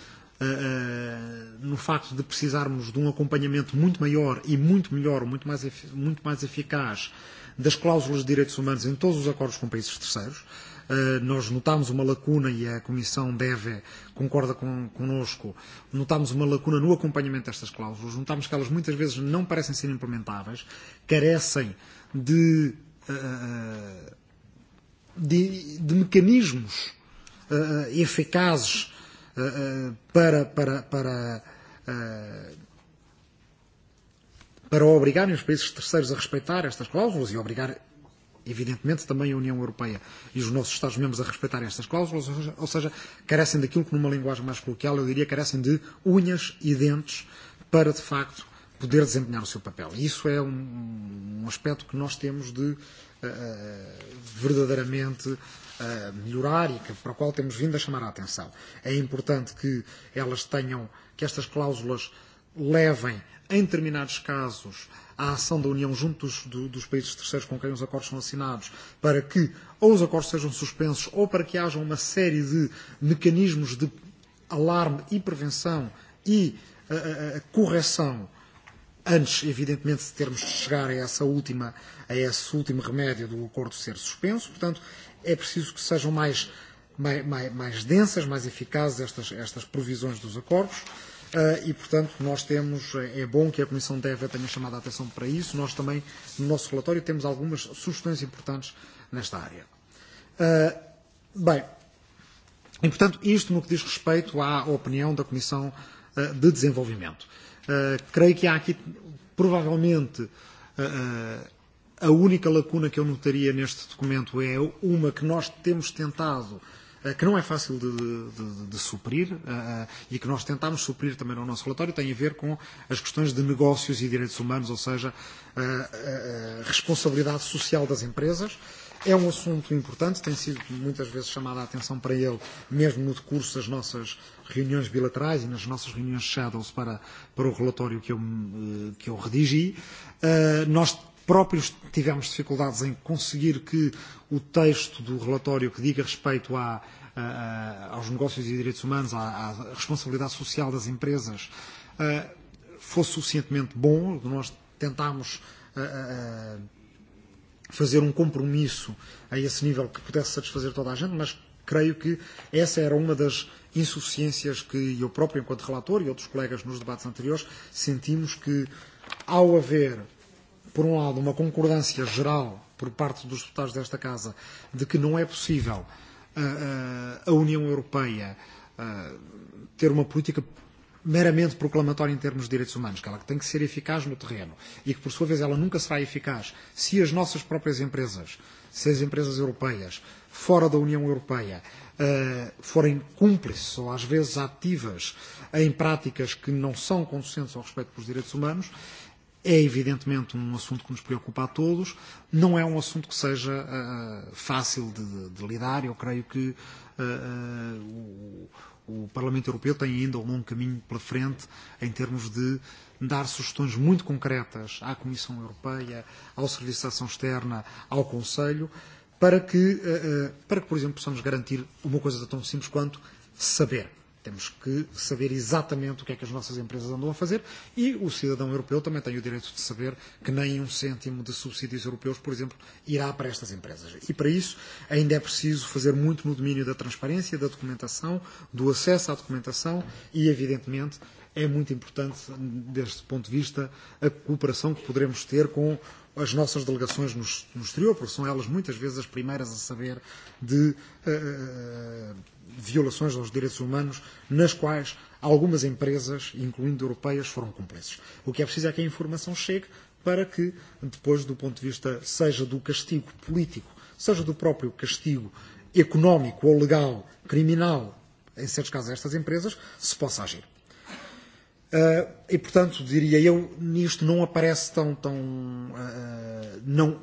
no facto de precisarmos de um acompanhamento muito maior e muito melhor, muito mais, muito mais eficaz das cláusulas de direitos humanos em todos os acordos com países terceiros. Nós notámos uma lacuna e a Comissão deve, concorda connosco, notámos uma lacuna no acompanhamento destas cláusulas, notámos que elas muitas vezes não parecem ser implementáveis, carecem de de, de mecanismos eficazes para, para, para, para obrigarem os países terceiros a respeitar estas cláusulas e obrigar, evidentemente, também a União Europeia e os nossos Estados-membros a respeitarem estas cláusulas, ou seja, carecem daquilo que numa linguagem mais coloquial eu diria carecem de unhas e dentes para, de facto, poder desempenhar o seu papel. E isso é um, aspecto que nós temos de verdadeiramente melhorar e para o qual temos vindo a chamar a atenção. É importante que elas tenham, que estas cláusulas levem, em determinados casos, à ação da União junto dos países terceiros com quem os acordos são assinados, para que ou os acordos sejam suspensos ou para que haja uma série de mecanismos de alarme e prevenção e correção antes, evidentemente, de termos de chegar a, essa última, a esse último remédio do acordo ser suspenso. Portanto, é preciso que sejam mais, mais, mais, mais densas, mais eficazes estas, estas provisões dos acordos. E, portanto, nós temos, é bom que a Comissão deve tenha chamado a atenção para isso. Nós também, no nosso relatório, temos algumas sugestões importantes nesta área. Bem, e, portanto, isto no que diz respeito à opinião da Comissão de Desenvolvimento. Creio que há aqui, provavelmente, a única lacuna que eu notaria neste documento é uma que nós temos tentado que não é fácil de suprir e que nós tentámos suprir também no nosso relatório, tem a ver com as questões de negócios e direitos humanos, ou seja, a responsabilidade social das empresas É um assunto importante, tem sido muitas vezes chamada a atenção para ele, mesmo no decurso das nossas reuniões bilaterais e nas nossas reuniões shadows para, para o relatório que eu, que eu redigi. Nós próprios tivemos dificuldades em conseguir que o texto do relatório que diga respeito à, aos negócios e direitos humanos, à, à responsabilidade social das empresas, fosse suficientemente bom. Nós tentámos fazer um compromisso a esse nível que pudesse satisfazer toda a gente, mas creio que essa era uma das insuficiências que eu próprio, enquanto relator, e outros colegas nos debates anteriores, sentimos que, ao haver, por um lado, uma concordância geral por parte dos deputados desta Casa de que não é possível a União Europeia ter uma política meramente proclamatória em termos de direitos humanos, que ela tem que ser eficaz no terreno e que, por sua vez, ela nunca será eficaz se as nossas próprias empresas, se as empresas europeias, fora da União Europeia, forem cúmplices ou às vezes ativas em práticas que não são conducentes ao respeito pelos direitos humanos, é evidentemente um assunto que nos preocupa a todos. Não é um assunto que seja fácil de lidar. Eu creio que o o Parlamento Europeu tem ainda um longo caminho pela frente em termos de dar sugestões muito concretas à Comissão Europeia, ao Serviço de Ação Externa, ao Conselho, para que, para que por exemplo, possamos garantir uma coisa tão simples quanto saber Temos que saber exatamente o que é que as nossas empresas andam a fazer e o cidadão europeu também tem o direito de saber que nem um cêntimo de subsídios europeus, por exemplo, irá para estas empresas. E para isso ainda é preciso fazer muito no domínio da transparência, da documentação, do acesso à documentação e, evidentemente, é muito importante, deste ponto de vista, a cooperação que poderemos ter com as nossas delegações no exterior, porque são elas muitas vezes as primeiras a saber de violações aos direitos humanos, nas quais algumas empresas, incluindo europeias, foram cúmplices. O que é preciso é que a informação chegue para que, depois, do ponto de vista, seja do castigo político, seja do próprio castigo económico ou legal, criminal, em certos casos, a estas empresas, se possa agir. E, portanto, diria eu, nisto não aparece tão... tão não,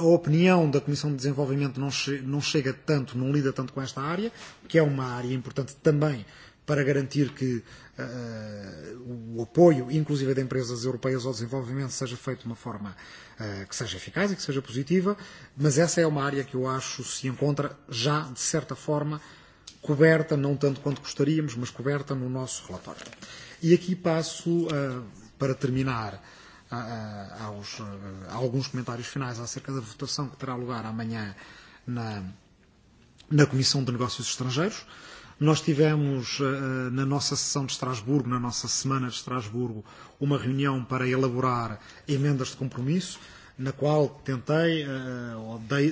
a, opinião da Comissão de Desenvolvimento não, não chega tanto, não lida tanto com esta área, que é uma área importante também para garantir que o apoio, inclusive de empresas europeias ao desenvolvimento, seja feito de uma forma que seja eficaz e que seja positiva, mas essa é uma área que eu acho se encontra já, de certa forma, coberta, não tanto quanto gostaríamos, mas coberta no nosso relatório. E aqui passo, para terminar, aos, alguns comentários finais acerca da votação que terá lugar amanhã na, na Comissão de Negócios Estrangeiros. Nós tivemos na nossa sessão de Estrasburgo, na nossa semana de Estrasburgo, uma reunião para elaborar emendas de compromisso na qual tentei,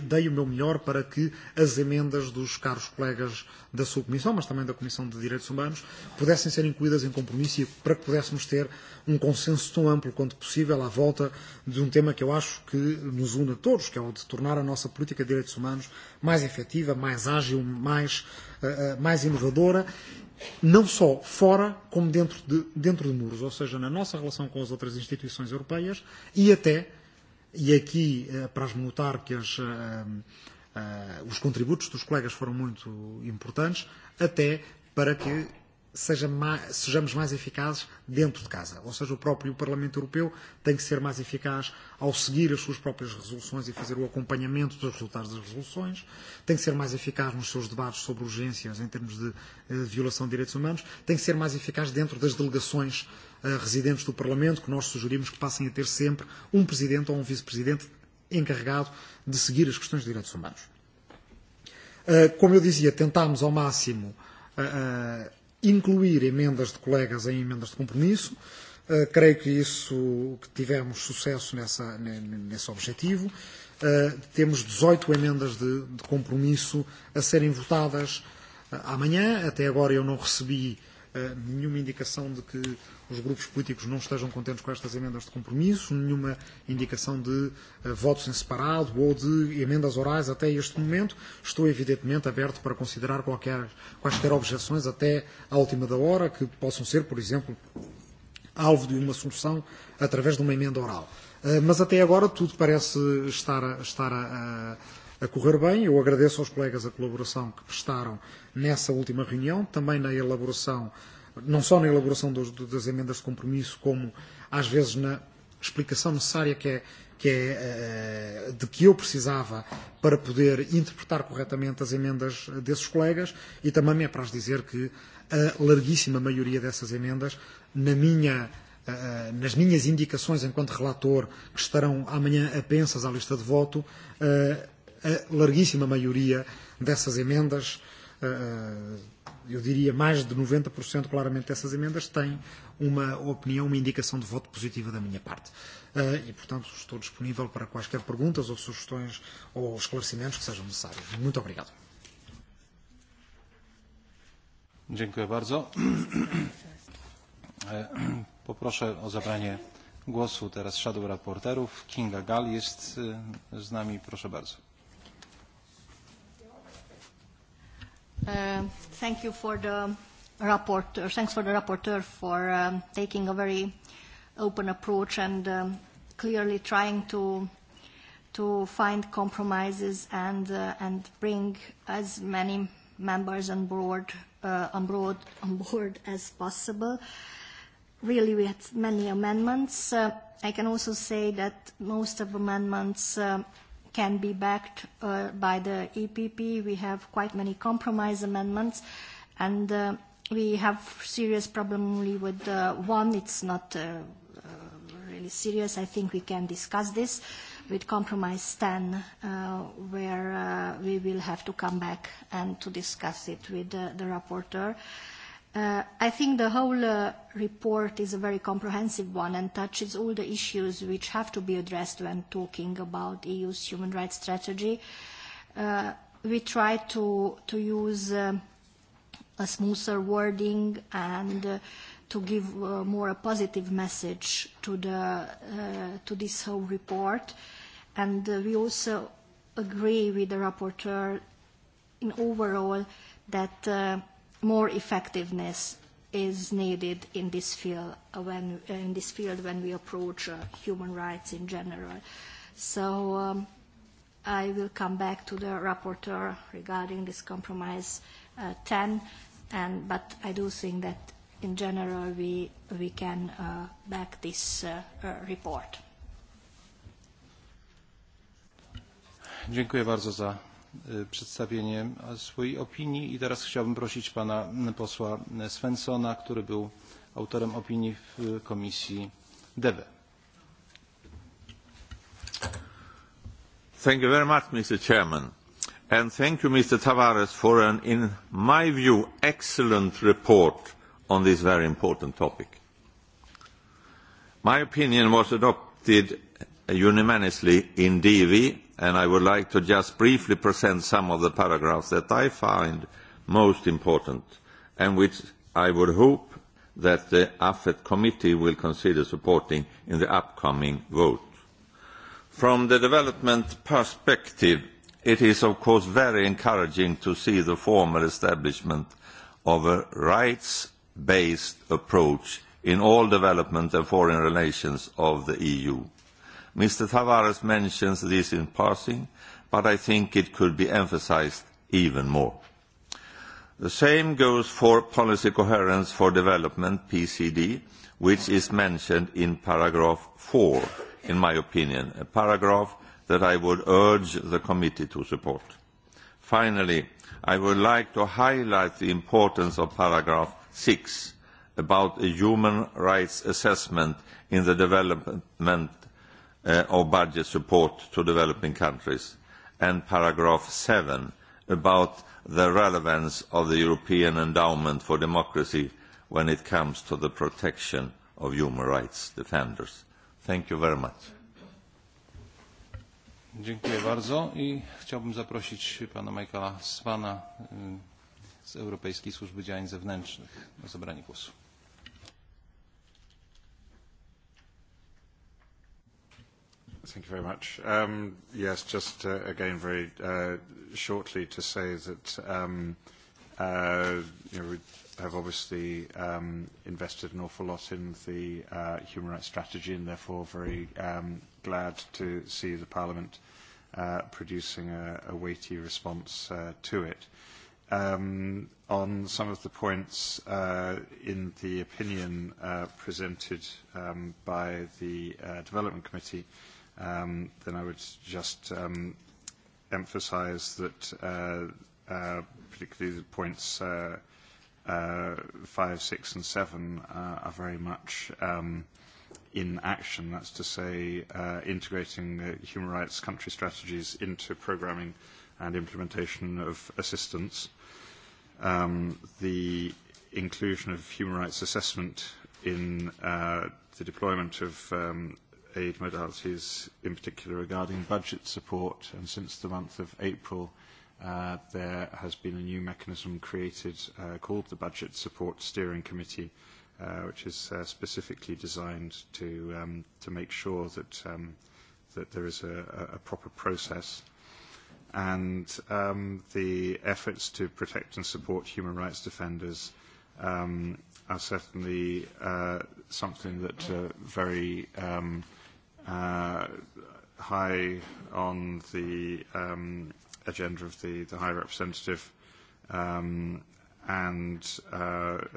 dei o meu melhor para que as emendas dos caros colegas da Subcomissão, mas também da Comissão de Direitos Humanos, pudessem ser incluídas em compromisso e para que pudéssemos ter um consenso tão amplo quanto possível à volta de um tema que eu acho que nos une a todos, que é o de tornar a nossa política de direitos humanos mais efetiva, mais ágil, mais, mais inovadora não só fora, como dentro de, dentro de muros, ou seja, na nossa relação com as outras instituições europeias e até E aqui, para as que os contributos dos colegas foram muito importantes, até para que sejamos mais eficazes dentro de casa. Ou seja, o próprio Parlamento Europeu tem que ser mais eficaz ao seguir as suas próprias resoluções e fazer o acompanhamento dos resultados das resoluções, tem que ser mais eficaz nos seus debates sobre urgências em termos de violação de direitos humanos, tem que ser mais eficaz dentro das delegações residentes do Parlamento, que nós sugerimos que passem a ter sempre um presidente ou um vice-presidente encarregado de seguir as questões de direitos humanos. Como eu dizia, tentámos ao máximo incluir emendas de colegas em emendas de compromisso. Creio que isso que tivemos sucesso nesse objetivo. Temos 18 emendas de compromisso a serem votadas amanhã. Até agora eu não recebi nenhuma indicação de que os grupos políticos não estejam contentes com estas emendas de compromisso, nenhuma indicação de votos em separado ou de emendas orais até este momento. Estou, evidentemente, aberto para considerar qualquer, quaisquer objeções até à última da hora, que possam ser, por exemplo, alvo de uma solução através de uma emenda oral. Mas até agora tudo parece estar a correr bem. Eu agradeço aos colegas a colaboração que prestaram nessa última reunião, também na elaboração, não só na elaboração das emendas de compromisso, como às vezes na explicação necessária de que eu precisava para poder interpretar corretamente as emendas desses colegas e também me apraz dizer que a larguíssima maioria dessas emendas, nas minhas indicações enquanto relator, que estarão amanhã apensas à lista de voto, a larguíssima maioria dessas emendas eu diria mais de 90% claramente dessas emendas têm uma opinião, uma indicação de voto positiva da minha parte. E, portanto, estou disponível para quaisquer perguntas ou sugestões ou esclarecimentos que sejam necessários. Muito obrigado. Dziękuję bardzo. Poproszę o zabranie głosu teraz shadow raporterów. Kinga Gal jest z nami. Proszę bardzo. Thank you for the rapporteur. Thanks for the rapporteur for taking a very open approach and clearly trying to to find compromises and and bring as many members on board on board on board as possible. Really, we had many amendments. I can also say that most of amendments can be backed by the EPP. We have quite many compromise amendments, and we have serious problem only with one. It's not really serious. I think we can discuss this with compromise 10, where we will have to come back and to discuss it with the rapporteur. I think the whole report is a very comprehensive one and touches all the issues which have to be addressed when talking about EU's human rights strategy. We try to use a smoother wording and to give more a positive message to this whole report. And we also agree with the rapporteur in overall that more effectiveness is needed in this field when in this field when we approach human rights in general. So I will come back to the rapporteur regarding this compromise 10, and but I do think that in general we we can back this report. Dziękuję bardzo za przedstawienie swojej opinii i teraz chciałbym prosić pana posła Svenssona, który był autorem opinii w komisji DEWE. Thank you very much, Mr. Chairman. And thank you, Mr. Tavares, for an, in my view, excellent report on this very important topic. My opinion was adopted unanimously in DV and I would like to just briefly present some of the paragraphs that I find most important and which I would hope that the AFET committee will consider supporting in the upcoming vote. From the development perspective, it is of course very encouraging to see the formal establishment of a rights-based approach in all development and foreign relations of the EU Mr. Tavares mentions this in passing, but I think it could be emphasised even more. The same goes for policy coherence for development, PCD, which is mentioned in paragraph 4, in my opinion, a paragraph that I would urge the committee to support. Finally, I would like to highlight the importance of paragraph 6 about a human rights assessment in the development of budget support to developing countries, and paragraph 7 about the relevance of the European Endowment for Democracy when it comes to the protection of human rights defenders. Thank you very much. Dziękuję bardzo i chciałbym zaprosić pana Michaela Swana z Europejskiej Służby Działań Zewnętrznych na zabranie głosu. Thank you very much. Yes, just again, very shortly to say that we have obviously invested an awful lot in the human rights strategy and therefore very glad to see the Parliament producing a weighty response to it. On some of the points in the opinion presented by the Development Committee, then I would just emphasize that particularly the points five, six, and seven are very much in action. That's to say, integrating human rights country strategies into programming and implementation of assistance. The inclusion of human rights assessment in the deployment of aid modalities, in particular regarding budget support. And since the month of April, there has been a new mechanism created called the Budget Support Steering Committee, which is specifically designed to to make sure that there is a proper process. And the efforts to protect and support human rights defenders are certainly something that very high on the agenda of the High Representative and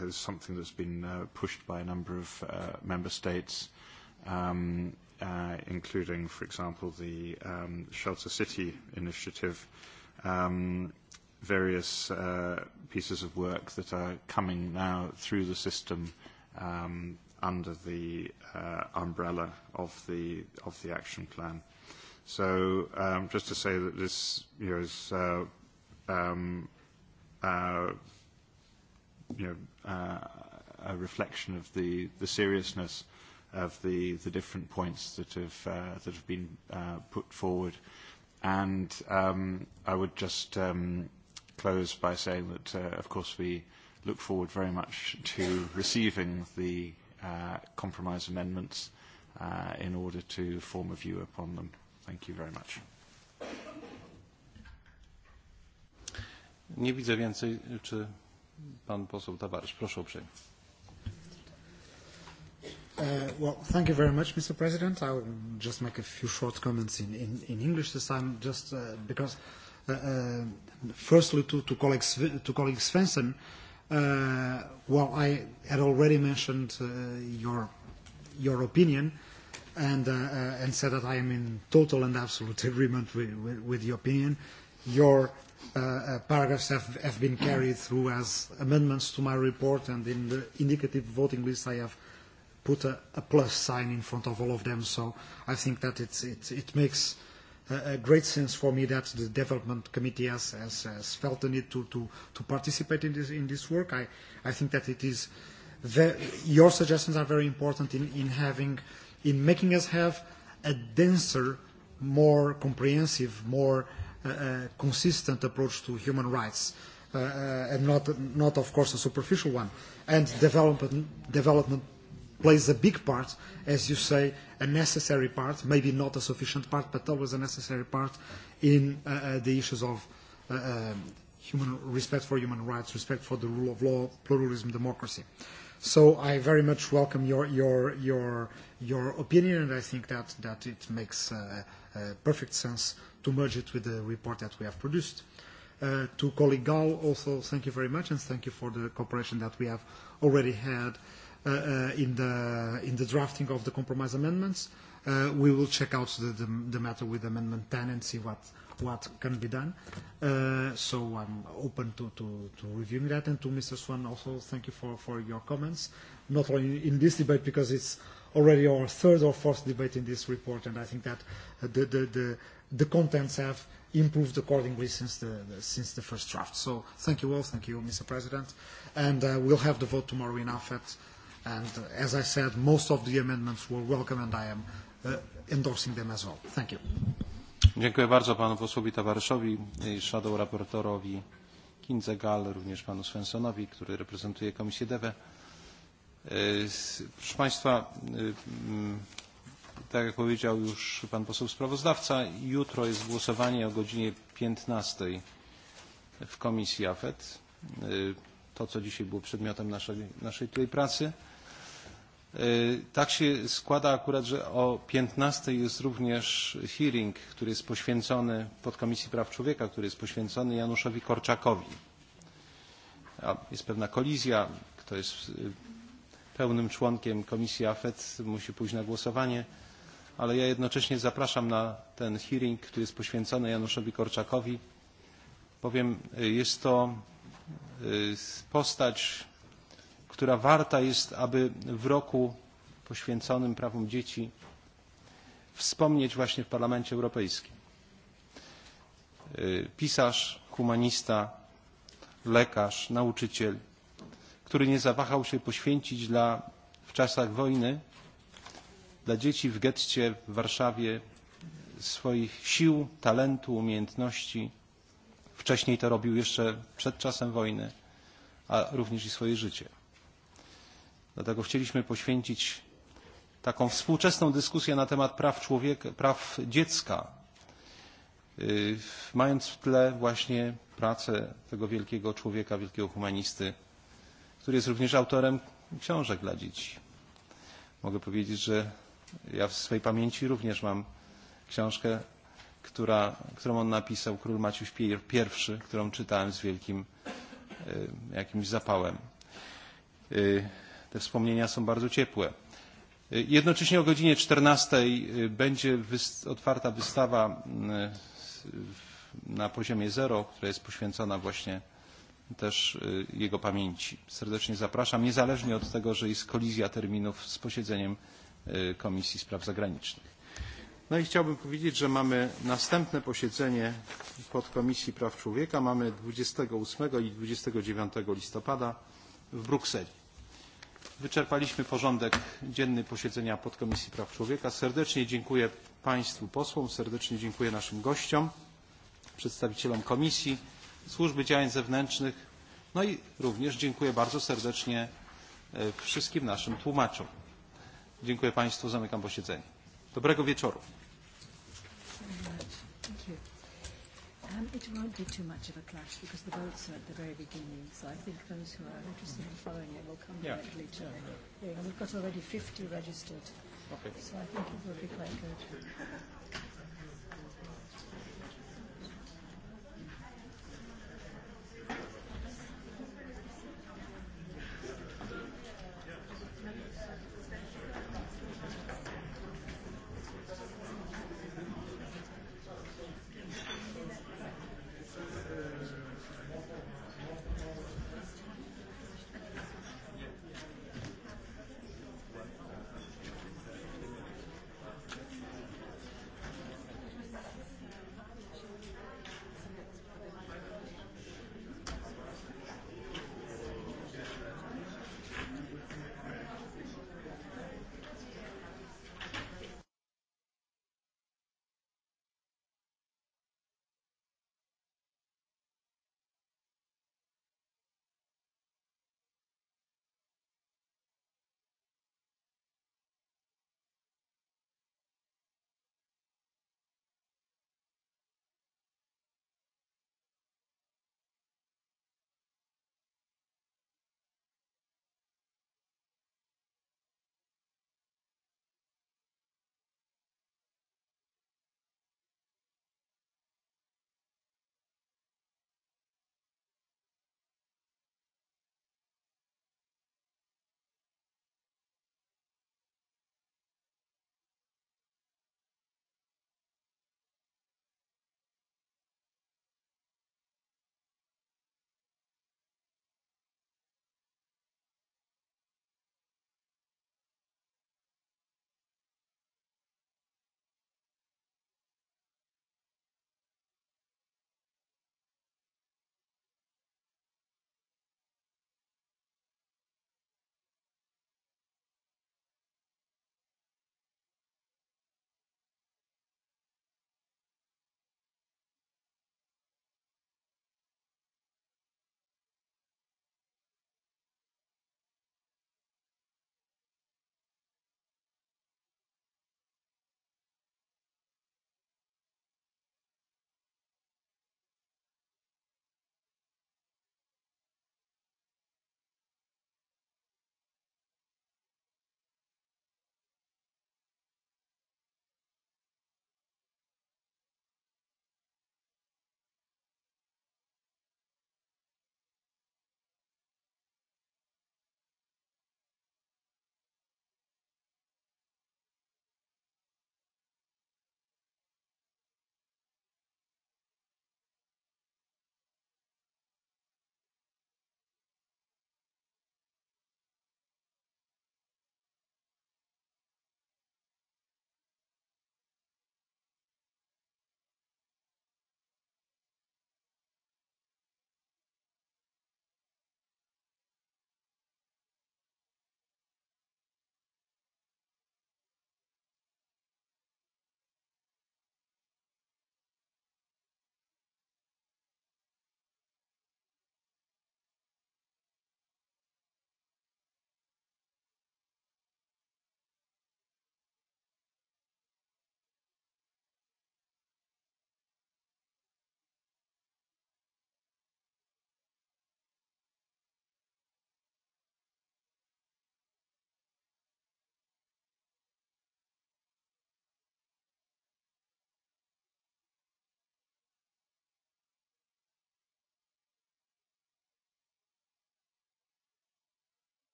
is something that's been pushed by a number of member states, including, for example, the Shelter City initiative, various pieces of work that are coming now through the system under the umbrella of the of the action plan. So um, just to say that this you know, is uh, um, uh, you know, uh, a reflection of the, the seriousness of the, the different points that have, uh, that have been uh, put forward. And um, I would just um, close by saying that, uh, of course, we look forward very much to receiving the compromise amendments in order to form a view upon them. Thank you very much. Nie widzę więcej. Czy pan poseł Tabarcz? Proszę uprzejmie. Well, thank you very much, Mr. President. I will just make a few short comments in, in, in English this time, just because, firstly, to, to colleague, to colleague Svensson, Well, I had already mentioned your your opinion and and said that I am in total and absolute agreement with the opinion. Your paragraphs have been carried through as amendments to my report, and in the indicative voting list I have put a plus sign in front of all of them. So I think that it it makes a great sense for me that the Development Committee has felt the need to to to participate in this work. I I think that it is your suggestions are very important in in having in making us have a denser, more comprehensive, more consistent approach to human rights and not not of course a superficial one. And development plays a big part, as you say, a necessary part, maybe not a sufficient part, but always a necessary part in the issues of human respect for human rights, respect for the rule of law, pluralism, democracy. So I very much welcome your your your your opinion, and I think that that it makes perfect sense to merge it with the report that we have produced. To colleague Gao also thank you very much, and thank you for the cooperation that we have already had in the drafting of the compromise amendments. We will check out the matter with Amendment 10 and see what can be done. So I'm open to to reviewing that. And to Mr. Swan also, thank you for your comments, not only in this debate because it's already our third or fourth debate in this report, and I think that the contents have improved accordingly since the since the first draft. So thank you all. Thank you, Mr. President. And we'll have the vote tomorrow in AFET And as I said, most of the amendments were welcome and I am endorsing them as well. Thank you. Dziękuję bardzo panu posłowi Tawareszowi, shadow raportorowi Kinze Gall, również panu Svensonowi, który reprezentuje Komisję DEWE. Proszę państwa, tak jak powiedział już pan poseł sprawozdawca, jutro jest głosowanie o godzinie 15 w Komisji AFET. To, co dzisiaj było przedmiotem naszej tutaj pracy. Tak się składa akurat, że o 15 jest również hearing, który jest poświęcony podkomisji praw człowieka, który jest poświęcony Januszowi Korczakowi. Jest pewna kolizja, kto jest pełnym członkiem komisji AFET musi pójść na głosowanie, ale ja jednocześnie zapraszam na ten hearing, który jest poświęcony Januszowi Korczakowi. Powiem, jest to postać która warta jest, aby w roku poświęconym prawom dzieci wspomnieć właśnie w Parlamencie Europejskim. Pisarz, humanista, lekarz, nauczyciel, który nie zawahał się poświęcić dla, w czasach wojny dla dzieci w getcie w Warszawie swoich sił, talentu, umiejętności. Wcześniej to robił jeszcze przed czasem wojny, a również i swoje życie. Dlatego chcieliśmy poświęcić taką współczesną dyskusję na temat praw człowieka, praw dziecka, mając w tle właśnie pracę tego wielkiego człowieka, wielkiego humanisty, który jest również autorem książek dla dzieci. Mogę powiedzieć, że ja w swojej pamięci również mam książkę, którą on napisał, Król Maciuś I, którą czytałem z wielkim jakimś zapałem. Te wspomnienia są bardzo ciepłe. Jednocześnie o godzinie 14 będzie otwarta wystawa na poziomie zero, która jest poświęcona właśnie też jego pamięci. Serdecznie zapraszam, niezależnie od tego, że jest kolizja terminów z posiedzeniem Komisji Spraw Zagranicznych. No i chciałbym powiedzieć, że mamy następne posiedzenie podkomisji praw człowieka. Mamy 28 i 29 listopada w Brukseli. Wyczerpaliśmy porządek dzienny posiedzenia Podkomisji Praw Człowieka. Serdecznie dziękuję Państwu posłom, serdecznie dziękuję naszym gościom, przedstawicielom Komisji, Służby Działań Zewnętrznych, no i również dziękuję bardzo serdecznie wszystkim naszym tłumaczom. Dziękuję Państwu, zamykam posiedzenie. Dobrego wieczoru. Um, it won't be too much of a clash because the votes are at the very beginning, so I think those who are interested in following it will come directly to it. Yeah, we've got already 50 registered, okay. so I think it will be quite good.